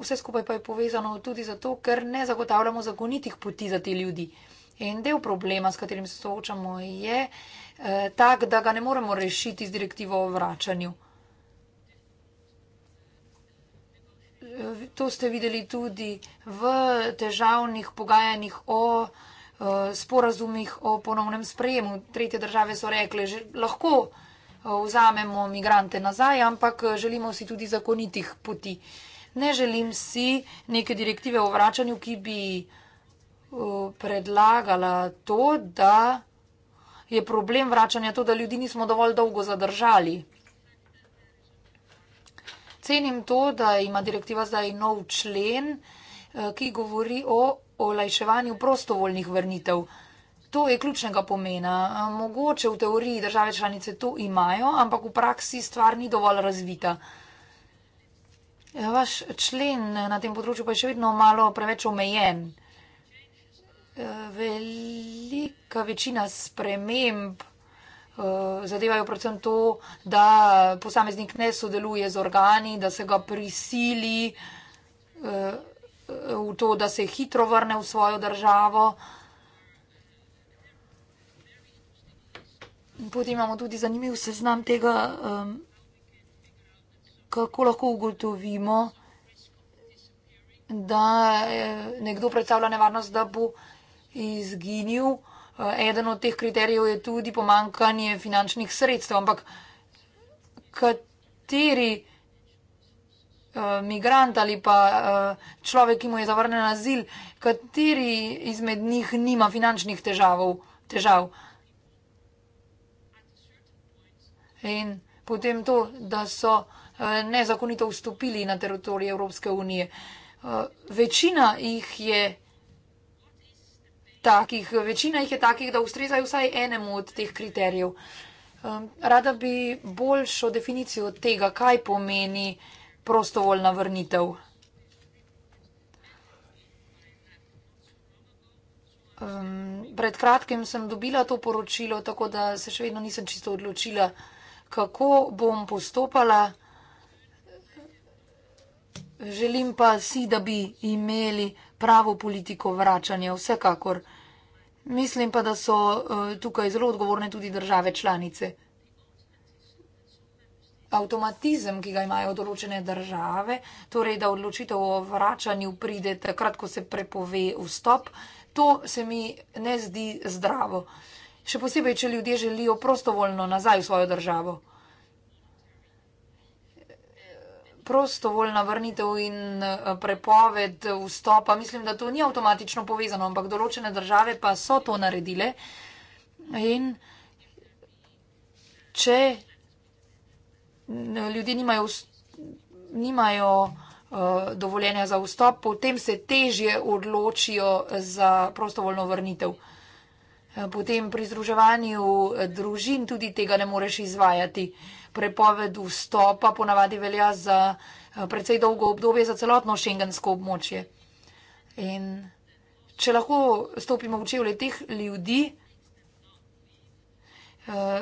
vse skupaj pa je povezano tudi zato, ker ne zagotavljamo zakonitih poti za te ljudi. In del problema, s katerim se soočamo, je tak, da ga ne moremo rešiti z direktivo o vračanju. to ste videli tudi v težavnih pogajanjih o eh, sporazumih o ponovnem sprejemu. Tretje države so rekle, že lahko eh, vzamemo migrante nazaj, ampak eh, želimo si tudi zakonitih poti. Ne želim si neke direktive o vračanju, ki bi predlagala to, da je problem vračanja to, da ljudi nismo dovolj dolgo zadržali cenim to, da ima direktiva zdaj nov člen, eh, ki govori o olajševanju prostovoljnih vrnitev. To je ključnega pomena. Eh, mogoče v teoriji države članice to imajo, ampak v praksi stvar ni dovolj razvita. Eh, vaš člen na tem področju pa je še vedno malo preveč omejen. Velika večina sprememb. Eh, zadevajo predvsem to, da posameznik ne sodeluje z organi, da se ga prisili eh, v to, da se hitro vrne v svojo državo. Potem imamo tudi zanimiv seznam tega, kako lahko ugotovimo, da eh, nekdo predstavlja nevarnost, da bo izginil eden od teh kriterijev je tudi pomankanje finančnih sredstev, ampak kateri eh, migrant ali pa eh, človek, ki mu je zavrnen azil, kateri izmed njih nima finančnih težavov, težav. In potem to, da so eh, nezakonito vstopili na teritorij Evropske unije. Večina jih je takih, večina jih je takih, da ustrezajo vsaj enemu od teh kriterijev. Um, rada bi boljšo definicijo tega, kaj pomeni prostovoljna vrnitev. Um, pred kratkim sem dobila to poročilo, tako da se še vedno nisem čisto odločila, kako bom postopala. Želim pa si, da bi imeli pravo politiko vračanja, vsekakor. Mislim pa, da so eh, tukaj zelo odgovorne tudi države članice. Avtomatizem, ki ga imajo določene države, torej da odločitev o vračanju pride takrat, ko se prepove vstop, to se mi ne zdi zdravo. Še posebej, če ljudje želijo prostovoljno nazaj v svojo državo. prostovoljna vrnitev in eh, prepoved vstopa. Mislim, da to ni avtomatično povezano, ampak določene države pa so to naredile. In če eh, ljudje nimajo, nimajo eh, dovoljenja za vstop, potem se težje odločijo za prostovoljno vrnitev. Potem pri združevanju družin tudi tega ne moreš izvajati prepoved vstopa ponavadi velja za eh, precej dolgo obdobje za celotno šengensko območje. In če lahko stopimo v čevlje teh ljudi, eh,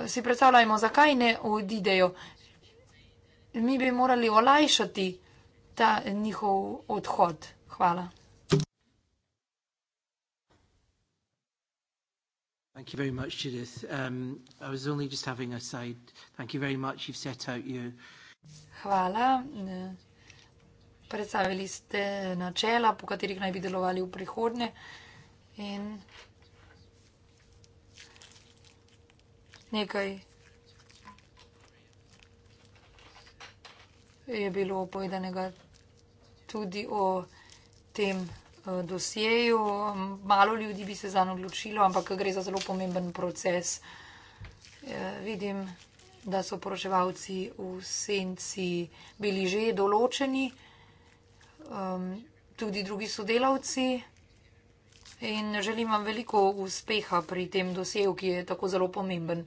si predstavljajmo, zakaj ne odidejo. Mi bi morali olajšati ta njihov odhod. Hvala. Thank you very much, Judith. Um, I was only just having a side. Thank you very much. You've set out your. Hvala. Predstavili ste načela, po katerih naj bi delovali v prihodnje. In nekaj je bilo povedanega tudi o tem, Eh, dosjeju. Malo ljudi bi se za njo odločilo, ampak gre za zelo pomemben proces. Eh, vidim, da so poroševalci v senci bili že določeni, ehm, tudi drugi sodelavci. In želim vam veliko uspeha pri tem dosjeju, ki je tako zelo pomemben.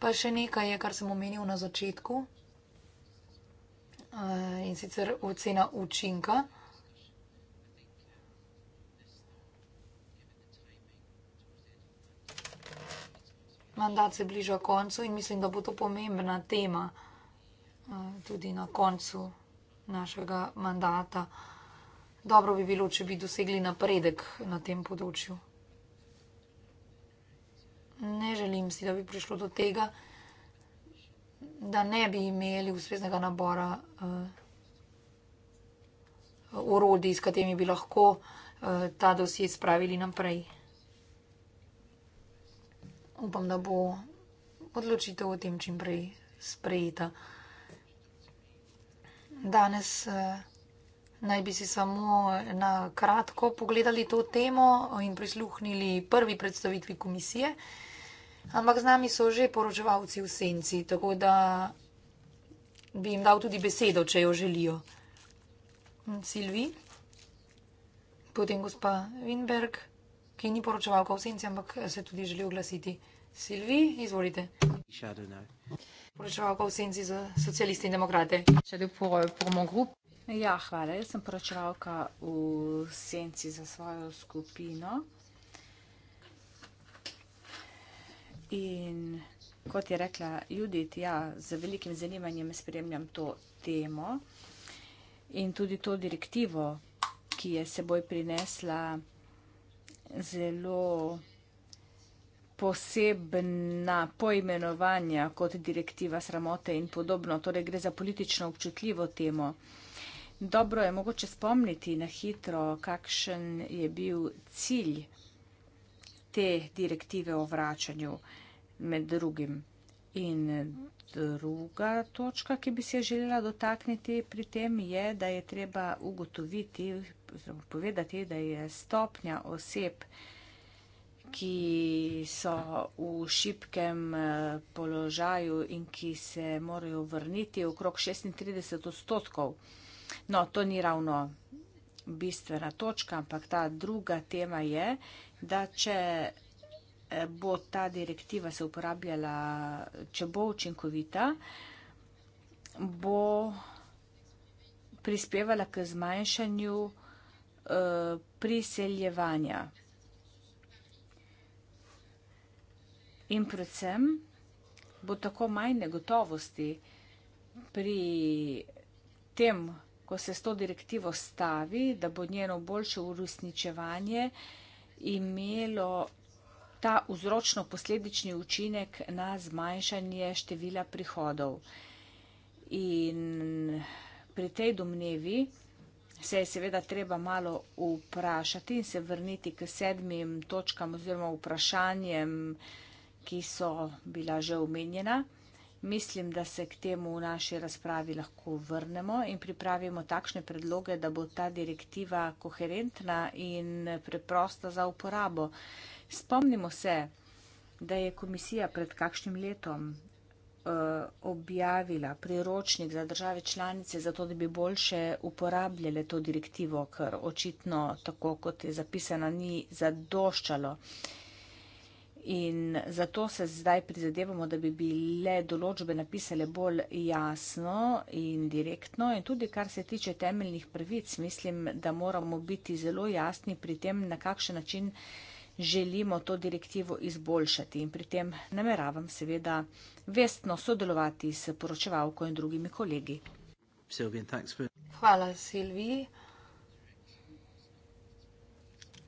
Pa še nekaj je, kar sem omenil na začetku. Eh, in sicer ocena učinka. mandat se bliža koncu in mislim, da bo to pomembna tema eh, tudi na koncu našega mandata. Dobro bi bilo, če bi dosegli napredek na tem področju. Ne želim si, da bi prišlo do tega, da ne bi imeli ustreznega nabora uh, eh, urodij, s katerimi bi lahko uh, ta dosje spravili naprej upam, da bo odločitev o tem čim prej sprejeta. Danes eh, naj bi si samo na kratko pogledali to temo in prisluhnili prvi predstavitvi komisije, ampak z nami so že poročevalci v senci, tako da bi jim dal tudi besedo, če jo želijo. Silvi, potem gospa Winberg ki ni poročeval o senci, ampak se tudi želi oglasiti. Silvi, izvolite. Poročeval o senci za socialiste in demokrate. Pour, pour ja, hvala. Jaz sem poročevalka v senci za svojo skupino. In kot je rekla Judith, ja, z velikim zanimanjem spremljam to temo in tudi to direktivo, ki je seboj prinesla zelo posebna poimenovanja kot direktiva sramote in podobno. Torej gre za politično občutljivo temo. Dobro je mogoče spomniti na hitro, kakšen je bil cilj te direktive o vračanju med drugim. In druga točka, ki bi se želela dotakniti pri tem, je, da je treba ugotoviti, povedati, da je stopnja oseb, ki so v šipkem eh, položaju in ki se morajo vrniti okrog 36 odstotkov. No, to ni ravno bistvena točka, ampak ta druga tema je, da če eh, bo ta direktiva se uporabljala, če bo učinkovita, bo prispevala k zmanjšanju uh, priseljevanja. In predvsem bo tako manj negotovosti pri tem, ko se s to direktivo stavi, da bo njeno boljše uresničevanje imelo ta vzročno-posledični učinek na zmanjšanje števila prihodov. In pri tej domnevi se je seveda treba malo vprašati in se vrniti k sedmim točkam oziroma vprašanjem, ki so bila že omenjena. Mislim, da se k temu v naši razpravi lahko vrnemo in pripravimo takšne predloge, da bo ta direktiva koherentna in preprosta za uporabo. Spomnimo se, da je komisija pred kakšnim letom Eh, objavila priročnik za države članice, zato da bi boljše uporabljale to direktivo, ker očitno tako, kot je zapisana, ni zadoščalo. In zato se zdaj prizadevamo, da bi bile določbe napisale bolj jasno in direktno. In tudi kar se tiče temeljnih pravic, mislim, da moramo biti zelo jasni pri tem, na kakšen način uh, želimo to direktivo izboljšati in pri tem nameravam seveda vestno sodelovati s poročevalko in drugimi kolegi. Silvia, for... Hvala, Silviji.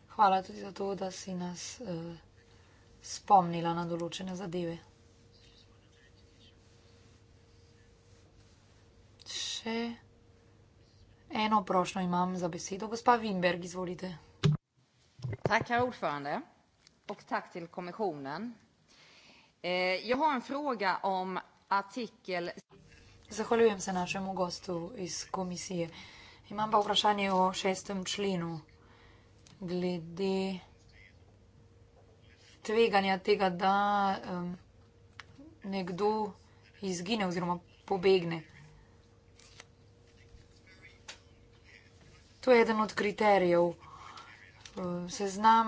Hvala tudi za to, da si nas uh, spomnila na določene zadeve. Še eno prošlo imam za besedo. Gospa Wimberg, izvolite. Tack, herr ordförande. Och tack till kommissionen. Eh, jag har en fråga om artikel... Ja, zahvaljujem se našemu gostu iz komisije. Imam pa vprašanje o šestem členu glede tveganja tega, da um, nekdo izgine oziroma pobegne. To je eden od kriterijev seznam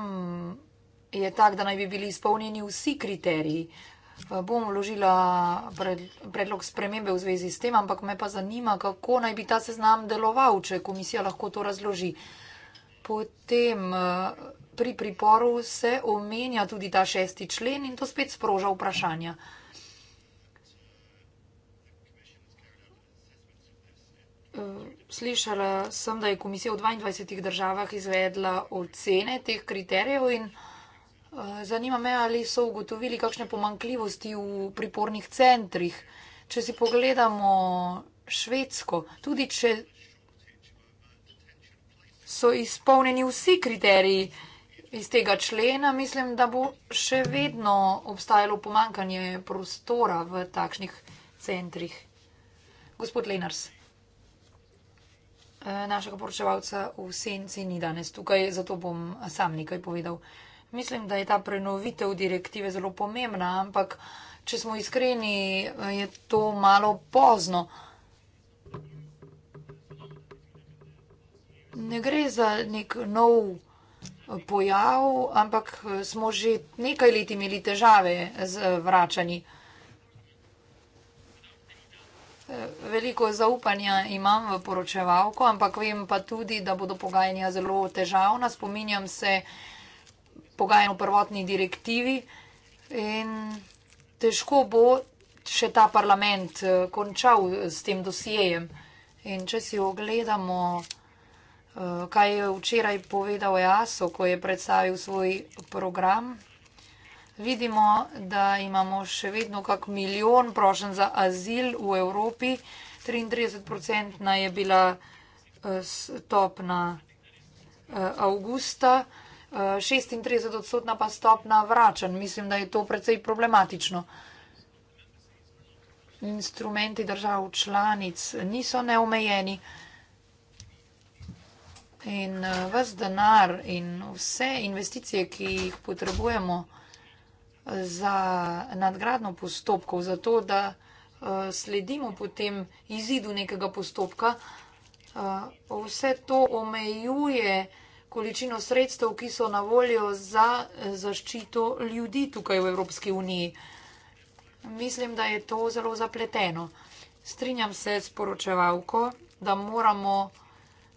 je tak, da naj bi bili izpolnjeni vsi kriteriji. Eh, bom vložila pred, predlog spremembe v zvezi s tem, ampak me pa zanima, kako naj bi ta seznam deloval, če komisija lahko to razloži. Potem eh, pri priporu se omenja tudi ta šesti člen in to spet sproža vprašanja. Uh. Slišala sem, da je komisija v 22 državah izvedla ocene teh kriterijev in eh, zanima me, ali so ugotovili kakšne pomankljivosti v pripornih centrih. Če si pogledamo Švedsko, tudi če so izpolnjeni vsi kriteriji iz tega člena, mislim, da bo še vedno obstajalo pomankanje prostora v takšnih centrih. Gospod Lenars. Eh, našega poročevalca v senci ni danes tukaj, zato bom sam nekaj povedal. Mislim, da je ta prenovitev direktive zelo pomembna, ampak če smo iskreni, eh, je to malo pozno. Ne gre za nek nov eh, pojav, ampak smo že nekaj let imeli težave z vračanjem veliko zaupanja imam v poročevalko, ampak vem pa tudi, da bodo pogajanja zelo težavna. Spominjam se pogajanja v prvotni direktivi in težko bo še ta parlament eh, končal eh, s tem dosijejem. In če si ogledamo, eh, kaj je včeraj povedal Jaso, ko je predstavil svoj program, vidimo, da imamo še vedno kak milijon prošen za azil v Evropi. 33% je bila eh, stopna eh, avgusta, 36% eh, pa stopna vračanj. Mislim, da je to precej problematično. Instrumenti držav članic niso neomejeni in vse denar in vse investicije, ki jih potrebujemo, za nadgradno postopkov, za to, da eh, sledimo potem izidu nekega postopka, eh, vse to omejuje količino sredstev, ki so na voljo za eh, zaščito ljudi tukaj v Evropski uniji. Mislim, da je to zelo zapleteno. Strinjam se s poročevalko, da moramo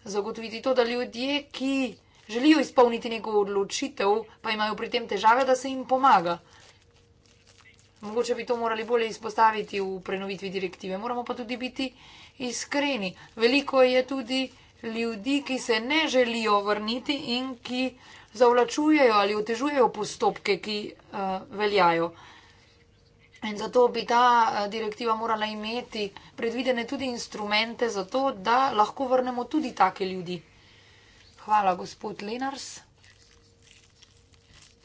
zagotoviti to, da ljudje, ki želijo izpolniti neko odločitev, pa imajo pri tem težave, da se jim pomaga. Mogoče bi to morali bolje izpostaviti v prenovitvi direktive. Moramo pa tudi biti iskreni. Veliko je tudi ljudi, ki se ne želijo vrniti in ki zavlačujejo ali otežujejo postopke, ki uh, veljajo. In zato bi ta eh, direktiva morala imeti predvidene tudi instrumente za to, da lahko vrnemo tudi take ljudi. Hvala, gospod Lenars.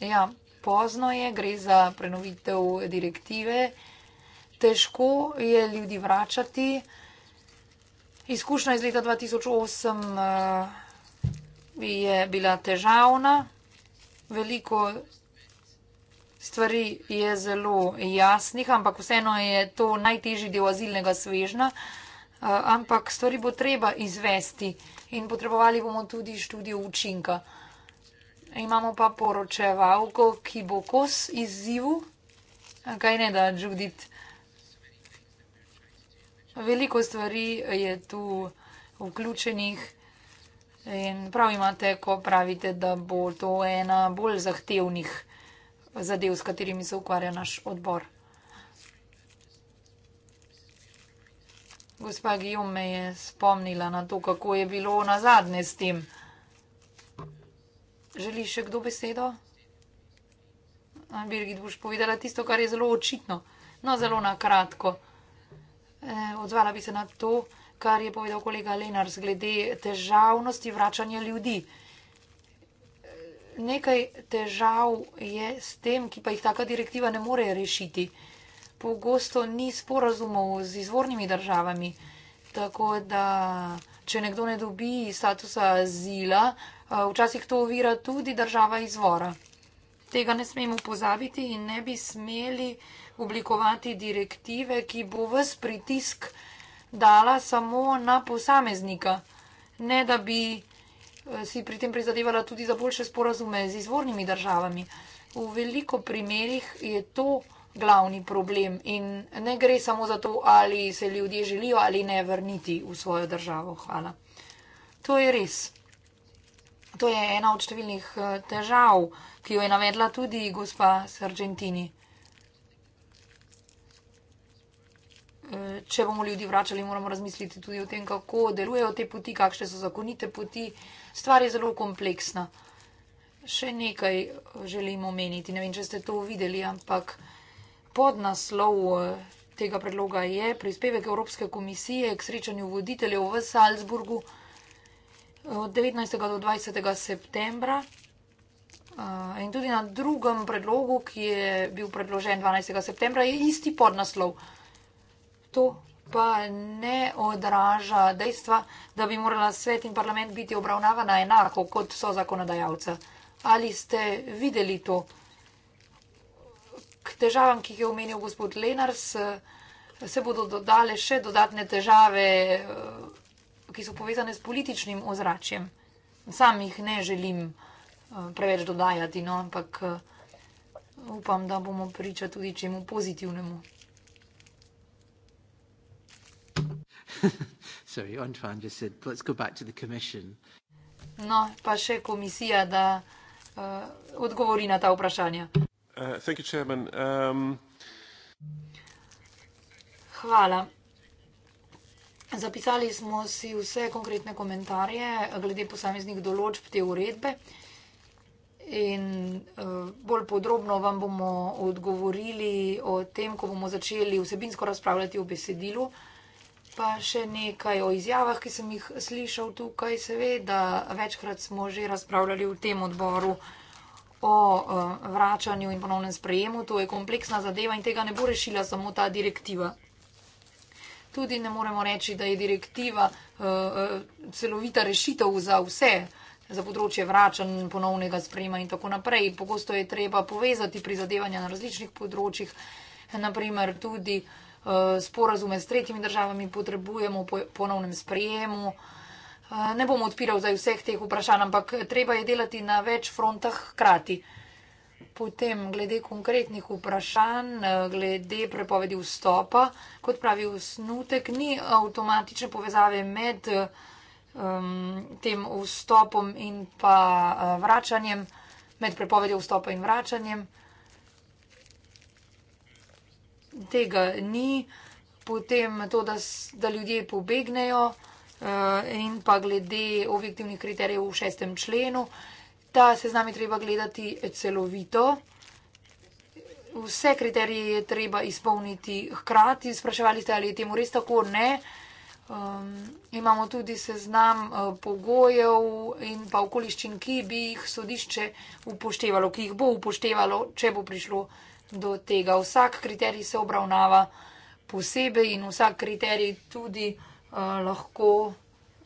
Ja, pozno je, gre za prenovitev direktive, težko je ljudi vračati. Izkušnja iz leta 2008 uh, eh, je bila težavna, veliko stvari je zelo jasnih, ampak vseeno je to najtežji del azilnega svežna. Eh, ampak stvari bo treba izvesti in potrebovali bomo tudi študijo učinka. Imamo pa poročevalko, ki bo kos izzivu. Kaj ne da, Judith? Veliko stvari je tu vključenih in prav imate, ko pravite, da bo to ena bolj zahtevnih zadev, s katerimi se ukvarja naš odbor. Gospa Gijome je spomnila na to, kako je bilo na zadnje s tem. Želi še kdo besedo? Birgit, boš povedala tisto, kar je zelo očitno. No, zelo na kratko. E, odzvala bi se na to, kar je povedal kolega Lenar zglede težavnosti vračanja ljudi. E, nekaj težav je s tem, ki pa jih taka direktiva ne more rešiti. Pogosto ni sporazumov z izvornimi državami. Tako da, če nekdo ne dobi statusa azila, Eh, včasih to ovira tudi država izvora. Tega ne smemo pozabiti in ne bi smeli oblikovati direktive, ki bo vs pritisk dala samo na posameznika, ne da bi eh, si pri tem prizadevala tudi za boljše sporazume z izvornimi državami. V veliko primerjih je to glavni problem in ne gre samo za to, ali se ljudje želijo ali ne vrniti v svojo državo. Hvala. To je res to je ena od številnih eh, težav, ki jo je navedla tudi gospa Sargentini. Eh, če bomo ljudi vračali, moramo razmisliti tudi o tem, kako delujejo te poti, kakšne so zakonite poti. Stvar je zelo kompleksna. Še nekaj eh, želimo omeniti. Ne vem, če ste to videli, ampak podnaslov tega predloga je prispevek Evropske komisije k srečanju voditeljev v Salzburgu od 19. do 20. septembra. In tudi na drugem predlogu, ki je bil predložen 12. septembra, je isti podnaslov. To pa ne odraža dejstva, da bi morala svet in parlament biti obravnavana enako kot so zakonodajalce. Ali ste videli to? K težavam, ki jih je omenil gospod Lenars, se bodo dodale še dodatne težave ki so povezane s političnim ozračjem. Sam jih ne želim eh, preveč dodajati, no, ampak eh, upam, da bomo priča tudi čemu pozitivnemu. Sorry, said, Let's go back to the no, pa še komisija, da uh, odgovori na ta vprašanja. Uh, you, um... Hvala. Zapisali smo si vse konkretne komentarje glede posameznih določb te uredbe in eh, bolj podrobno vam bomo odgovorili o tem, ko bomo začeli vsebinsko razpravljati o besedilu. Pa še nekaj o izjavah, ki sem jih slišal tukaj. Seveda, večkrat smo že razpravljali v tem odboru o eh, vračanju in ponovnem sprejemu. To je kompleksna zadeva in tega ne bo rešila samo ta direktiva tudi ne moremo reči, da je direktiva eh, eh, celovita rešitev za vse, za področje vračanj, ponovnega sprejma in tako naprej. Pogosto je treba povezati prizadevanja na različnih področjih, naprimer tudi eh, sporazume s tretjimi državami potrebujemo po ponovnem sprejemu. Ne bom odpiral zdaj vseh teh vprašanj, ampak treba je delati na več frontah hkrati potem glede konkretnih vprašanj, glede prepovedi vstopa, kot pravi usnutek, ni avtomatične povezave med um, tem vstopom in pa uh, vračanjem, med prepovedi vstopa in vračanjem. Tega ni. Potem to, da, da ljudje pobegnejo uh, in pa glede objektivnih kriterijev v šestem členu. Uh, ta seznam je treba gledati celovito. Vse kriterije je treba izpolniti hkrati. Spraševali ste, ali je temu res tako, ne. Um, imamo tudi seznam uh, pogojev in pa okoliščin, ki bi jih sodišče upoštevalo, ki jih bo upoštevalo, če bo prišlo do tega. Vsak kriterij se obravnava posebej in vsak kriterij tudi uh, lahko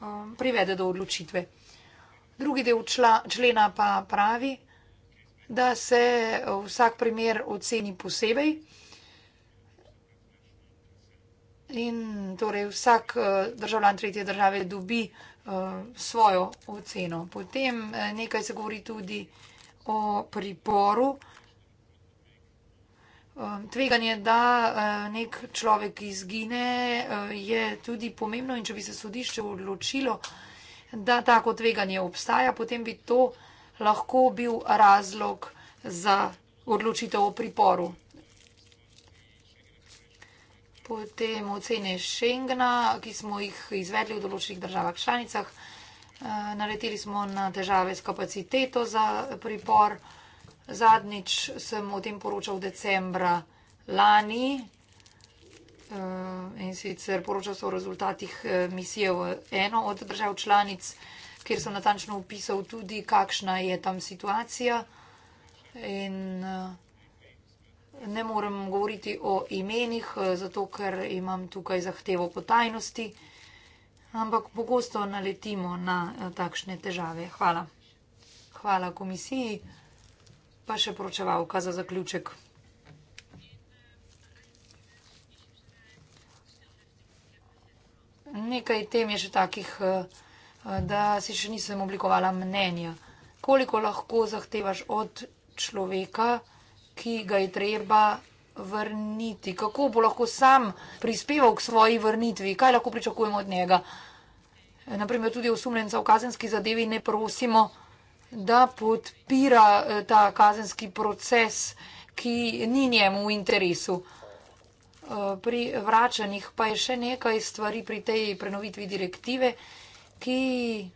um, privede do odločitve. Drugi del čla, člena pa pravi, da se vsak primer oceni posebej. In torej vsak eh, državljan tretje države dobi eh, svojo oceno. Potem eh, nekaj se govori tudi o priporu. Tveganje, da nek človek izgine, je tudi pomembno in če bi se sodišče odločilo, da tako tveganje obstaja, potem bi to lahko bil razlog za odločitev o priporu. Potem ocene Schengna, ki smo jih izvedli v določenih državah članicah. Eh, naleteli smo na težave s kapaciteto za pripor. Zadnjič sem o tem poročal v decembra lani, Eh, in sicer poroča se o rezultatih eh, misije v eno od držav članic, kjer sem natančno opisal tudi, kakšna je tam situacija. In eh, ne morem govoriti o imenih, zato ker imam tukaj zahtevo po tajnosti, ampak pogosto naletimo na takšne težave. Hvala. Hvala komisiji, pa še poročevalka za zaključek. nekaj tem je še takih, eh, eh, da si še nisem oblikovala mnenja. Koliko lahko zahtevaš od človeka, ki ga je treba vrniti? Kako bo lahko sam prispeval k svoji vrnitvi? Kaj lahko pričakujemo od njega? Naprimer, tudi osumljenca v kazenski zadevi ne prosimo, da podpira eh, ta kazenski proces, ki ni njemu v interesu pri vračanjih pa je še nekaj stvari pri tej prenovitvi direktive, ki eh,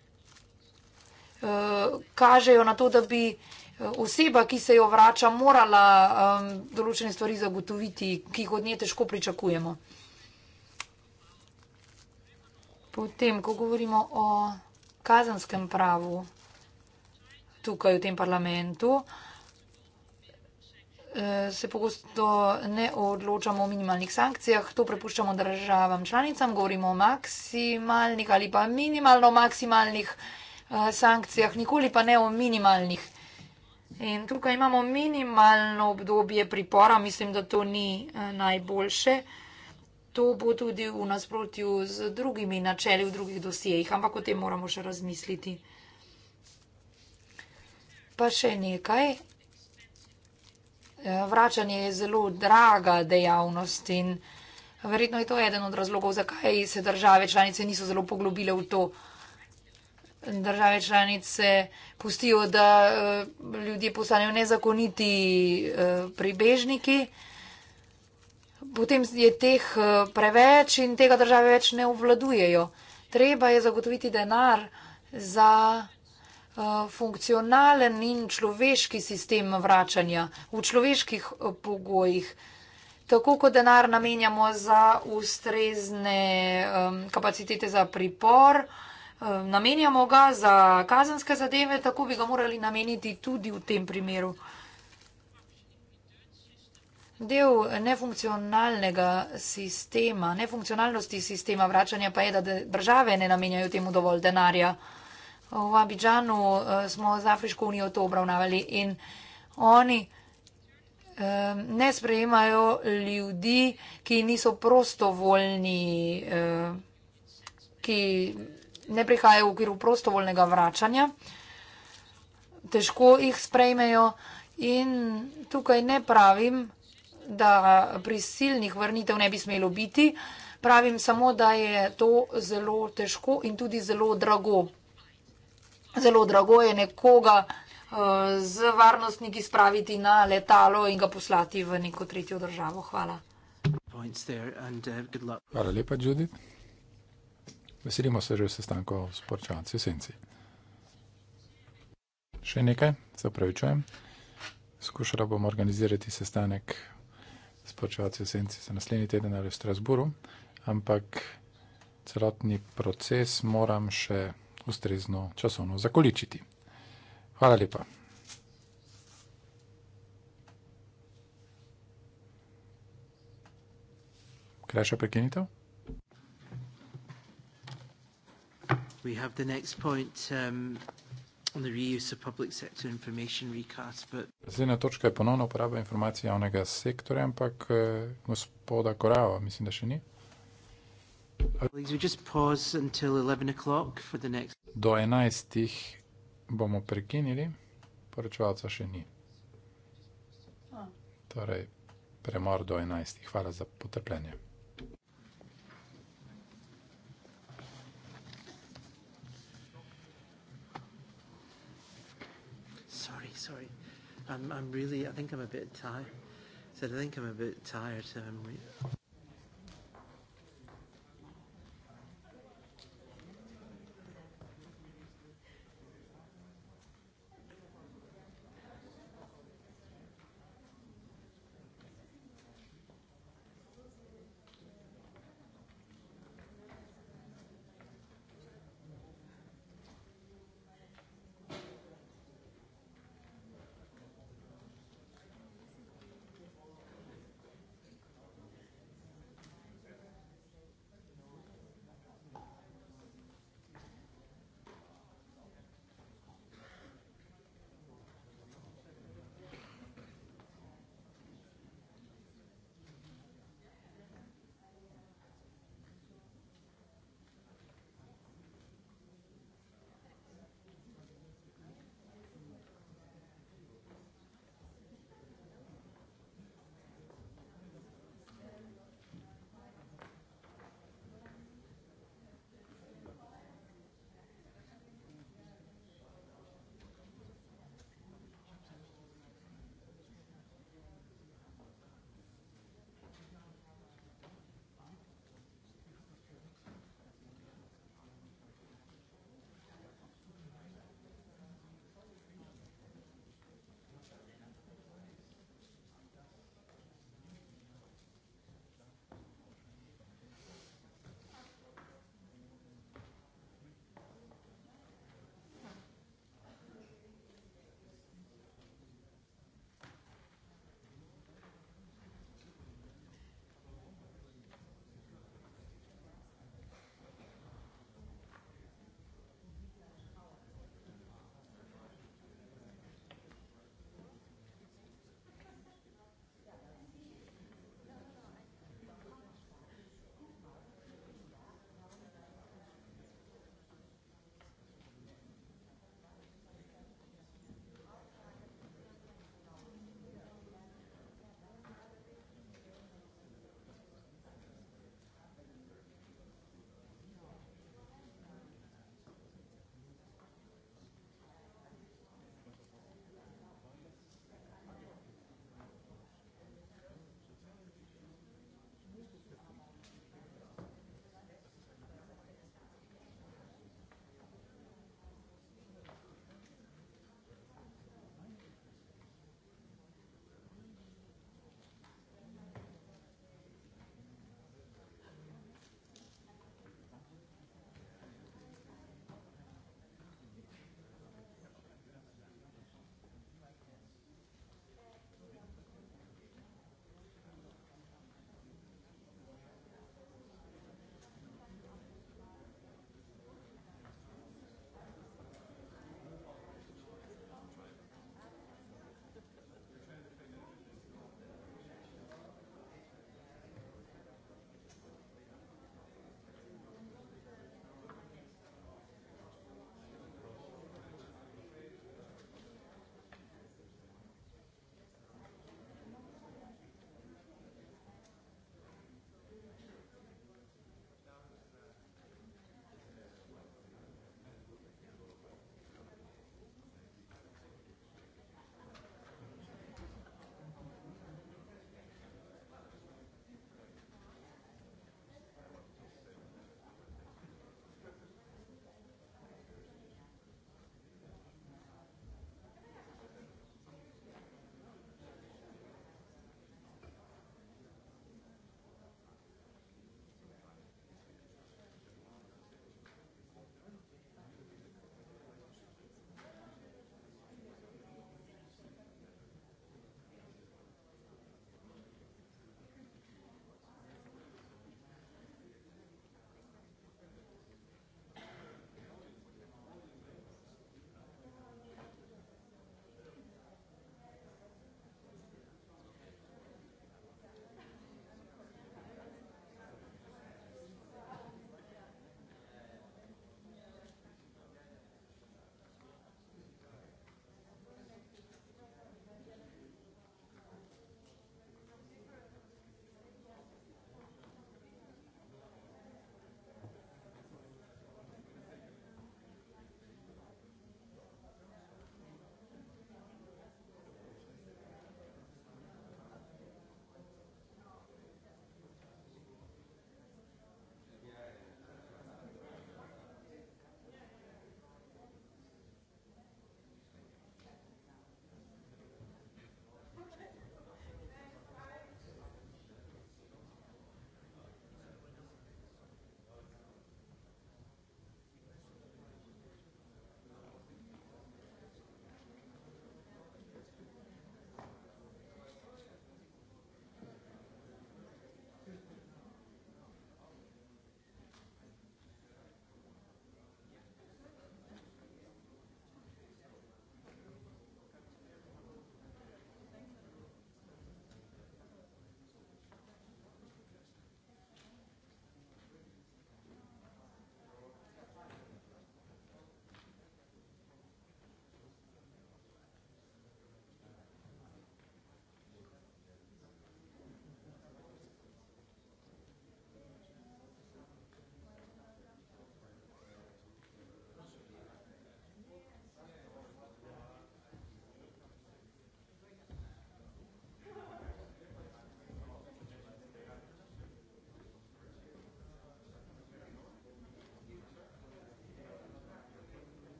kažejo na to, da bi eh, oseba, ki se jo vrača, morala določene stvari zagotoviti, ki jih od nje težko pričakujemo. Potem, ko govorimo o kazanskem pravu tukaj v tem parlamentu, Eh, se pogosto ne odločamo o minimalnih sankcijah, to prepuščamo državam članicam, govorimo o maksimalnih ali pa minimalno maksimalnih eh, sankcijah, nikoli pa ne o minimalnih. In tukaj imamo minimalno obdobje pripora, mislim, da to ni eh, najboljše. To bo tudi v nasprotju z drugimi načeli v drugih dosijejih, ampak o tem moramo še razmisliti. Pa še nekaj, Eh, vračanje je zelo draga dejavnost in verjetno je to eden od razlogov, zakaj se države članice niso zelo poglobile v to. Države članice pustijo, da eh, ljudje postanejo nezakoniti eh, pribežniki. Potem je teh preveč in tega države več ne obvladujejo. Treba je zagotoviti denar za Eh, funkcionalen in človeški sistem vračanja v človeških eh, pogojih. Tako kot denar namenjamo za ustrezne kapacitete za pripor, namenjamo ga za kazenske zadeve, tako bi ga morali nameniti tudi v tem primeru. Del nefunkcionalnega sistema, nefunkcionalnosti sistema vračanja pa je, da države ne namenjajo temu dovolj denarja. V Abidžanu eh, smo z Afriško unijo to obravnavali in oni eh, ne sprejemajo ljudi, ki niso prostovoljni, eh, ki ne prihajajo v okviru prostovoljnega vračanja. Težko jih sprejmejo in tukaj ne pravim, da prisilnih vrnitev ne bi smelo biti. Pravim samo, da je to zelo težko in tudi zelo drago zelo drago je nekoga uh, z varnostniki spraviti na letalo in ga poslati v neko tretjo državo. Hvala. And, uh, Hvala lepa, Judith. Veselimo se že sestanko s porčanci Senci. Še nekaj, se upravičujem. Skušala bom organizirati sestanek s počevalci Senci za naslednji teden ali v Strasburu, ampak celotni proces moram še ustrezno časovno zakoličiti. Hvala lepa. Krajša prekinitev. We have the next point um, on the reuse of public sector information recast. But... Zdaj na točka je ponovno uporaba informacij javnega sektorja, ampak eh, gospoda Korao, mislim, da še ni. Do enajstih bomo prekinili, poročevalca še ni. Torej, premor do enajstih. Hvala za potrpljenje. I'm, I'm really, I think I'm a bit tired. I said, I think I'm a bit tired, so I'm really...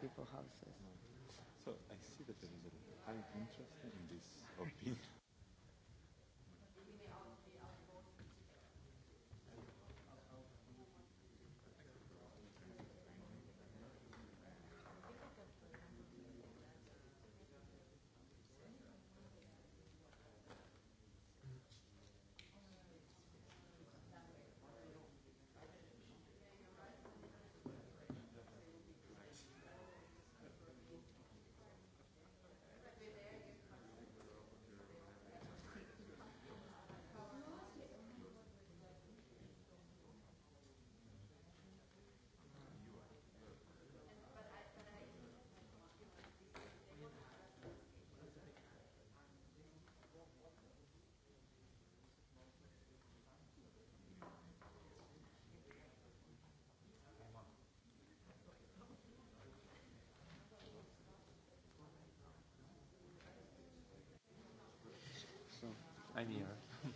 people houses. So I see that there is a high interest in this opinion. Uh,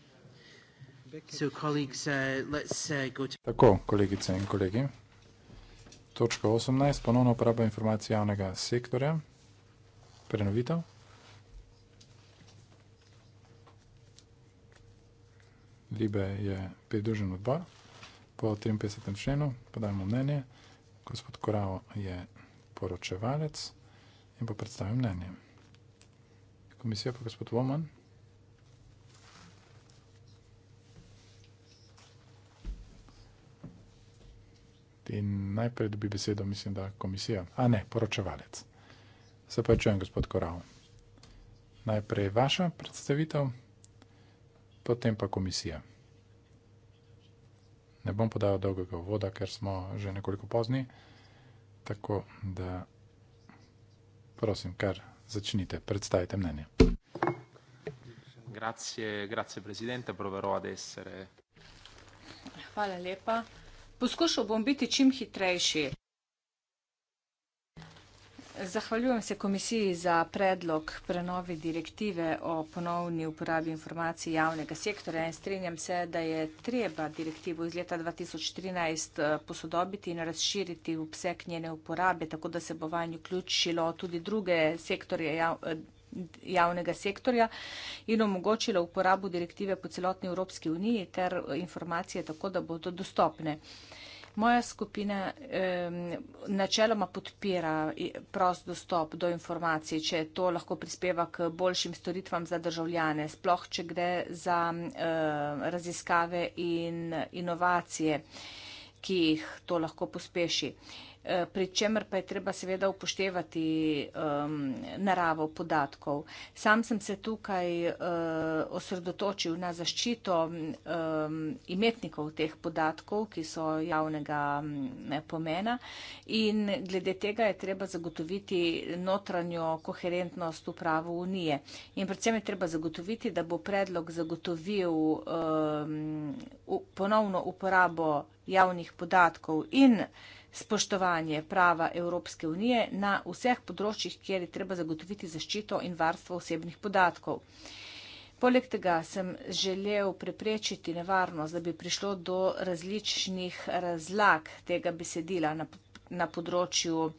uh, Tako, kolegice in kolegi. Točka 18, ponovno uporaba informacij javnega sektorja. Prenovitev. Libe je pridružen odbor. Po 53. členu podajmo mnenje. Gospod Korao je poročevalec in pa predstavim mnenje. Komisija pa gospod Voman. in najprej dobi besedo, mislim, da komisija, a ne poročevalec. Se pa čujem, gospod Korao. Najprej vaša predstavitev, potem pa komisija. Ne bom podal dolgega voda, ker smo že nekoliko pozni. Tako da, prosim, kar začnite, predstavite mnenje. Grazie, grazie, presidente, proverò ad essere. Hvala lepa. Poskušal bom biti čim hitrejši. Zahvaljujem se komisiji za predlog prenove direktive o ponovni uporabi informacij javnega sektora in strinjam se, da je treba direktivo iz leta 2013 eh, posodobiti in razširiti obseg njene uporabe, tako da se bo vanj vključilo tudi druge sektorje javnega eh, sektora javnega sektorja in omogočila uporabo direktive po celotni Evropski uniji ter informacije tako, da bodo dostopne. Moja skupina eh, načeloma podpira prost dostop do informacij, če to lahko prispeva k boljšim storitvam za državljane, sploh če gre za eh, raziskave in inovacije, ki jih to lahko pospeši. Eh, Eh, pri čemer pa je treba seveda upoštevati um, naravo podatkov. Sam sem se tukaj uh, osredotočil na zaščito um, imetnikov teh podatkov, ki so javnega um, pomena in glede tega je treba zagotoviti notranjo koherentnost upravo Unije. In predvsem je treba zagotoviti, da bo predlog zagotovil um, u, ponovno uporabo javnih podatkov in spoštovanje prava Evropske unije na vseh področjih, kjer je treba zagotoviti zaščito in varstvo osebnih podatkov. Poleg tega sem želel preprečiti nevarnost, da bi prišlo do različnih razlag tega besedila na, na področju uh,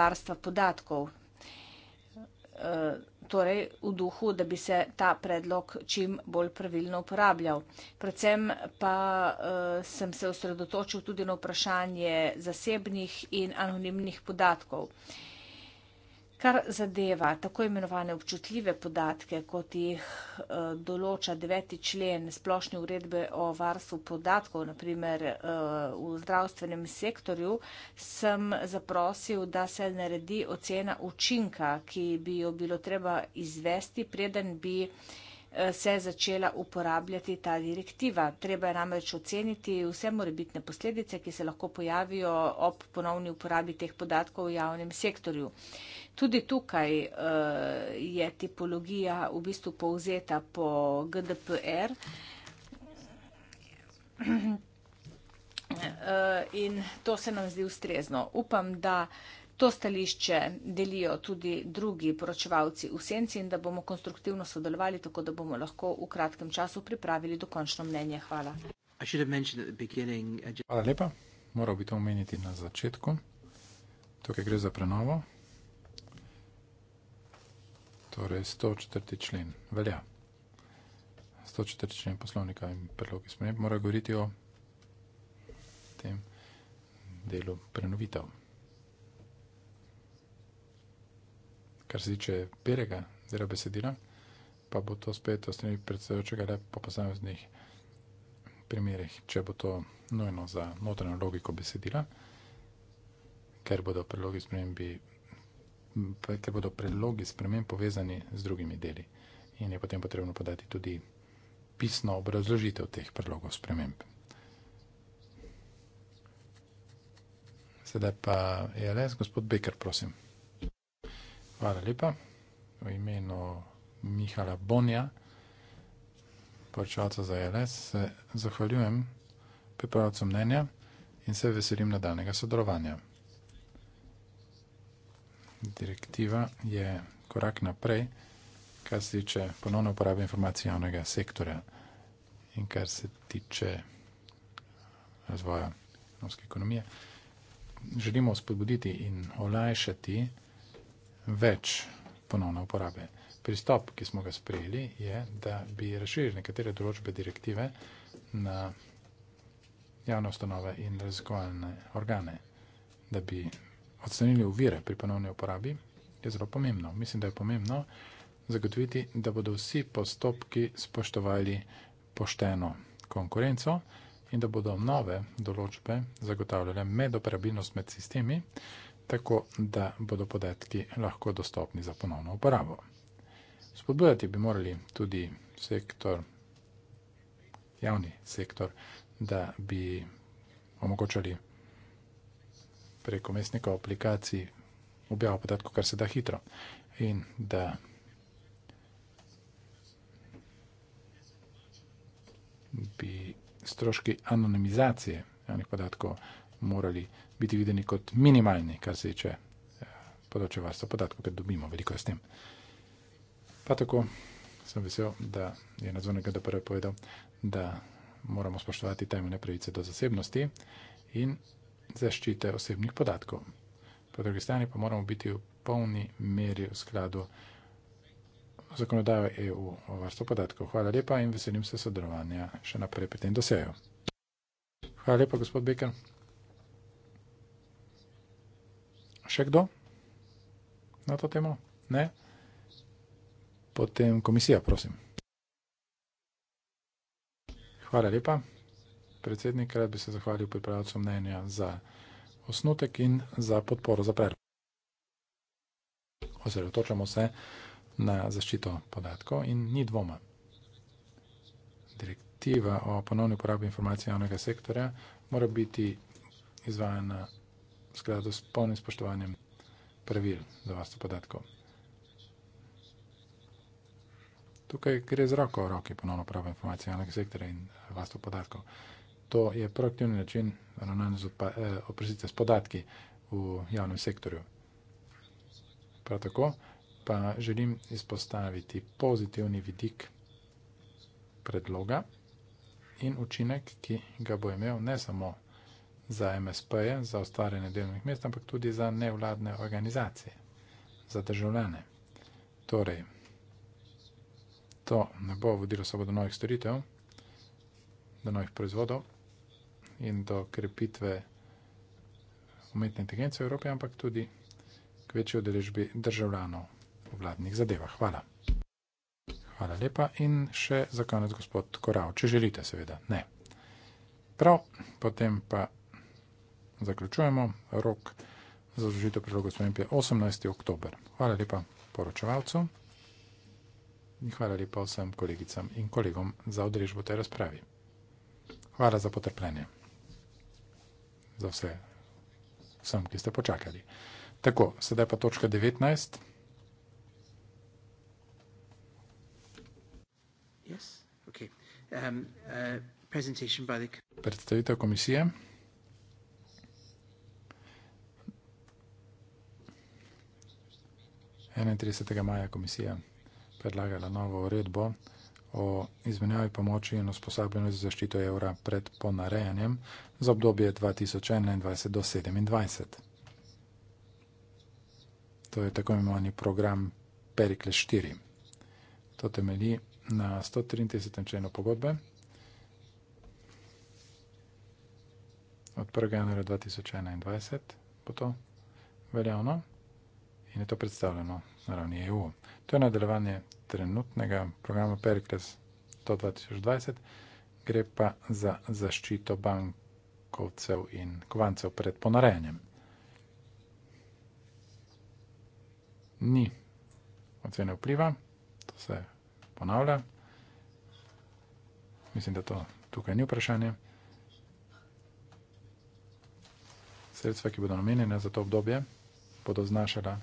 varstva podatkov. Uh, torej v duhu, da bi se ta predlog čim bolj pravilno uporabljal. Predvsem pa uh, sem se osredotočil tudi na vprašanje zasebnih in anonimnih podatkov. Uh, Kar zadeva tako imenovane občutljive podatke, kot jih eh, določa deveti člen splošne uredbe o varstvu podatkov, naprimer eh, v zdravstvenem sektorju, sem zaprosil, da se naredi ocena učinka, ki bi jo bilo treba izvesti, preden bi eh, se je začela uporabljati ta direktiva. Treba je namreč oceniti vse morebitne posledice, ki se lahko pojavijo ob ponovni uporabi teh podatkov v javnem sektorju. Tudi tukaj uh, je tipologija v bistvu povzeta po GDPR. Eh, in to se nam zdi ustrezno. Upam, da to stališče delijo tudi drugi poročevalci v senci in da bomo konstruktivno sodelovali, tako da bomo lahko v kratkem času pripravili dokončno mnenje. Hvala. Uh, Hvala lepa. Moral bi to omeniti na začetku. Tukaj gre za prenovo. Torej, 104. člen velja. 104. člen poslovnika in predlogi sprememb mora govoriti o tem delu prenovitev. Kar se tiče prvega dela besedila, pa bo to spet ostali predsedujočega le po posameznih primerih, če bo to nujno za notranjo logiko besedila, ker bodo predlogi sprememb ker bodo predlogi sprememb povezani z drugimi deli. In je potem potrebno podati tudi pisno obrazložitev teh predlogov sprememb. Sedaj pa ELS, gospod Becker, prosim. Hvala lepa. V imenu Mihala Bonja, poročevalca za ELS, se zahvaljujem pripravljalcu mnenja in se veselim nadaljnega sodelovanja direktiva je korak naprej, kar se tiče ponovno uporabe informacij javnega sektorja in kar se tiče razvoja ekonomske ekonomije. Želimo spodbuditi in olajšati več ponovne uporabe. Pristop, ki smo ga sprejeli, je, da bi razširili nekatere določbe direktive na javne ustanove in raziskovalne organe, da bi odstranili uvire pri ponovni uporabi, je zelo pomembno. Mislim, da je pomembno zagotoviti, da bodo vsi postopki spoštovali pošteno konkurenco in da bodo nove določbe zagotavljale medoperabilnost med sistemi, tako da bodo podatki lahko dostopni za ponovno uporabo. Spodbujati bi morali tudi sektor, javni sektor, da bi omogočali podatke, preko mestnikov aplikacij objavljajo podatke, kar se da hitro. In da bi stroški anonimizacije javnih podatkov morali biti videni kot minimalni, kar se tiče eh, področja varstva podatkov, ker dobimo veliko s tem. Pa tako sem vesel, da je nadzornik GDPR povedal, da moramo spoštovati temeljne pravice do zasebnosti in zaščite osebnih podatkov. Po drugi strani pa moramo biti v polni meri v skladu zakonodaje EU o varstvu podatkov. Hvala lepa in veselim se sodelovanja še naprej pri tem doseju. Hvala lepa, gospod Beker. Še kdo na to temo? Ne? Potem komisija, prosim. Hvala lepa predsednik, rad bi se zahvalil pripravcu mnenja za osnutek in za podporo za predlog. Osredotočamo se na zaščito podatkov in ni dvoma. Direktiva o ponovni uporabi informacij javnega sektorja mora biti izvajana v skladu s polnim spoštovanjem pravil za varstvo podatkov. Tukaj gre z roko v roki ponovno uporabo informacij javnega sektorja in varstvo podatkov to je proaktivni način ravnanja z eh, oprostitve s podatki v javnem sektorju. Prav tako pa želim izpostaviti pozitivni vidik predloga in učinek, ki ga bo imel ne samo za MSP-je, za ustvarjanje delovnih mest, ampak tudi za nevladne organizacije, za državljane. Torej, to ne bo vodilo samo do novih storitev, do novih proizvodov, in do krepitve umetne inteligence v Evropi, ampak tudi k večji odeležbi državljanov v vladnih zadevah. Hvala. Hvala lepa in še za konec gospod Korav, če želite, seveda. Ne. Prav, potem pa zaključujemo rok za zložitev predloga spremembe 18. oktober. Hvala lepa poročevalcu in hvala lepa vsem kolegicam in kolegom za odrežbo te razpravi. Hvala za potrpljenje za vse, vsem, ki ste počakali. Tako, sedaj pa točka 19. Yes? Okay. Um, uh, by the... Predstavitev komisije. Enaintrideset maja komisija predlagala novo uredbo o izmenjavi pomoči in usposabljenosti za zaščito evra pred ponarejanjem za obdobje 2021 do 2027. To je tako imenovani program Perikle 4. To temelji na 133. členu pogodbe od 1. januarja 2021, potem veljavno in je to predstavljeno na ravni EU. To je nadaljevanje trenutnega programa Pericles 2020, gre pa za zaščito bankovcev in kovancev pred ponarejanjem. Ni ocene vpliva, to se ponavlja. Mislim, da to tukaj ni vprašanje. Sredstva, ki bodo namenjena za to obdobje, bodo znašala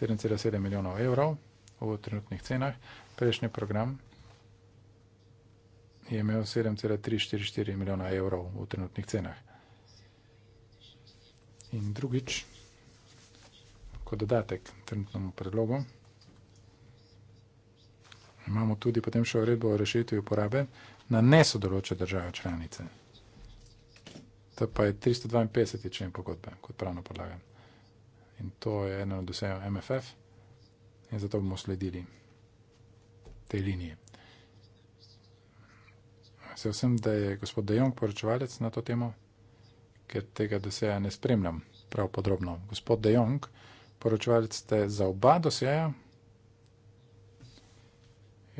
7,7 milijonov evrov v trenutnih cenah. Prejšnji program je imel 7,344 milijona evrov v trenutnih cenah. In drugič, kot dodatek trenutnemu predlogu, imamo tudi potem še vredbo o rešitvi uporabe na nesodoloče države članice. To pa je 352. člen pogodbe, kot pravno podlagam. In to je ena od vsejo MFF in zato bomo sledili tej liniji. Vesel sem, da je gospod Dejon poročevalec na to temo, ker tega doseja ne spremljam prav podrobno. Gospod Dejon, poročevalec ste za oba doseja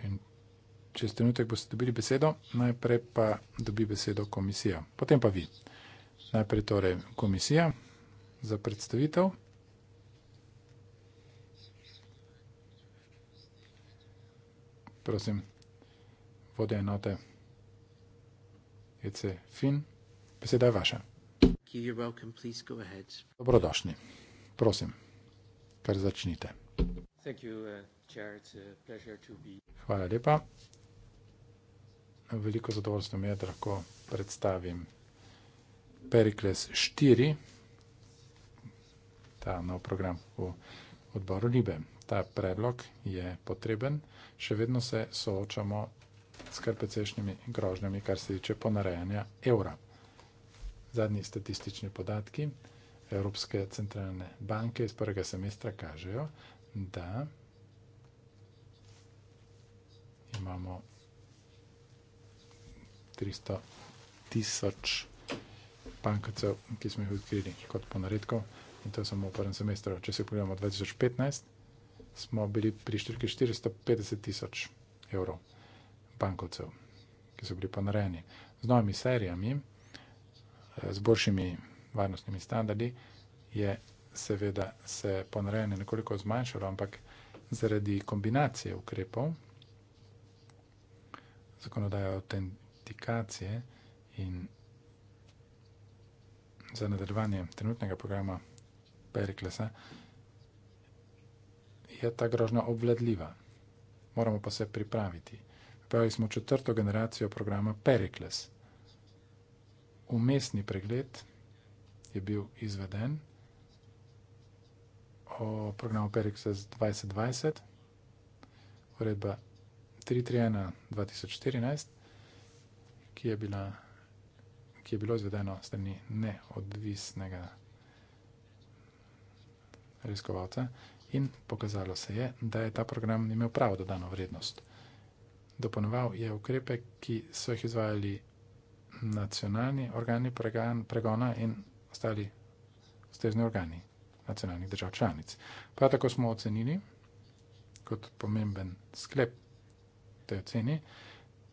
in čez trenutek boste dobili besedo, najprej pa dobi besedo komisija, potem pa vi. Najprej torej komisija za predstavitev. prosim, vodja enote ECFIN, beseda je vaša. Dobrodošli. Prosim, kar začnite. Uh, Hvala lepa. Veliko zadovoljstvo mi je, da lahko predstavim Perikles 4, ta nov program v Perikles 4 odboru Libe. Ta predlog je potreben, še vedno se soočamo s kar precejšnjimi grožnjami, kar se tiče ponarejanja evra. Zadnji statistični podatki Evropske centralne banke iz prvega semestra kažejo, da imamo 300 tisoč bankovcev, ki smo jih odkrili kot ponaredkov, in to je samo v prvem semestru. Če si pogledamo 2015, smo bili pri številki 450 tisoč evrov bankovcev, ki so bili pa narejeni z novimi serijami, z boljšimi varnostnimi standardi, je seveda se ponarejanje nekoliko zmanjšalo, ampak zaradi kombinacije ukrepov, zakonodaje autentikacije in za nadaljevanje trenutnega programa Periklesa, je ta grožnja obvladljiva. Moramo pa se pripraviti. Pravi smo četrto generacijo programa Perikles. Umestni pregled je bil izveden o programu Perikles 2020, uredba 331-2014, ki, ki je bilo izvedeno strani neodvisnega programa raziskovalca in pokazalo se je, da je ta program imel pravo dodano vrednost. Dopolnoval je ukrepe, ki so jih izvajali nacionalni organi pregan, pregona in ostali ustrezni organi nacionalnih držav članic. Prav tako smo ocenili kot pomemben sklep te oceni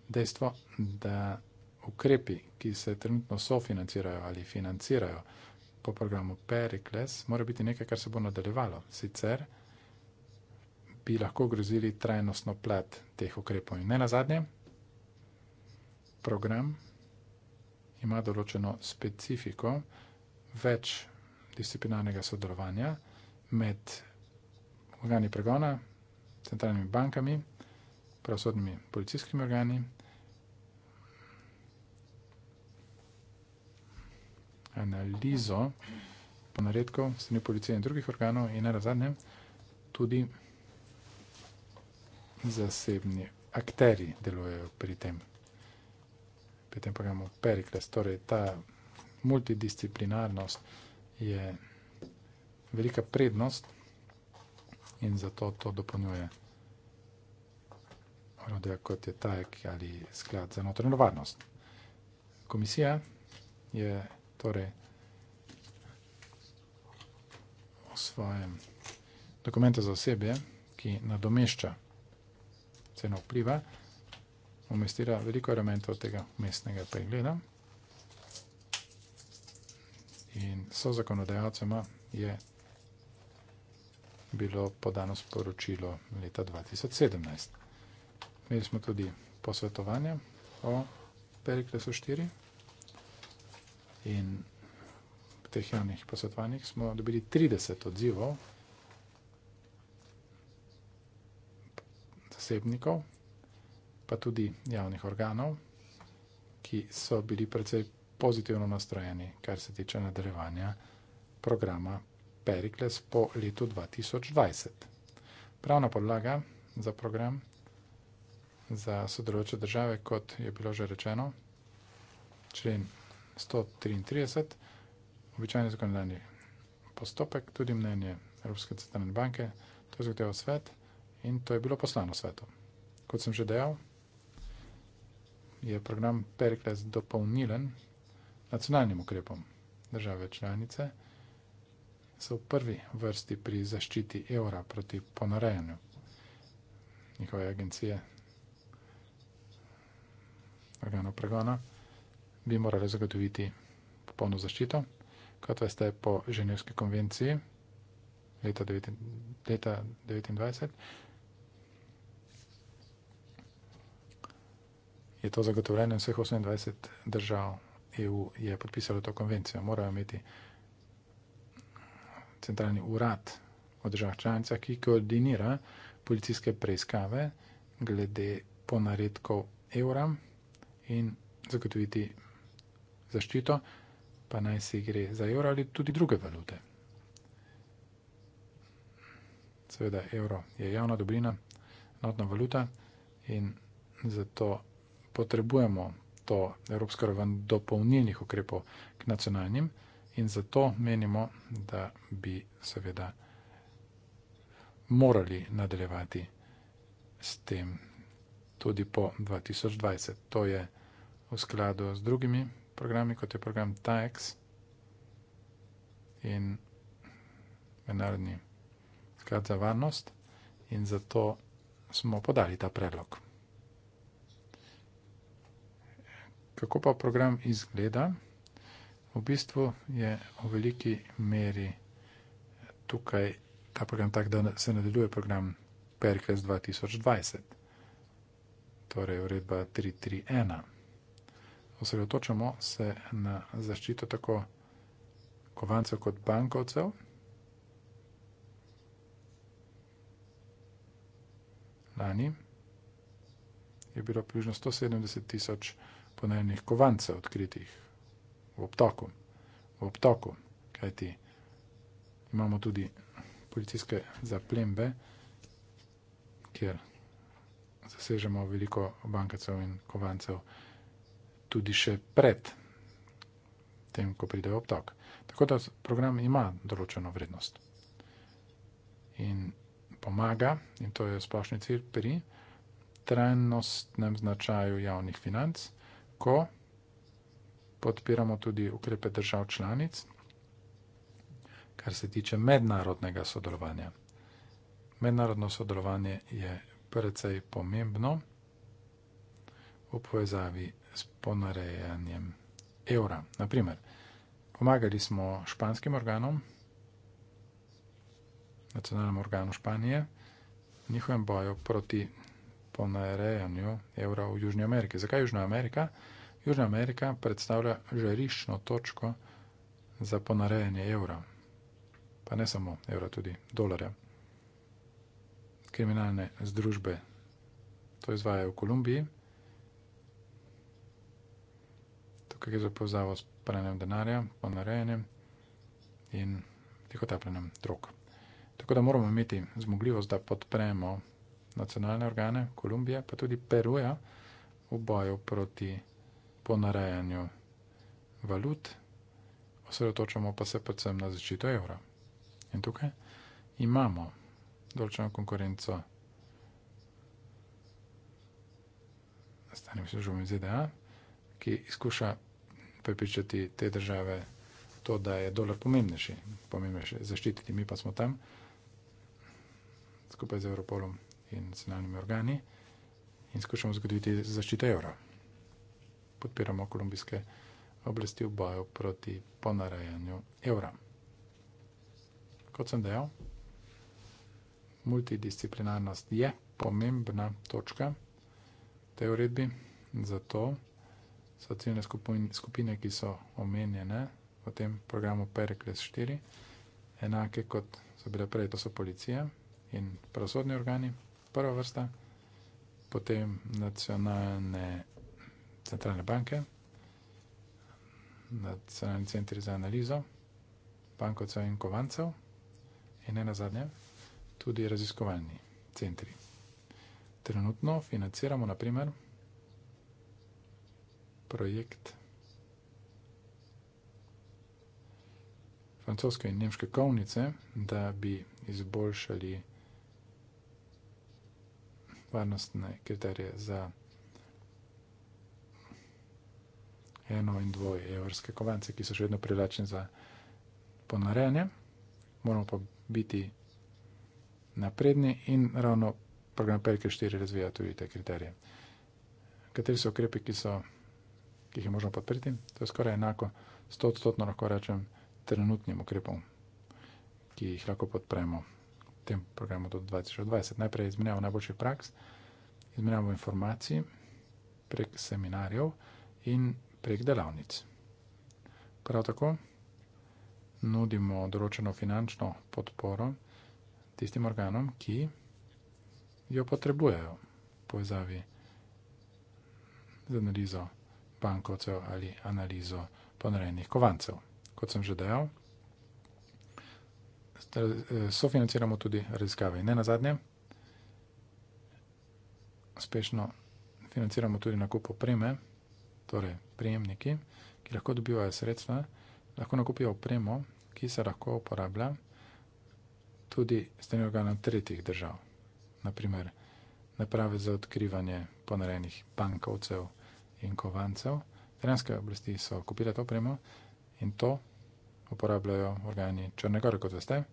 dejstvo, da ukrepi, ki se trenutno sofinancirajo ali financirajo, po programu Perikles, mora biti nekaj, kar se bo nadaljevalo. Sicer bi lahko grozili trajnostno plat teh ukrepov. In ne na zadnje, program ima določeno specifiko več disciplinarnega sodelovanja med organi pregona, centralnimi bankami, pravosodnimi policijskimi organi. analizo po naredku strani policije in drugih organov in na razadnje tudi zasebni akteri delujejo pri tem. Pri tem pa gremo Perikles, torej ta multidisciplinarnost je velika prednost in zato to dopolnjuje orodja, kot je tajek ali sklad za notranjo varnost. Komisija je torej o svojem dokumentu za osebje, ki nadomešča ceno vpliva, umestira veliko elementov tega mestnega pregleda in so zakonodajalcema je bilo podano sporočilo leta 2017. Imeli smo tudi posvetovanje o Periklesu 4, In v teh javnih posvetovanjih smo dobili 30 odzivov zasebnikov, pa tudi javnih organov, ki so bili precej pozitivno nastrojeni, kar se tiče nadaljevanja programa Perikles po letu 2020. Pravna podlaga za program za sodelujoče države, kot je bilo že rečeno, člen 133, običajni zakonodajni postopek, tudi mnenje Evropske centralne banke, to je zahteval svet in to je bilo poslano svetu. Kot sem že dejal, je program Perikles dopolnilen nacionalnim ukrepom države članice, so v prvi vrsti pri zaščiti evra proti ponarejanju njihove agencije organov pregona bi morali zagotoviti popolno zaščito, kot veste po Ženevski konvenciji leta 1929. Je to zagotovljeno vseh 28 držav EU, je podpisalo to konvencijo. Morajo imeti centralni urad v državah članicah, ki koordinira policijske preiskave glede ponaredkov evra in zagotoviti zaščito, pa naj si gre za evro ali tudi druge valute. Seveda, evro je javna dobrina, notna valuta in zato potrebujemo to evropsko raven dopolnilnih ukrepov k nacionalnim in zato menimo, da bi seveda morali nadaljevati s tem tudi po 2020. To je v skladu z drugimi programi, kot je program TAEX in mednarodni sklad za varnost in zato smo podali ta predlog. Kako pa program izgleda? V bistvu je v veliki meri tukaj ta program tak, da se nadaljuje program PERCES 2020, torej uredba 331 osredotočamo se na zaščito tako kovancev kot bankovcev. Lani je bilo približno 170 tisoč ponajemnih kovancev odkritih v obtoku. V obtoku, kajti imamo tudi policijske zaplembe, kjer zasežemo veliko bankacev in kovancev, ki je vse tudi še pred tem, ko pride obtok. Tako da program ima določeno vrednost in pomaga, in to je splošni cilj pri trajnostnem značaju javnih financ, ko podpiramo tudi ukrepe držav članic, kar se tiče mednarodnega sodelovanja. Mednarodno sodelovanje je precej pomembno v povezavi s ponarejanjem evra. Naprimer, pomagali smo španskim organom, nacionalnem organu Španije, njihovem boju proti ponarejanju evra v Južni Ameriki. Zakaj Južna Amerika? Južna Amerika predstavlja žariščno točko za ponarejanje evra, pa ne samo evra, tudi dolarja. Kriminalne združbe to izvajajo v Kolumbiji. kaj je za povezavo s pranjem denarja, ponarejenjem in tiho tapljenjem drog. Tako da moramo imeti zmogljivost, da podpremo nacionalne organe Kolumbije, pa tudi Peruja v boju proti ponarejanju valut, osredotočamo pa se predvsem na zaščito evra. In tukaj imamo določeno konkurenco stanem se že v ZDA, ki izkuša prepričati te države, to, da je dolar pomembnejši, pomembnejši zaščititi. Mi pa smo tam, skupaj z Evropolom in nacionalnimi organi, in skušamo zgoditi zaščito evra. Podpiramo kolumbijske oblasti v boju proti ponarejanju evra. Kot sem dejal, multidisciplinarnost je pomembna točka te uredbi, zato so ciljne skupine, ki so omenjene v tem programu Perekles 4, enake kot so bile prej, to so policija in pravosodni organi, prva vrsta, potem nacionalne centralne banke, nacionalni centri za analizo, bankovcev in kovancev in ne nazadnje tudi raziskovalni centri. Trenutno financiramo, naprimer, projekt. Francoske in nemške kovnice, da bi izboljšali varnostne kriterije za eno in dvoje evrske kovance, ki so še vedno privlačni za ponarejanje. Moramo pa biti napredni in ravno program PLK4 razvija tudi te kriterije. Kateri so ukrepi, ki so ki jih je možno podpreti, to je skoraj enako stotodstotno lahko rečem trenutnim ukrepom, ki jih lahko podpremo v tem programu do 2020. Najprej izmenjamo najboljših praks, izmenjamo informacij prek seminarjev in prek delavnic. Prav tako nudimo določeno finančno podporo tistim organom, ki jo potrebujejo v povezavi z analizo bankovcev ali analizo ponarejenih kovancev. Kot sem že dejal, sofinanciramo tudi raziskave. Ne na zadnje, uspešno financiramo tudi nakup opreme, torej prijemniki, ki lahko dobivajo sredstva, lahko nakupijo opremo, ki se lahko uporablja tudi strani organov tretjih držav. Naprimer, naprave za odkrivanje ponarejenih bankovcev, in kovancev. Iranske oblasti so kupile to opremo in to uporabljajo organi Črne gore, kot veste.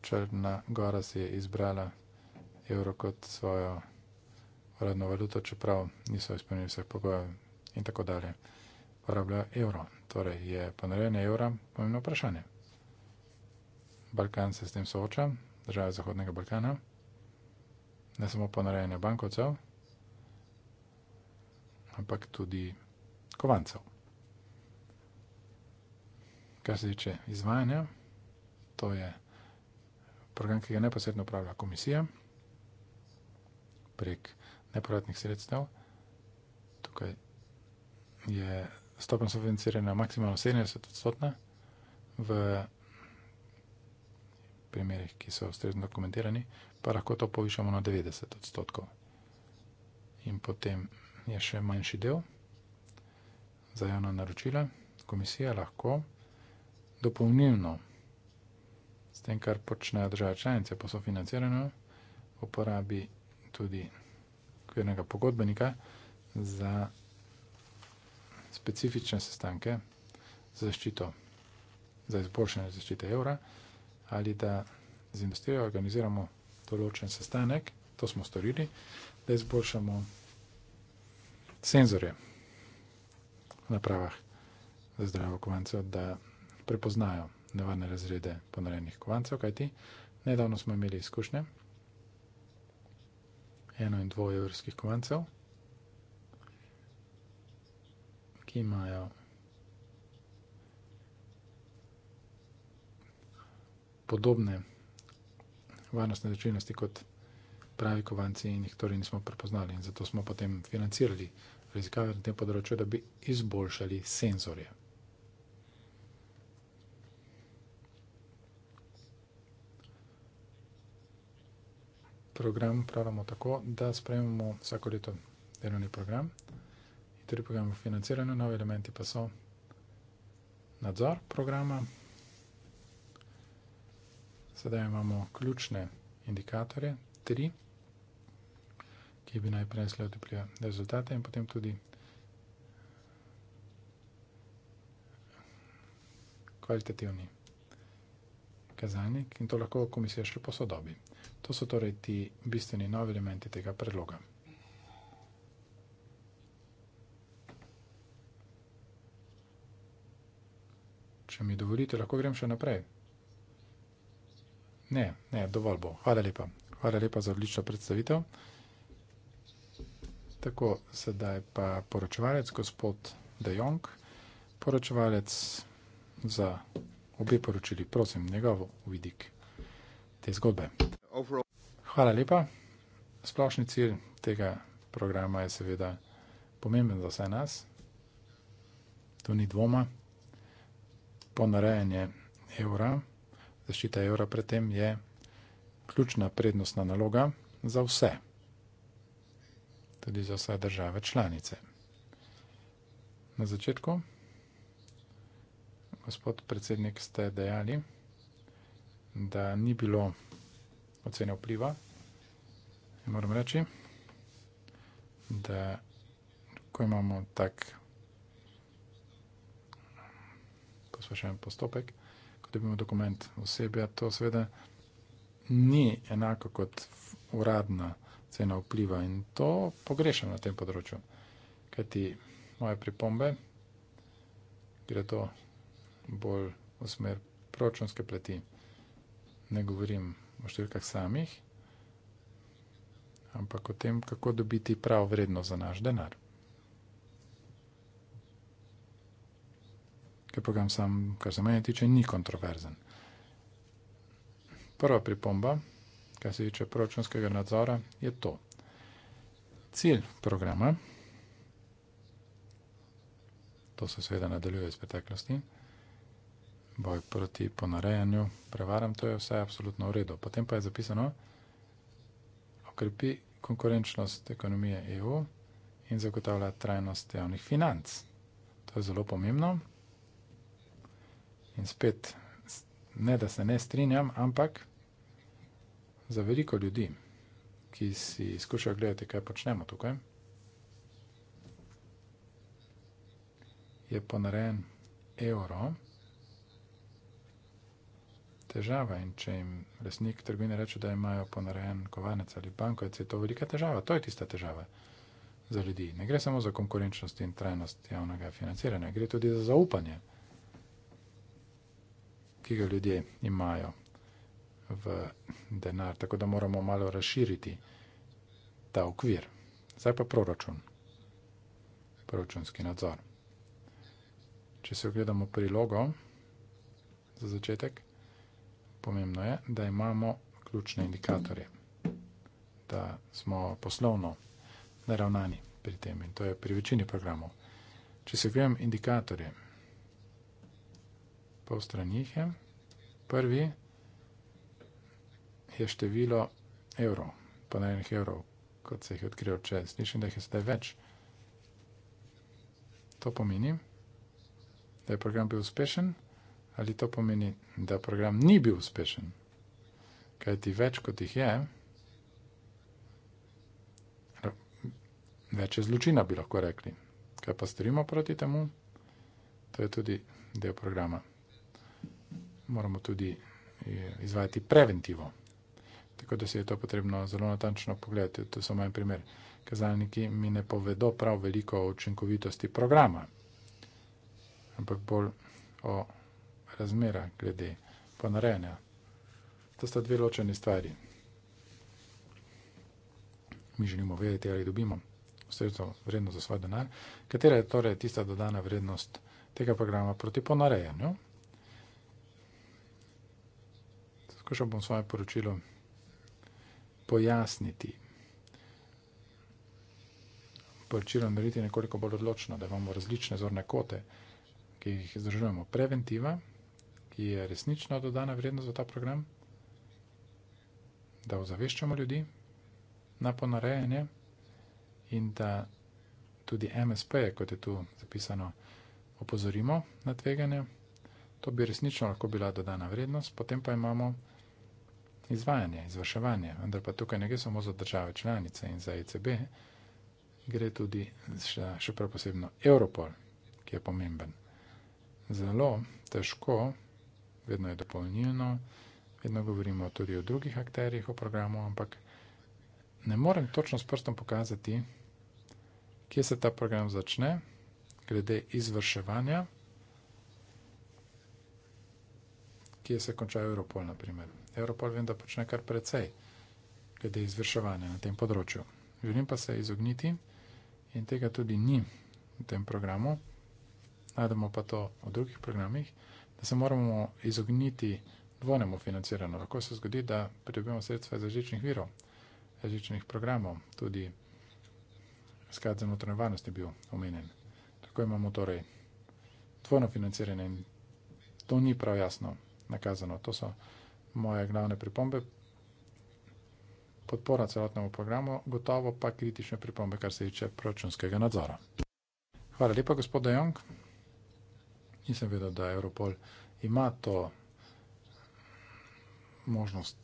Črna gora si je izbrala evro kot svojo uradno valuto, čeprav niso izpolnili vseh pogojev in tako dalje. Uporabljajo evro. Torej je ponarejanje evra pomembno vprašanje. Balkan se s tem sooča, države Zahodnega Balkana, ne samo ponarejanje bankovcev, ampak tudi kovancev. Kar se tiče izvajanja, to je program, ki ga neposredno upravlja komisija prek neporadnih sredstev. Tukaj je stopen subvencirana maksimalno 70 odstotna v primerih, ki so ustrezno dokumentirani, pa lahko to povišamo na 90 odstotkov. In potem je še manjši del za javna naročila. Komisija lahko dopolnilno s tem, kar počnejo države članice po sofinanciranju, uporabi tudi kvirnega pogodbenika za specifične sestanke za zaščito, za izboljšanje zaščite evra ali da z industrijo organiziramo določen sestanek, to smo storili, da izboljšamo zaščito senzorje v napravah za zdravo kovancev, da prepoznajo nevarne razrede ponarejenih kovancev, kajti nedavno smo imeli izkušnje eno in dvoje evrskih kovancev, ki imajo podobne varnostne začinnosti kot vsega, pravi kovanci in jih torej nismo prepoznali. In zato smo potem financirali raziskave na tem področju, da bi izboljšali senzorje. Program pravimo tako, da sprejemamo vsako leto delovni program. Tri programe financiranja, novi elementi pa so nadzor programa. Sedaj imamo ključne indikatorje, tri ki bi naj prinesle otepljive rezultate in potem tudi kvalitativni kazalnik in to lahko komisija še posodobi. To so torej ti bistveni novi elementi tega predloga. Če mi dovolite, lahko grem še naprej. Ne, ne, dovolj bo. Hvala lepa. Hvala lepa za odlično predstavitev. Tako sedaj pa poročevalec, gospod De Jong, poročevalec za obe poročili, prosim, njegov vidik te zgodbe. Hvala lepa. Splošni cilj tega programa je seveda pomemben za vse nas, to ni dvoma. Ponarejanje evra, zaščita evra pred tem je ključna prednostna naloga za vse tudi za vse države članice. Na začetku, gospod predsednik, ste dejali, da ni bilo ocene vpliva. Moram reči, da ko imamo tak posvešen postopek, ko dobimo dokument osebja, to seveda ni enako kot uradna vsega, cena vpliva in to pogrešam na tem področju. Kaj ti moje pripombe, gre to bolj v smer proračunske plati. Ne govorim o številkah samih, ampak o tem, kako dobiti prav vredno za naš denar. Ker program sam, kar se meni tiče, ni kontroverzen. Prva pripomba je, kar se tiče proračunskega nadzora, je to. Cilj programa, to se seveda nadaljuje iz preteklosti, boj proti ponarejanju, prevaram, to je vse absolutno v redu. Potem pa je zapisano, okrepi konkurenčnost ekonomije EU in zagotavlja trajnost javnih financ. To je zelo pomembno. In spet, ne da se ne strinjam, ampak za veliko ljudi, ki si skušajo gledati, kaj počnemo tukaj, je ponarejen evro. Težava in če jim resnik trgovine reče, da imajo ponarejen kovanec ali bankovec, je to velika težava. To je tista težava za ljudi. Ne gre samo za konkurenčnost in trajnost javnega financiranja, gre tudi za zaupanje, ki ga ljudje imajo v denar, tako da moramo malo razširiti ta okvir. Zdaj pa proračun, proračunski nadzor. Če se ogledamo prilogo za začetek, pomembno je, da imamo ključne indikatorje, da smo poslovno naravnani pri tem in to je pri večini programov. Če se ogledam indikatorje, po stranjih je, prvi je, je število evrov, ponajenih evrov, kot se jih odkrije odčet. Slišim, da jih je sedaj več. To pomeni, da je program bil uspešen, ali to pomeni, da program ni bil uspešen. Kaj ti več, kot jih je, več je zločina, bi lahko rekli. Kaj pa storimo proti temu? To je tudi del programa. Moramo tudi eh, izvajati preventivo. Tako da si je to potrebno zelo natančno pogledati. To so moj primer. Kazalniki mi ne povedo prav veliko o učinkovitosti programa, ampak bolj o razmerah glede ponarejanja. To sta dve ločeni stvari. Mi želimo vedeti, ali dobimo ustrezno vrednost za svoj denar, katera je torej tista dodana vrednost tega programa proti ponarejanju. Skušal bom svoje poročilo pojasniti. Poročilo meriti nekoliko bolj odločno, da imamo različne zorne kote, ki jih združujemo. Preventiva, ki je resnično dodana vrednost v ta program, da ozaveščamo ljudi na ponarejanje in da tudi MSP, kot je tu zapisano, opozorimo na tveganje. To bi resnično lahko bila dodana vrednost. Potem pa imamo izvajanje, izvrševanje. Vendar pa tukaj ne gre samo za države članice in za ECB, gre tudi še, še prav posebno Europol, ki je pomemben. Zelo težko, vedno je dopolnjeno, vedno govorimo tudi o drugih akterjih v programu, ampak ne morem točno s prstom pokazati, kje se ta program začne, glede izvrševanja. kje se konča Evropol. Naprimer. Evropol vem, da počne kar precej glede izvrševanja na tem področju. Želim pa se izogniti in tega tudi ni v tem programu, najdemo pa to v drugih programih, da se moramo izogniti dvojnemu financiranju. Lahko se zgodi, da pridobimo sredstva iz različnih virov, različnih programov, tudi sklad za notranje varnosti je bil omenjen. Tako imamo torej dvojno financiranje in to ni prav jasno nakazano. To so moje glavne pripombe. Podpora celotnemu programu, gotovo pa kritične pripombe, kar se tiče proračunskega nadzora. Hvala lepa, gospod Dejong. Nisem vedel, da Europol ima to možnost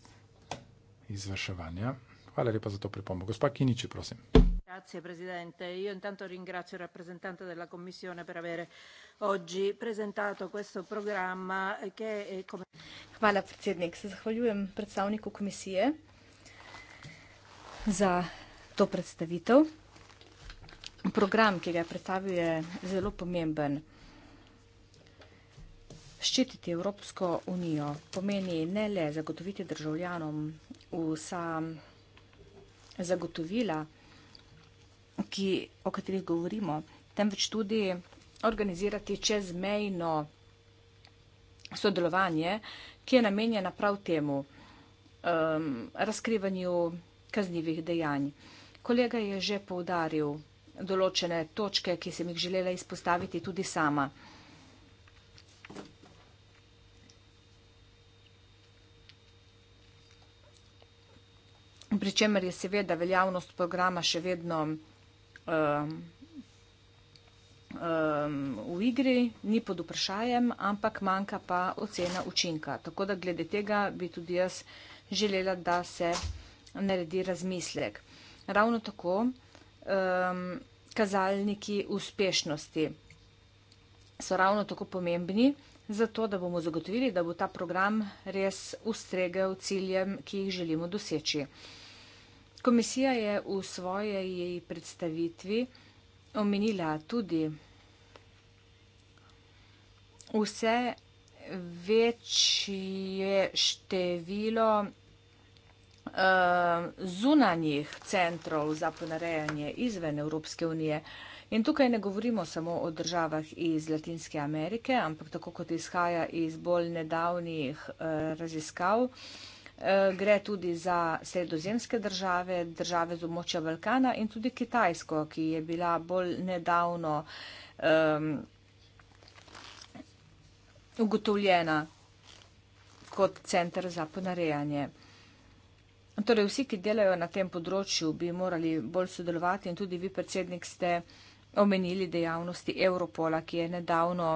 izvrševanja. Hvala lepa za to pripombo. Gospa Kiniči, prosim. Grazie Presidente. Io intanto ringrazio il rappresentante della Commissione per aver oggi presentato questo programma che è come... Hvala predsednik. Se zahvaljujem predstavniku komisije za to predstavitev. Program, ki ga je predstavil, je zelo pomemben. Ščititi Evropsko unijo pomeni ne le zagotoviti državljanom vsa zagotovila, ki, o katerih govorimo, temveč tudi organizirati čezmejno sodelovanje, ki je namenjeno prav temu um, razkrivanju kaznjivih dejanj. Kolega je že poudaril določene točke, ki sem jih želela izpostaviti tudi sama. Pričemer je seveda veljavnost programa še vedno Um, um, v igri, ni pod vprašajem, ampak manjka pa ocena učinka. Tako da glede tega bi tudi jaz želela, da se naredi razmislek. Ravno tako um, kazalniki uspešnosti so ravno tako pomembni, zato da bomo zagotovili, da bo ta program res ustregel ciljem, ki jih želimo doseči. Uh, Komisija je v svojej predstavitvi omenila tudi vse večje število uh, zunanjih centrov za ponarejanje izven Evropske unije. In tukaj ne govorimo samo o državah iz Latinske Amerike, ampak tako kot izhaja iz bolj nedavnih uh, raziskav, uh, Eh, gre tudi za sredozemske države, države z območja Balkana in tudi Kitajsko, ki je bila bolj nedavno ugotovljena kot center za ponarejanje. Torej, vsi, ki delajo na tem področju, bi morali bolj sodelovati in tudi vi, predsednik, ste omenili dejavnosti Europola, ki je nedavno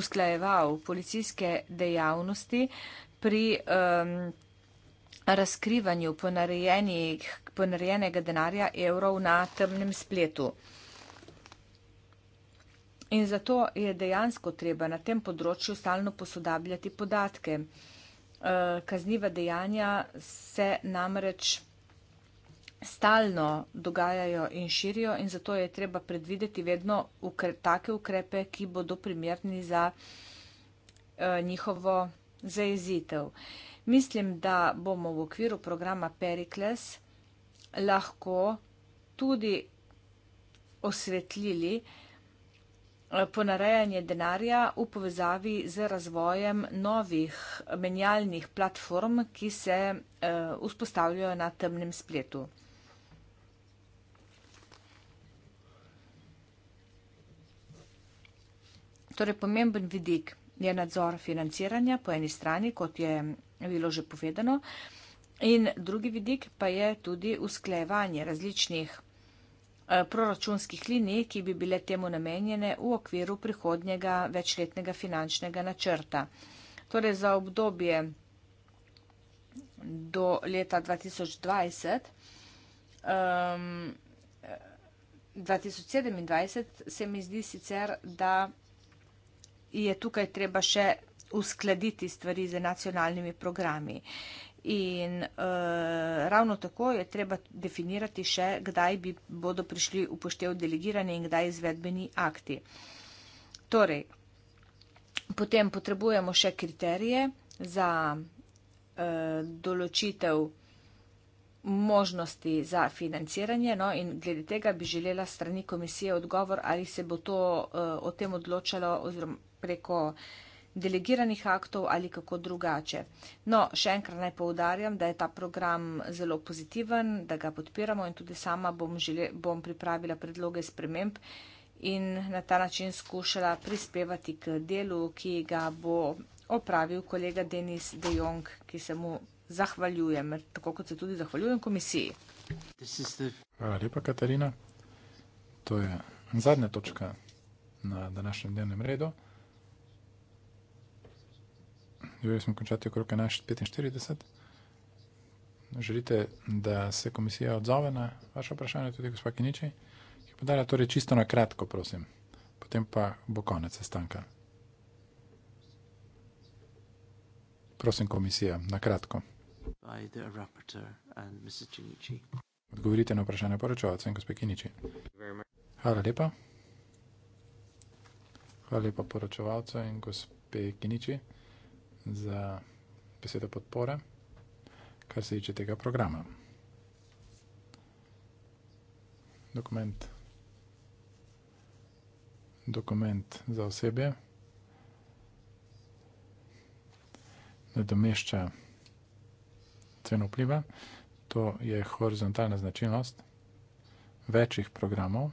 usklajeval policijske dejavnosti, pri um, razkrivanju ponarejenega denarja evrov na temnem spletu. In zato je dejansko treba na tem področju stalno posodabljati podatke. Eh, kazniva dejanja se namreč stalno dogajajo in širijo in zato je treba predvideti vedno ukre take ukrepe, ki bodo primerni za uh, njihovo zaezitev. Mislim, da bomo v okviru programa Perikles lahko tudi osvetlili eh, ponarejanje denarja v povezavi z razvojem novih menjalnih platform, ki se eh, vzpostavljajo na temnem spletu. Torej, pomemben vidik je nadzor financiranja po eni strani, kot je bilo že povedano, in drugi vidik pa je tudi usklejevanje različnih eh, proračunskih linij, ki bi bile temu namenjene v okviru prihodnjega večletnega finančnega načrta. Torej za obdobje do leta 2020, um, 2027 se mi zdi sicer, da je tukaj treba še uskladiti stvari z nacionalnimi programi. In uh, ravno tako je treba definirati še, kdaj bi bodo prišli upoštev delegirani in kdaj izvedbeni akti. Torej, potem potrebujemo še kriterije za uh, določitev možnosti za financiranje, no in glede tega bi želela strani komisije odgovor, ali se bo to uh, o tem odločalo oziroma preko delegiranih aktov ali kako drugače. No, še enkrat naj poudarjam, da je ta program zelo pozitiven, da ga podpiramo in tudi sama bom, žele, bom pripravila predloge sprememb in na ta način skušala prispevati k delu, ki ga bo opravil kolega Denis De Jong, ki se mu zahvaljujem, tako kot se tudi zahvaljujem komisiji. Hvala lepa, Katarina. To je zadnja točka na današnjem dnevnem redu. Želeli smo končati okrog 11.45. Želite, da se komisija odzove na vaše vprašanje, tudi gospod Kiniči? Ki podala torej čisto na kratko, prosim. Potem pa bo konec sestanka. Prosim, komisija, na kratko. Odgovorite na vprašanje poročevalca in gospe Kiniči. Hvala lepa. Hvala lepa poročevalca in gospe Kiniči za besedo podpore, kar se tiče tega programa. Dokument dokument za osebje nadomešča bistveno vpliva. To je horizontalna značilnost večjih programov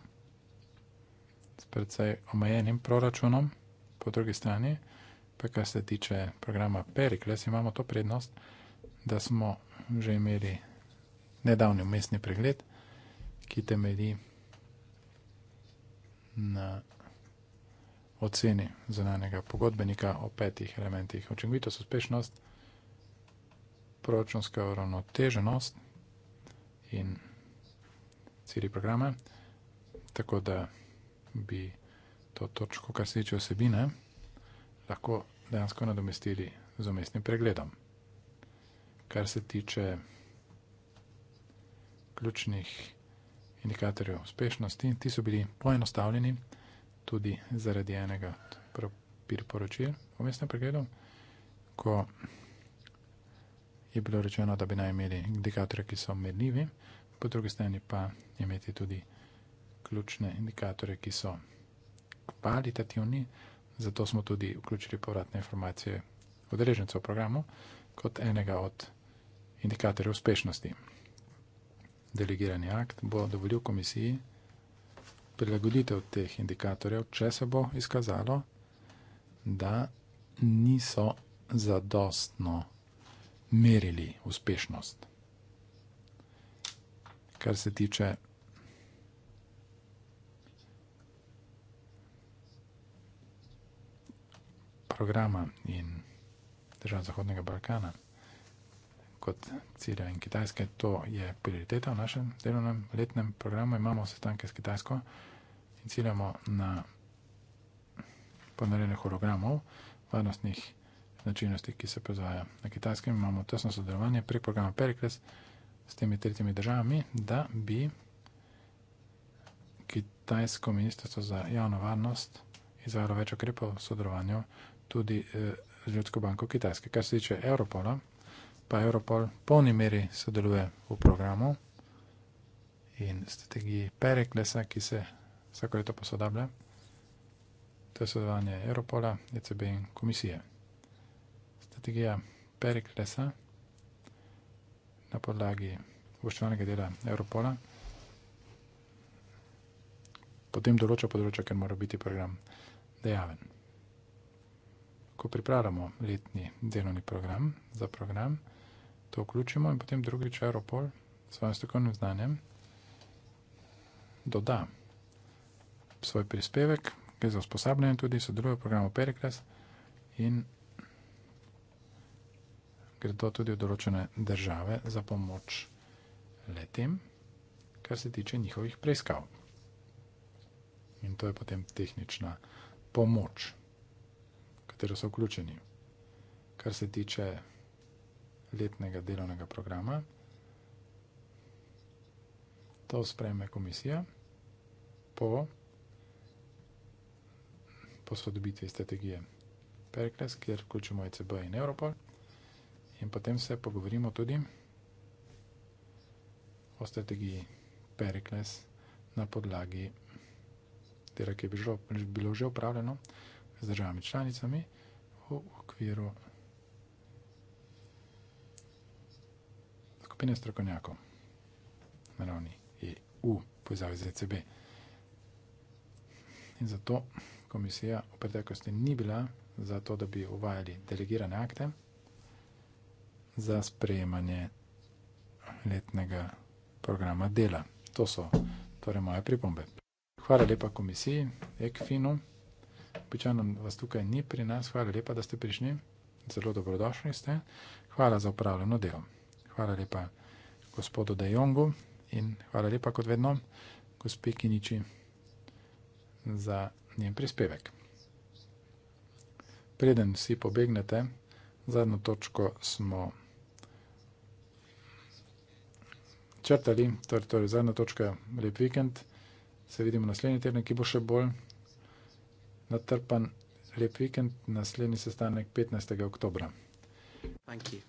s precej omejenim proračunom, po drugi strani pa kar se tiče programa Perikles, imamo to prednost, da smo že imeli nedavni umestni pregled, ki temelji na oceni zunanjega pogodbenika o petih elementih učinkovitost, uspešnost, proračunska uravnoteženost in cilji programa, tako da bi to točko, kar se tiče osebine, lahko dejansko nadomestili z umestnim pregledom. Kar se tiče ključnih indikatorjev uspešnosti, ti so bili poenostavljeni tudi zaradi enega priporočil v umestnem pregledu, ko je bilo rečeno, da bi naj imeli indikatorje, ki so merljivi, po drugi strani pa imeti tudi ključne indikatorje, ki so kvalitativni, zato smo tudi vključili povratne informacije odrežencev v programu kot enega od indikatorjev uspešnosti. Delegirani akt bo dovolil komisiji prilagoditev teh indikatorjev, če se bo izkazalo, da niso zadostno merili uspešnost. Kar se tiče programa in držav Zahodnega Balkana, kot Cirja in Kitajske, to je prioriteta v našem delovnem letnem programu. Imamo sestanke s Kitajsko in ciljamo na ponarjene hologramov, varnostnih programov, značilnosti, ki se proizvaja. Na kitajskem imamo tesno sodelovanje prek programa Pericles s temi tretjimi državami, da bi kitajsko ministrstvo za javno varnost izvajalo več okrepov v sodelovanju tudi eh, z Ljudsko banko Kitajske. Kar se tiče Europola, pa Europol v polni meri sodeluje v programu in strategiji Periclesa, ki se vsako leto posodablja. To je sodelovanje Europola, ECB in komisije strategija Periklesa na podlagi obveščevalnega dela Europola. Potem določa področje, ker mora biti program dejaven. Ko pripravljamo letni delovni program za program, to vključimo in potem drugič Europol s svojim strokovnim znanjem doda svoj prispevek, gre za usposabljanje tudi, sodeluje v programu Periklas in gredo tudi v določene države za pomoč letem, kar se tiče njihovih preiskav. In to je potem tehnična pomoč, katero so vključeni. Kar se tiče letnega delovnega programa, to sprejme komisija po posodobitvi strategije Perkles, kjer vključimo ECB in Europol, in potem se pogovorimo tudi o strategiji Perikles na podlagi tega, ki je bilo, bilo že upravljeno z državami članicami v okviru skupine strokovnjakov na ravni EU, povezavi z ECB. In zato komisija v preteklosti ni bila za to, da bi uvajali delegirane akte za sprejemanje letnega programa dela. To so torej moje pripombe. Hvala lepa komisiji, ekfinu. Običajno vas tukaj ni pri nas. Hvala lepa, da ste prišli. Zelo dobrodošli ste. Hvala za upravljeno delo. Hvala lepa gospodu Dejongu in hvala lepa kot vedno gospe Kiniči za njen prispevek. Preden vsi pobegnete, zadnjo točko smo črtali, torej, torej zadnja točka, lep vikend. Se vidimo naslednji teden, ki bo še bolj natrpan. Lep vikend, naslednji sestanek 15. oktobra. Hvala.